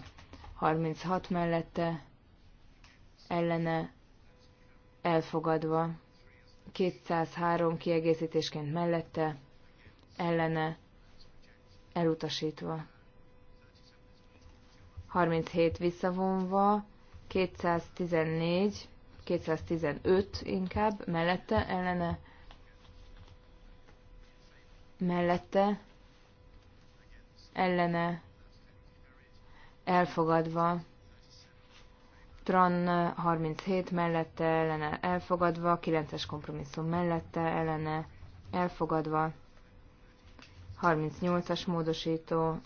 36 mellette ellene elfogadva. 203 kiegészítésként mellette ellene elutasítva. 37 visszavonva, 214, 215 inkább, mellette, ellene, mellette, ellene elfogadva, Tran 37 mellette ellene elfogadva, 9-es kompromisszum mellette ellene elfogadva, 38-as módosító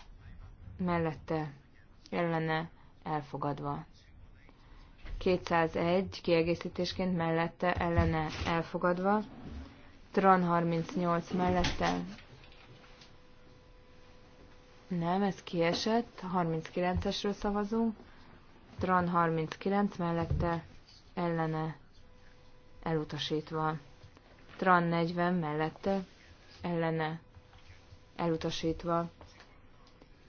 mellette ellene elfogadva. 201 kiegészítésként mellette ellene elfogadva, Tran 38 mellette nem, ez kiesett. 39-esről szavazunk. Tran 39 mellette ellene elutasítva. Tran 40 mellette ellene elutasítva.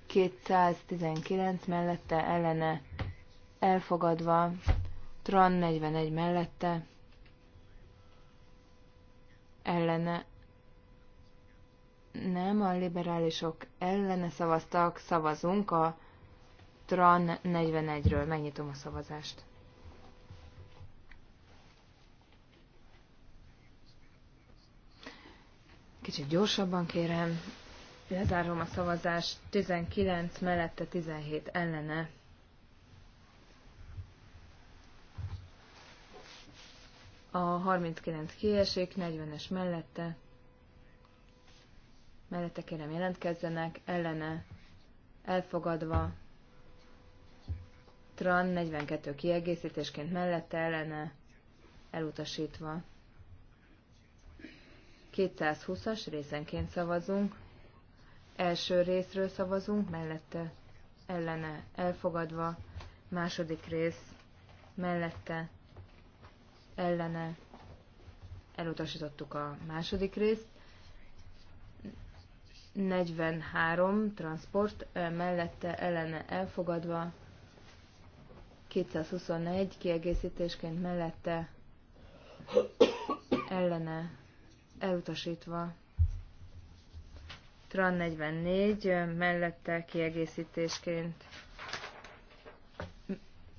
219 mellette ellene elfogadva. Tran 41 mellette ellene nem, a liberálisok ellene szavaztak, szavazunk a TRAN 41-ről. Megnyitom a szavazást. Kicsit gyorsabban kérem. Lezárom a szavazást. 19 mellette 17 ellene. A 39 kiesik, 40-es mellette mellette kérem jelentkezzenek, ellene elfogadva, Tran 42 kiegészítésként mellette ellene elutasítva. 220-as részenként szavazunk, első részről szavazunk, mellette ellene elfogadva, második rész mellette ellene elutasítottuk a második részt, 43 transport mellette ellene elfogadva, 221 kiegészítésként mellette ellene elutasítva. Tran 44 mellette kiegészítésként.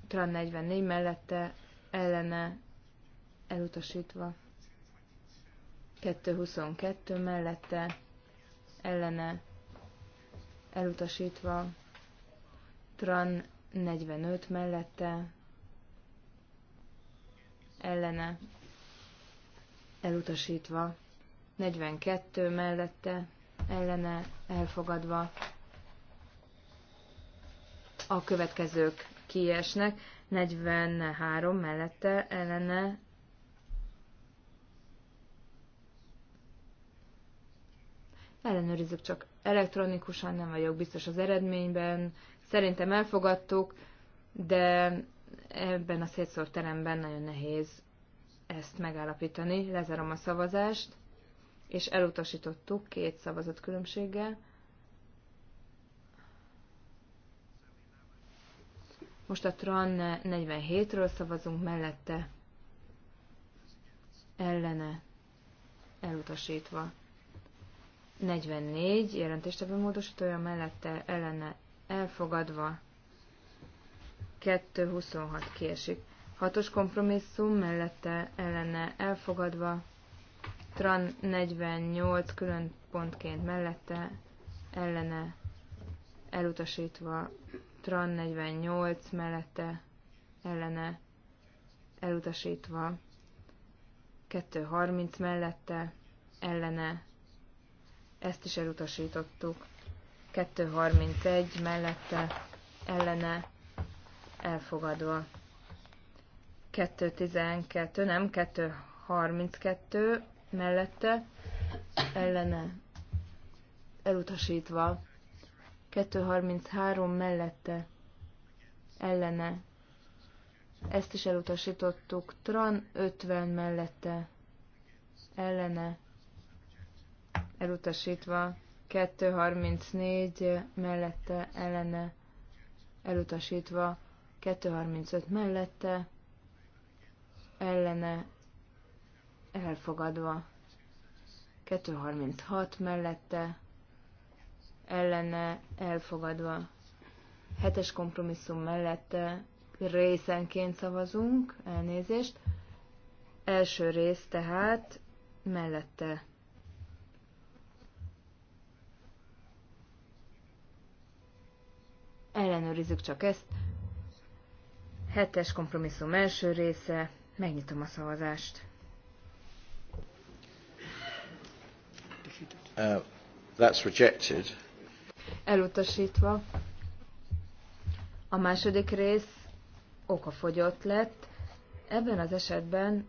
Tran 44 mellette ellene elutasítva. 222 mellette ellene elutasítva, Tran 45 mellette, ellene elutasítva, 42 mellette, ellene elfogadva, a következők kiesnek, 43 mellette, ellene ellenőrizzük csak elektronikusan, nem vagyok biztos az eredményben, szerintem elfogadtuk, de ebben a szétszórt teremben nagyon nehéz ezt megállapítani. Lezárom a szavazást, és elutasítottuk két szavazat különbséggel. Most a TRAN 47-ről szavazunk mellette, ellene, elutasítva. 44 jelentéstevő módosítója mellette ellene elfogadva 226 kiesik. Hatos kompromisszum mellette ellene elfogadva Tran 48 külön pontként mellette ellene elutasítva Tran 48 mellette ellene elutasítva 230 mellette ellene ezt is elutasítottuk. 231 mellette ellene elfogadva. 212, nem, 232 mellette ellene elutasítva. 233 mellette ellene. Ezt is elutasítottuk. Tran 50 mellette ellene elutasítva, 234 mellette ellene elutasítva, 235 mellette ellene elfogadva, 236 mellette ellene elfogadva, 7-es kompromisszum mellette részenként szavazunk, elnézést, első rész tehát mellette ellenőrizzük csak ezt. Hetes kompromisszum első része, megnyitom a szavazást. Uh, that's rejected. Elutasítva. A második rész okafogyott lett. Ebben az esetben,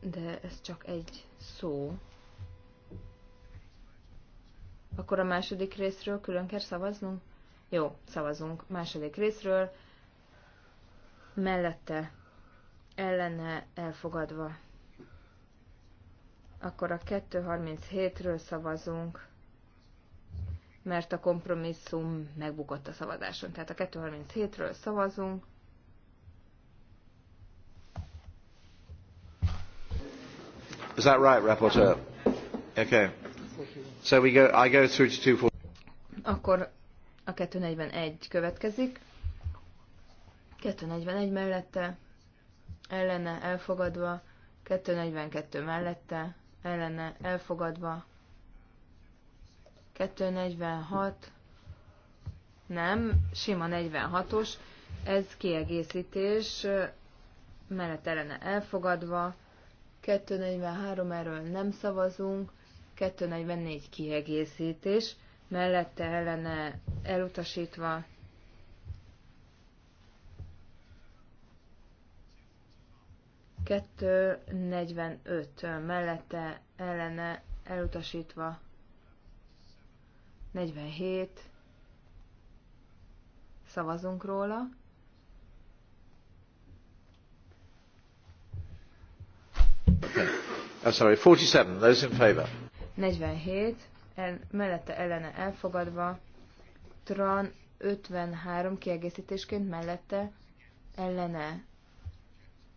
de ez csak egy szó, akkor a második részről külön kell szavaznunk? Jó, szavazunk. Második részről mellette ellene elfogadva. Akkor a 237-ről szavazunk, mert a kompromisszum megbukott a szavazáson. Tehát a 237-ről szavazunk. Is that right, rapporteur? Okay. So we go, I go through to 240. Akkor a 241 következik. 241 mellette, ellene elfogadva, 242 mellette, ellene elfogadva, 246, nem, sima 46-os, ez kiegészítés, mellett ellene elfogadva, 243 erről nem szavazunk, 244 kiegészítés, mellette ellene elutasítva 245 mellette ellene elutasítva 47 szavazunk róla. I'm uh, sorry, 47, those in favour. 47, el, mellette ellene elfogadva, tran 53 kiegészítésként mellette ellene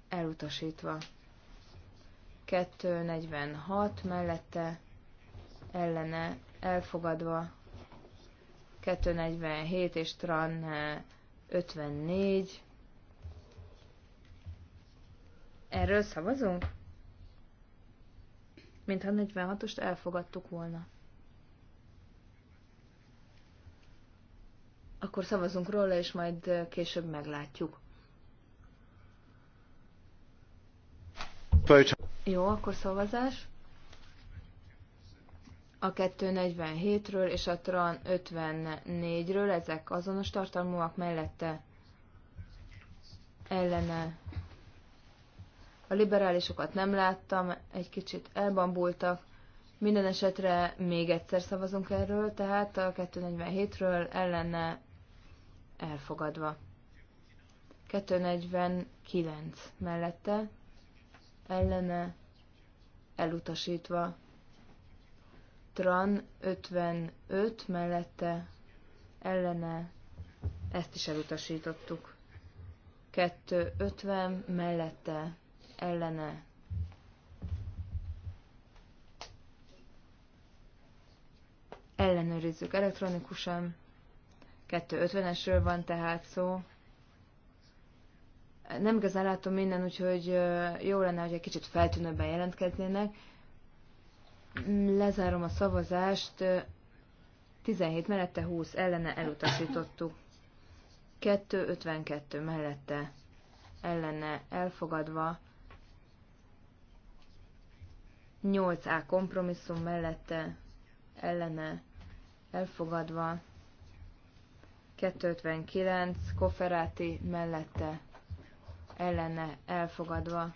elutasítva. 246 mellette ellene elfogadva. 247 és tran 54. Erről szavazunk? mintha 46-ost elfogadtuk volna. Akkor szavazunk róla, és majd később meglátjuk. Jó, akkor szavazás. A 247-ről és a TRAN 54-ről ezek azonos tartalmúak mellette ellene a liberálisokat nem láttam, egy kicsit elbambultak. Minden esetre még egyszer szavazunk erről, tehát a 247-ről lenne elfogadva. 249 mellette ellene elutasítva. Tran 55 mellette ellene ezt is elutasítottuk. 250 mellette ellene ellenőrizzük elektronikusan. 250-esről van tehát szó. Nem igazán látom minden, úgyhogy jó lenne, hogy egy kicsit feltűnőbben jelentkeznének. Lezárom a szavazást. 17 mellette, 20 ellene elutasítottuk. 252 mellette ellene elfogadva. 8A kompromisszum mellette ellene elfogadva, 259 koferáti mellette ellene elfogadva,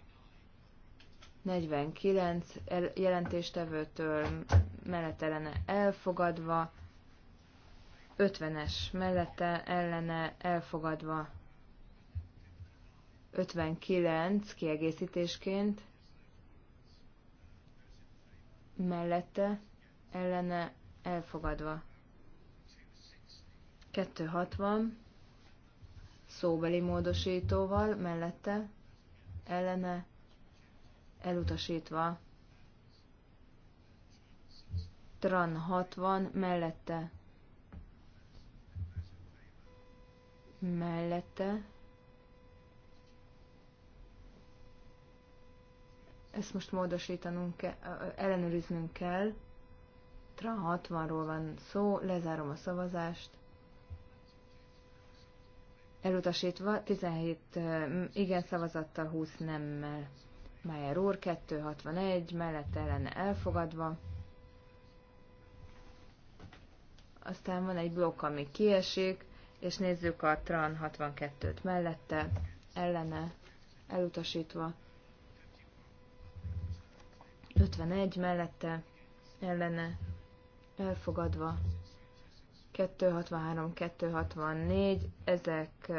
49 el, jelentéstevőtől mellette ellene elfogadva, 50-es mellette ellene elfogadva, 59 kiegészítésként, mellette ellene elfogadva. 260 szóbeli módosítóval mellette ellene elutasítva. Tran 60 mellette mellette Ezt most módosítanunk, ellenőriznünk kell. Tra 60-ról van szó, lezárom a szavazást. Elutasítva 17 igen szavazattal, 20 nemmel. Mayer úr 261, mellette ellene elfogadva. Aztán van egy blokk, ami kiesik, és nézzük a Tran 62-t mellette, ellene, elutasítva. 51 mellette ellene elfogadva. 263, 264, ezek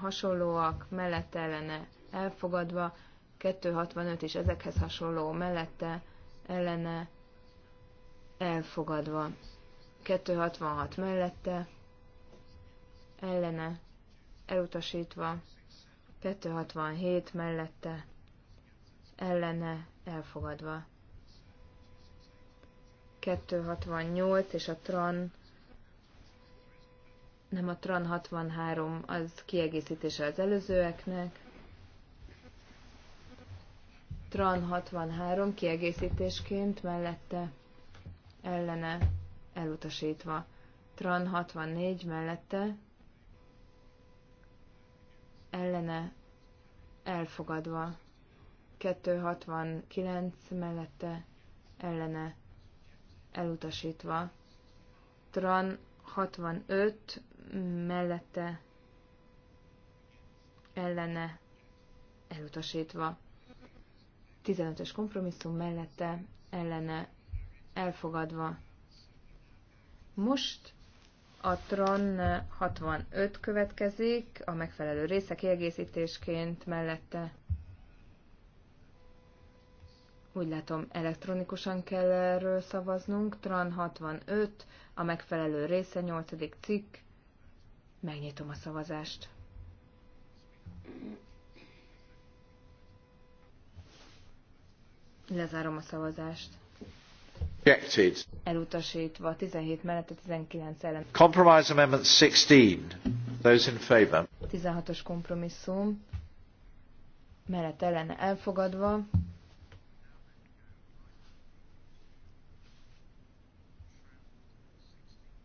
hasonlóak, mellette ellene elfogadva, 265 és ezekhez hasonló mellette ellene elfogadva. 266 mellette ellene elutasítva, 267 mellette ellene elfogadva. 268 és a TRAN nem a TRAN 63 az kiegészítése az előzőeknek. TRAN 63 kiegészítésként mellette ellene elutasítva. TRAN 64 mellette ellene elfogadva. 269 mellette ellene elutasítva. Tran 65 mellette ellene elutasítva. 15-ös kompromisszum mellette ellene elfogadva. Most a Tron 65 következik, a megfelelő része kiegészítésként mellette úgy látom, elektronikusan kell erről szavaznunk. Tran 65, a megfelelő része, 8. cikk. Megnyitom a szavazást. Lezárom a szavazást. Rejected. Elutasítva 17 mellett a 19 ellen. Compromise Amendment 16. Those in favor. 16-os kompromisszum. Mellett ellen elfogadva.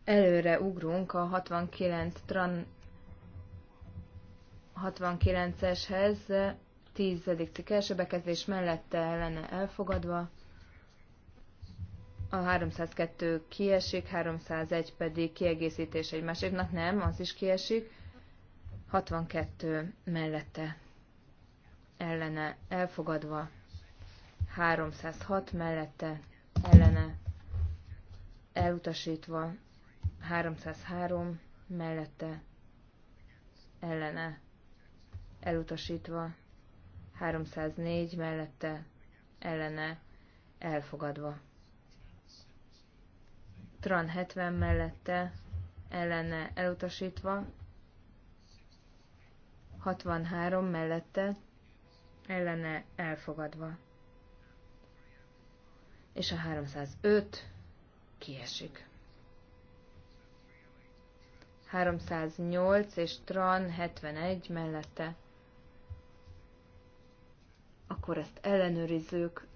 előre ugrunk a 69 tran 69-eshez, 10. cikk első bekezdés mellette ellene elfogadva, a 302 kiesik, 301 pedig kiegészítés egy másiknak, nem, az is kiesik, 62 mellette ellene elfogadva, 306 mellette ellene elutasítva, 303 mellette ellene elutasítva, 304 mellette ellene elfogadva. Tran 70 mellette ellene elutasítva, 63 mellette ellene elfogadva. És a 305 kiesik. 308 és Tran 71 mellette. Akkor ezt ellenőrizzük.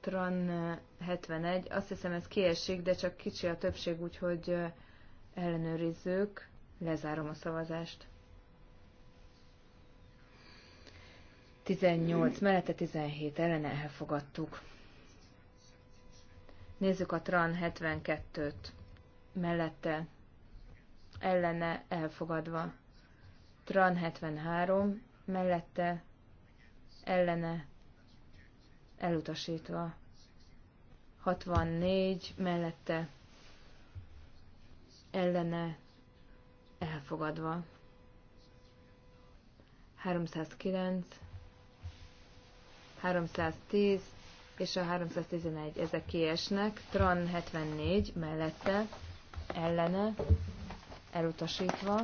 Tran 71, azt hiszem ez kiesik, de csak kicsi a többség, úgyhogy ellenőrizzük. Lezárom a szavazást. 18, mellette 17 ellene elfogadtuk. Nézzük a Tran 72-t. Mellette ellene elfogadva. Tran 73 mellette ellene elutasítva. 64 mellette ellene elfogadva. 309, 310 és a 311 ezek kiesnek. Tran 74 mellette ellene elutasítva,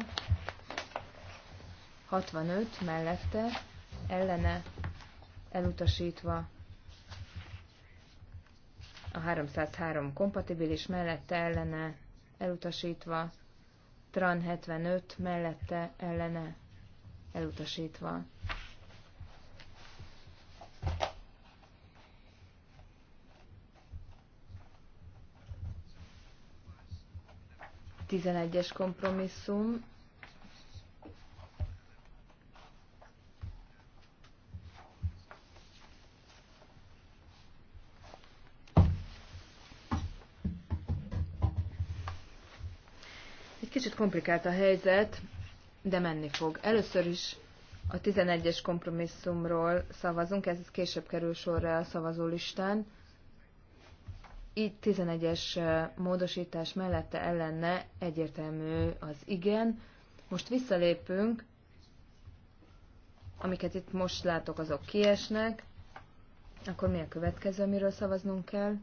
65 mellette, ellene elutasítva, a 303 kompatibilis mellette ellene elutasítva, TRAN 75 mellette ellene elutasítva. 11-es kompromisszum. Egy kicsit komplikált a helyzet, de menni fog. Először is a 11-es kompromisszumról szavazunk, ez később kerül sorra a szavazólistán. listán. Itt 11-es módosítás mellette ellenne egyértelmű az igen. Most visszalépünk, amiket itt most látok, azok kiesnek. Akkor mi a következő, amiről szavaznunk kell?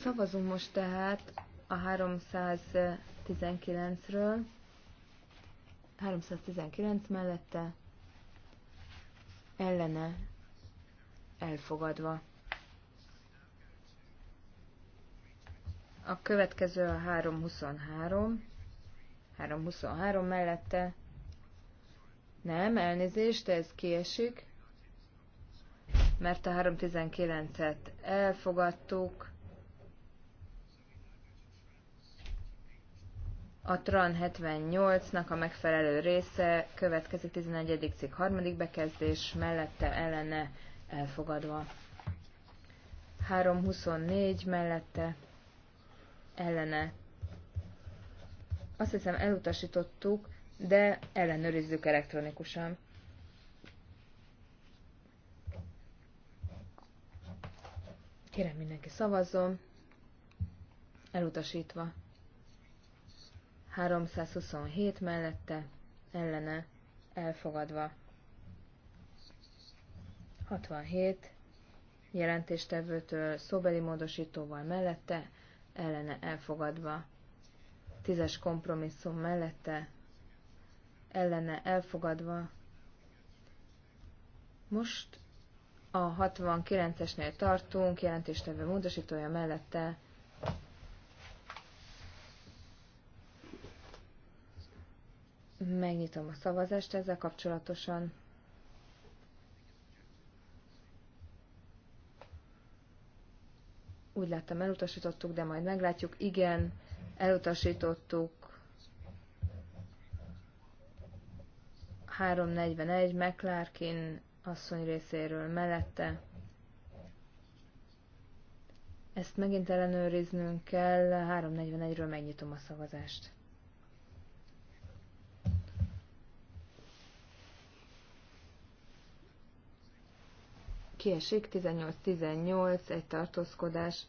Szavazunk most tehát a 319-ről. 319 mellette ellene elfogadva. A következő a 323. 323 mellette nem, elnézést, ez kiesik, mert a 319-et elfogadtuk. A TRAN 78-nak a megfelelő része következik 11. cikk harmadik bekezdés, mellette ellene elfogadva. 324 mellette ellene. Azt hiszem elutasítottuk, de ellenőrizzük elektronikusan. Kérem mindenki szavazzon. Elutasítva. 327 mellette, ellene, elfogadva. 67 jelentéstevőtől szóbeli módosítóval mellette, ellene elfogadva. Tízes kompromisszum mellette ellene elfogadva. Most a 69-esnél tartunk, jelentéstevő módosítója mellette megnyitom a szavazást ezzel kapcsolatosan. Úgy láttam, elutasítottuk, de majd meglátjuk. Igen, elutasítottuk. 341 McLarkin asszony részéről mellette. Ezt megint ellenőriznünk kell. 341-ről megnyitom a szavazást. kiesik, 18-18, egy tartózkodás,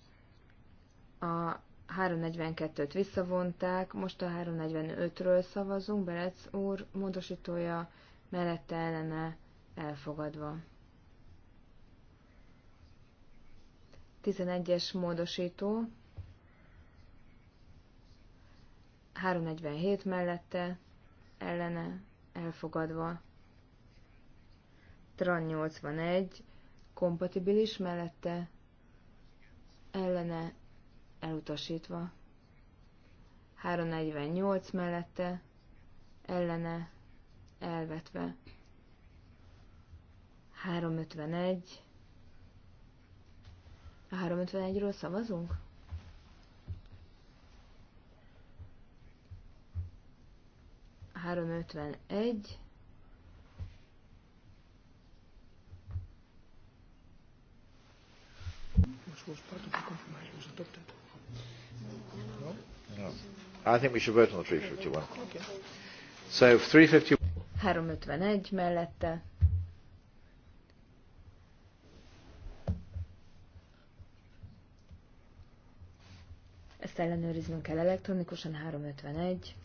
a 342-t visszavonták, most a 345-ről szavazunk, Berec úr módosítója mellette ellene elfogadva. 11-es módosító, 347 mellette ellene elfogadva. Tran 81, kompatibilis mellette ellene elutasítva. 348 mellette ellene elvetve. 351. A 351-ről szavazunk? A 351 was part of the compromise, was adopted. No? No. I think we should vote on the 351. Okay. So 351. 351 mellette. Ezt ellenőriznünk kell elektronikusan, 351.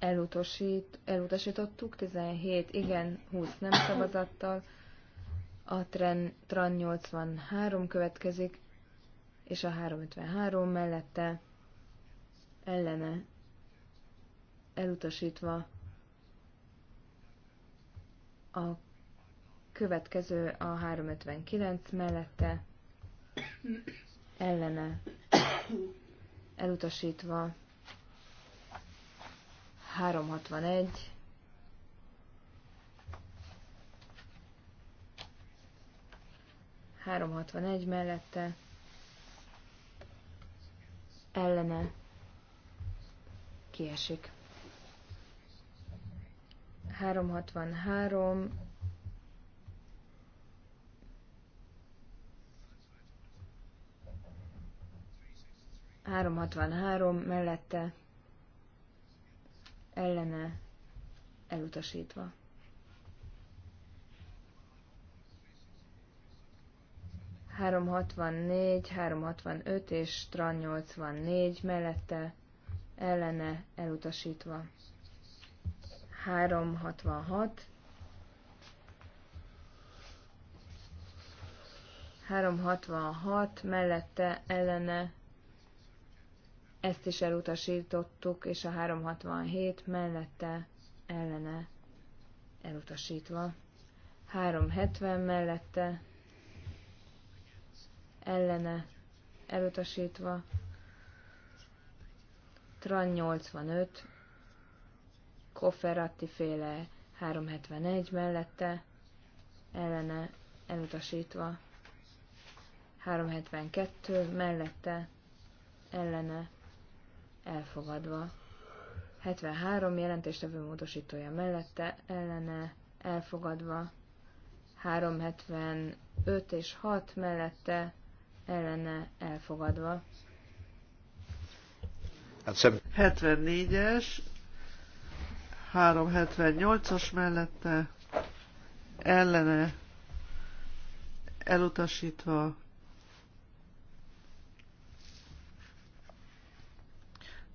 elutasít, elutasítottuk, 17 igen, 20 nem szavazattal, a tren, TRAN 83 következik, és a 353 mellette ellene elutasítva a következő a 359 mellette ellene elutasítva 361. Három mellette ellene kiesik. 363 363 mellette ellene elutasítva. Három hatvan négy, három hatvan öt és tran nyolcvan négy mellette ellene elutasítva. Három hatvan hat. 366 mellette ellene ezt is elutasítottuk, és a 367 mellette ellene elutasítva. 370 mellette ellene elutasítva. Tran 85, Kofferatti féle 371 mellette ellene elutasítva. 372 mellette ellene elfogadva. 73 jelentéstevő módosítója mellette ellene elfogadva. 375 és 6 mellette ellene elfogadva. 74-es, 378-as mellette ellene elutasítva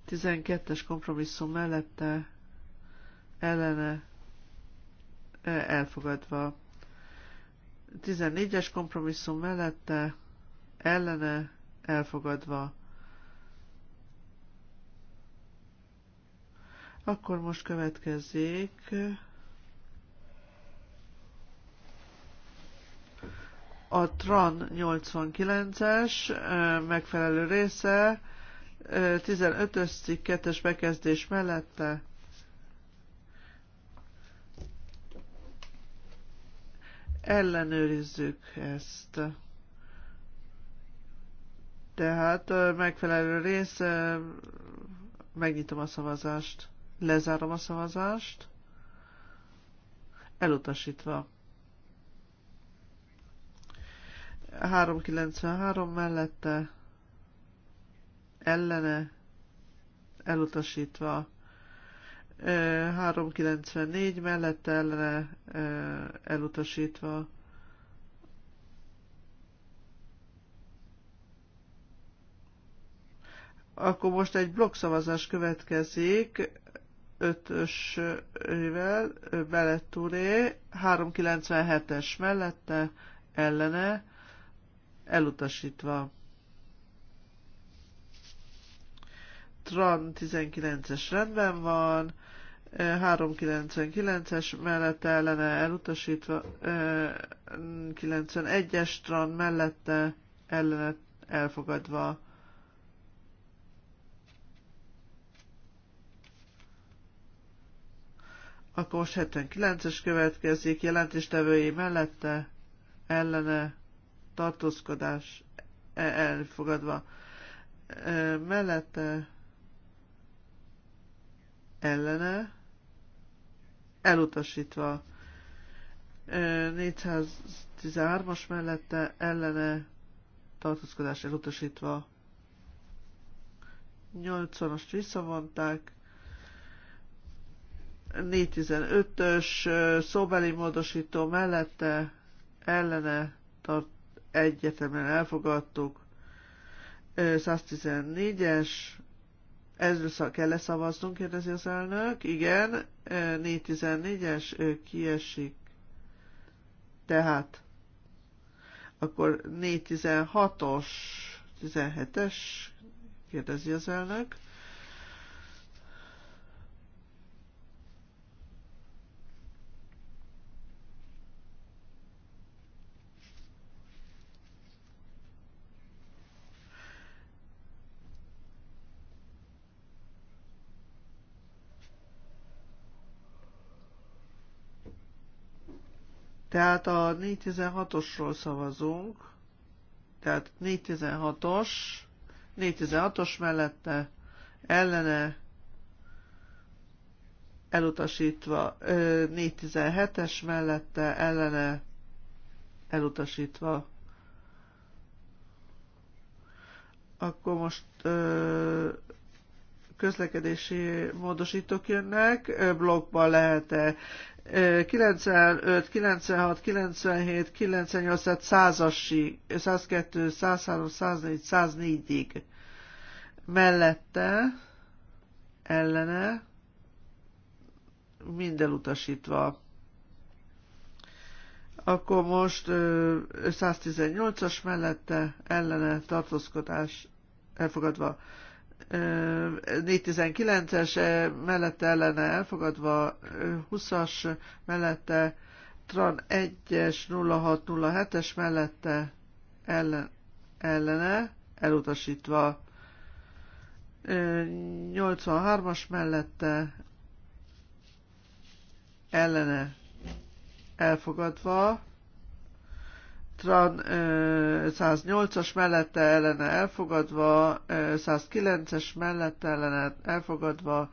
12-es kompromisszum mellette ellene e, elfogadva. 14-es kompromisszum mellette ellene elfogadva. Akkor most következzék a TRAN 89-es e, megfelelő része 15-ös cikk kettes bekezdés mellette ellenőrizzük ezt. Tehát megfelelő rész, megnyitom a szavazást, lezárom a szavazást, elutasítva. 393 mellette ellene elutasítva. 394 mellette ellene elutasítva. Akkor most egy blokkszavazás következik, 5-ösével, Belettúré, 397-es mellette, ellene, elutasítva. Tran 19-es rendben van, 399-es mellette ellene elutasítva, 91-es Tran mellette ellene elfogadva. Akkor most 79-es következik, jelentéstevői mellette, ellene, tartózkodás, e, elfogadva. Mellette, ellene elutasítva. 413-as mellette ellene tartózkodás elutasítva. 80-ast visszavonták. 415-ös szóbeli módosító mellette ellene tart, egyetemen elfogadtuk. 114-es Ezről kell leszavaznunk, kérdezi az elnök. Igen, 414-es kiesik. Tehát akkor 416-os, 17-es, kérdezi az elnök. Tehát a 416-osról szavazunk, tehát 416-os, 416-os mellette ellene elutasítva, 417-es mellette ellene elutasítva. Akkor most ö, közlekedési módosítók jönnek, blokkban lehet-e 95, 96, 97, 98, tehát 100 102, 103, 104, 104-ig mellette, ellene, minden utasítva, Akkor most 118-as mellette, ellene, tartózkodás elfogadva. 419-es eh, mellette ellene elfogadva, 20-as eh, mellette, Tran 1-es 0607-es mellette ellen, ellene, elutasítva, 83-as eh, mellette ellene elfogadva, Tran 108-as mellette ellene elfogadva, 109-es mellette ellene elfogadva,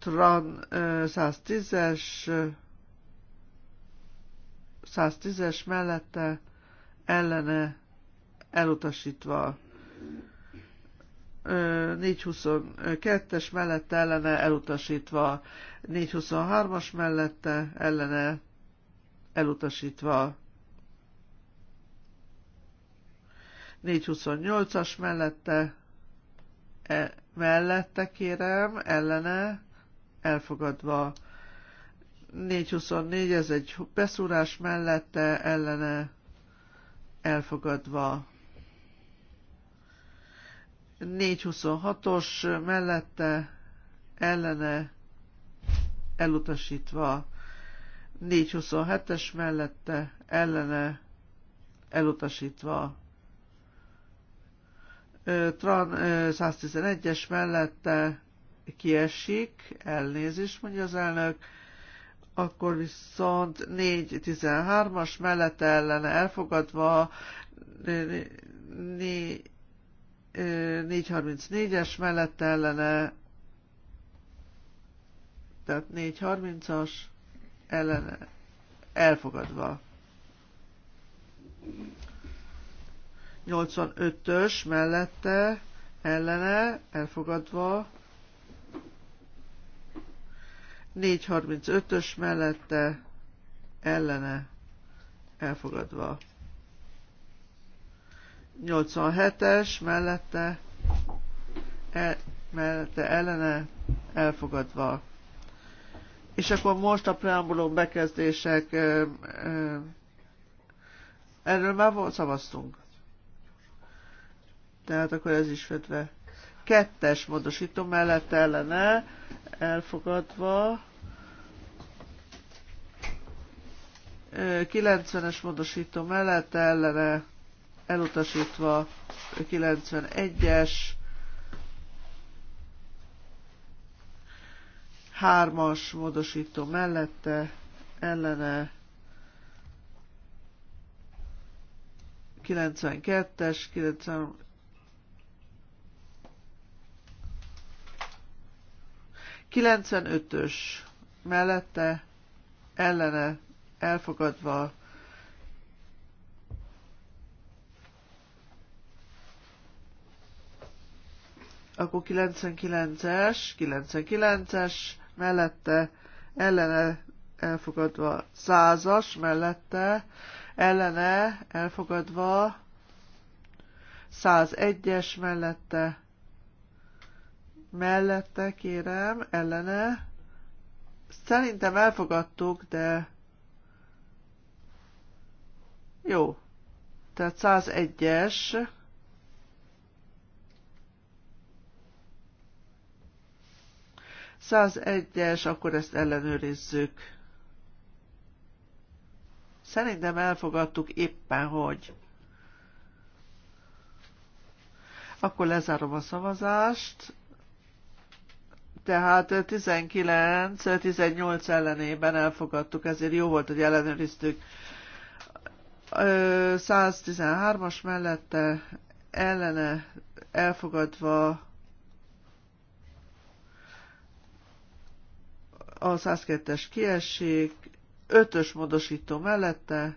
Tran 110-es, 110-es mellette ellene elutasítva. 422-es mellette ellene elutasítva, 423-as mellette ellene elutasítva, 428-as mellette, e, mellette kérem, ellene elfogadva, 424 ez egy beszúrás mellette, ellene elfogadva. 426-os mellette ellene elutasítva, 427-es mellette ellene elutasítva, Tran 111-es mellette kiesik, elnézést mondja az elnök, akkor viszont 413 as mellette ellene elfogadva, 4 434-es mellette ellene, tehát 430-as ellene elfogadva. 85-ös mellette ellene elfogadva. 435-ös mellette ellene elfogadva. 87-es mellette, e, mellette ellene elfogadva. És akkor most a preambulum bekezdések, e, e, erről már volt, szavaztunk. Tehát akkor ez is fedve. Kettes módosító mellette ellene elfogadva. 90-es módosító mellette ellene elutasítva 91-es, 3-as módosító mellette, ellene 92-es, 90 95-ös mellette, ellene elfogadva Akkor 99-es, 99-es, mellette ellene elfogadva 100-as, mellette ellene elfogadva 101-es mellette, mellette kérem, ellene. Szerintem elfogadtuk, de jó. Tehát 101-es 101-es, akkor ezt ellenőrizzük. Szerintem elfogadtuk éppen, hogy. Akkor lezárom a szavazást. Tehát 19-18 ellenében elfogadtuk, ezért jó volt, hogy ellenőriztük. 113-as mellette ellene elfogadva a 102-es kiesik, 5-ös módosító mellette,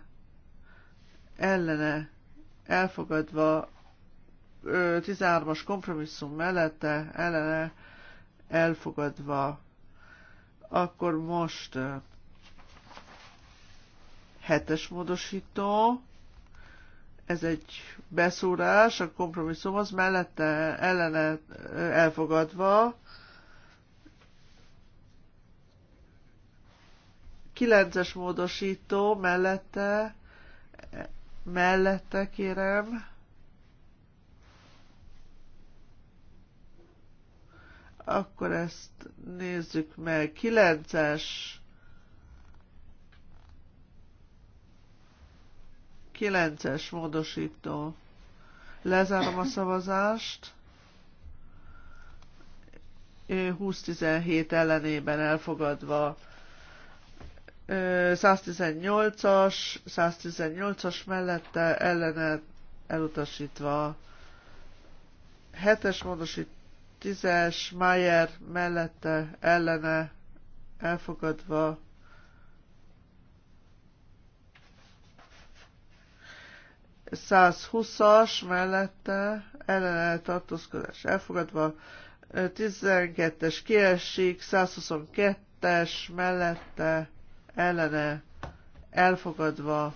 ellene elfogadva, 13-as kompromisszum mellette, ellene elfogadva, akkor most 7-es módosító, ez egy beszúrás, a kompromisszum az mellette ellene elfogadva, 9-es módosító mellette, mellette kérem. Akkor ezt nézzük meg. 9-es. 9-es módosító. Lezárom a szavazást. 20-17 ellenében elfogadva. 118-as, 118-as mellette ellene elutasítva. 7-es módosít, 10-es Mayer mellette ellene elfogadva. as mellette ellene tartózkodás elfogadva, 12-es kiesik, 122-es mellette ellene elfogadva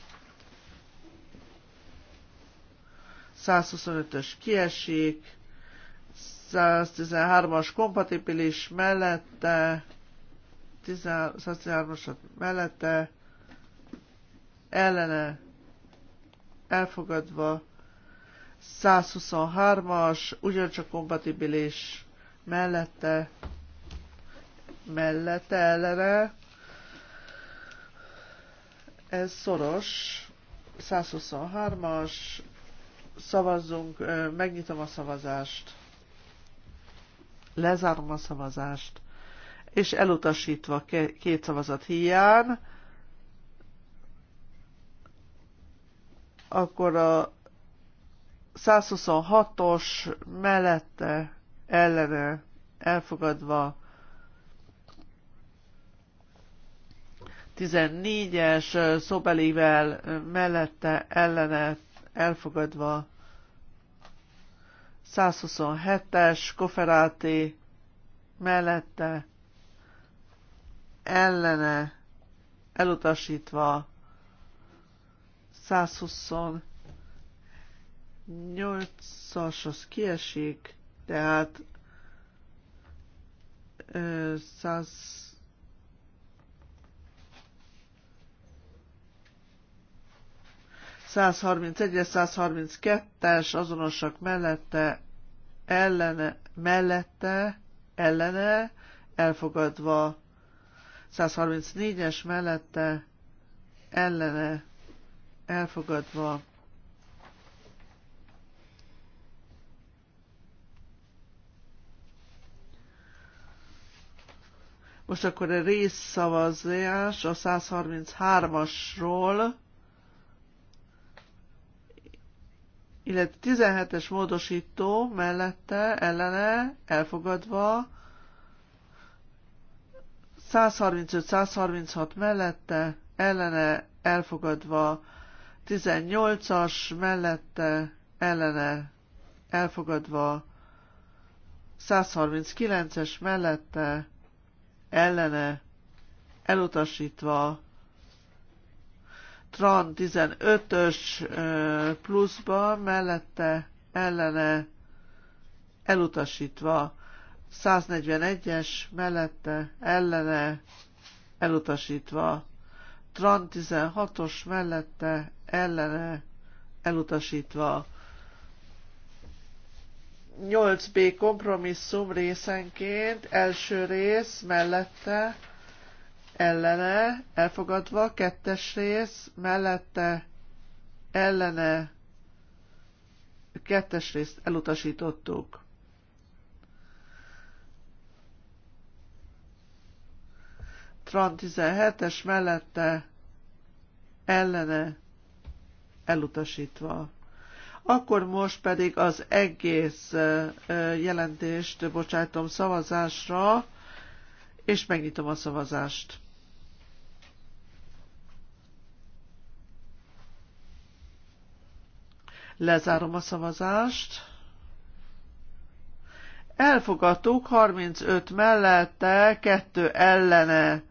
125-ös kiesik, 113-as kompatibilis mellette, 113-asat mellette, ellene elfogadva, 123-as ugyancsak kompatibilis mellette, mellette ellene ez szoros, 123-as, szavazzunk, megnyitom a szavazást, lezárom a szavazást, és elutasítva két szavazat hiány, akkor a 126-os mellette ellene elfogadva 14-es szobelivel mellette ellene elfogadva 127-es koferáti mellette ellene elutasítva 128-as kiesik, tehát 100 131 132-es azonosak mellette, ellene, mellette, ellene, elfogadva. 134-es mellette, ellene, elfogadva. Most akkor a részszavazás a 133-asról illetve 17-es módosító mellette ellene elfogadva 135-136 mellette ellene elfogadva 18-as mellette ellene elfogadva 139-es mellette ellene elutasítva TRAN 15-ös pluszba, mellette ellene elutasítva, 141-es mellette ellene elutasítva, TRAN 16-os mellette ellene elutasítva. 8B kompromisszum részenként, első rész mellette ellene, elfogadva, kettes rész, mellette, ellene, kettes részt elutasítottuk. Tran 17-es mellette, ellene, elutasítva. Akkor most pedig az egész jelentést bocsájtom szavazásra, és megnyitom a szavazást. Lezárom a szavazást. Elfogadtuk 35 mellette, 2 ellene.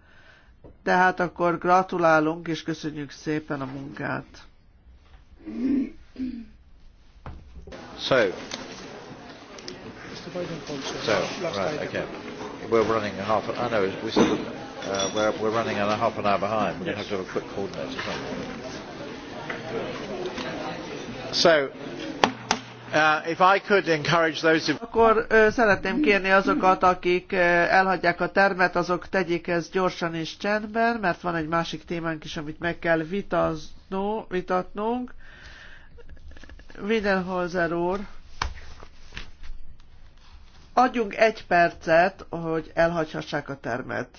Tehát akkor gratulálunk és köszönjük szépen a munkát. So, so right, okay. We're running a half. I know we said uh, we're we're running a half an hour behind. We're going to have to have a quick or Something. Uh, Akkor szeretném kérni azokat, akik elhagyják a termet, azok tegyék ezt gyorsan és csendben, mert van egy másik témánk is, amit meg kell vitaznó, vitatnunk. Widenholzer úr, adjunk egy percet, hogy elhagyhassák a termet.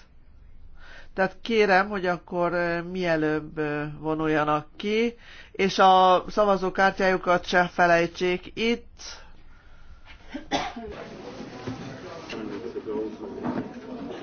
Tehát kérem, hogy akkor mielőbb vonuljanak ki, és a szavazókártyájukat se felejtsék itt.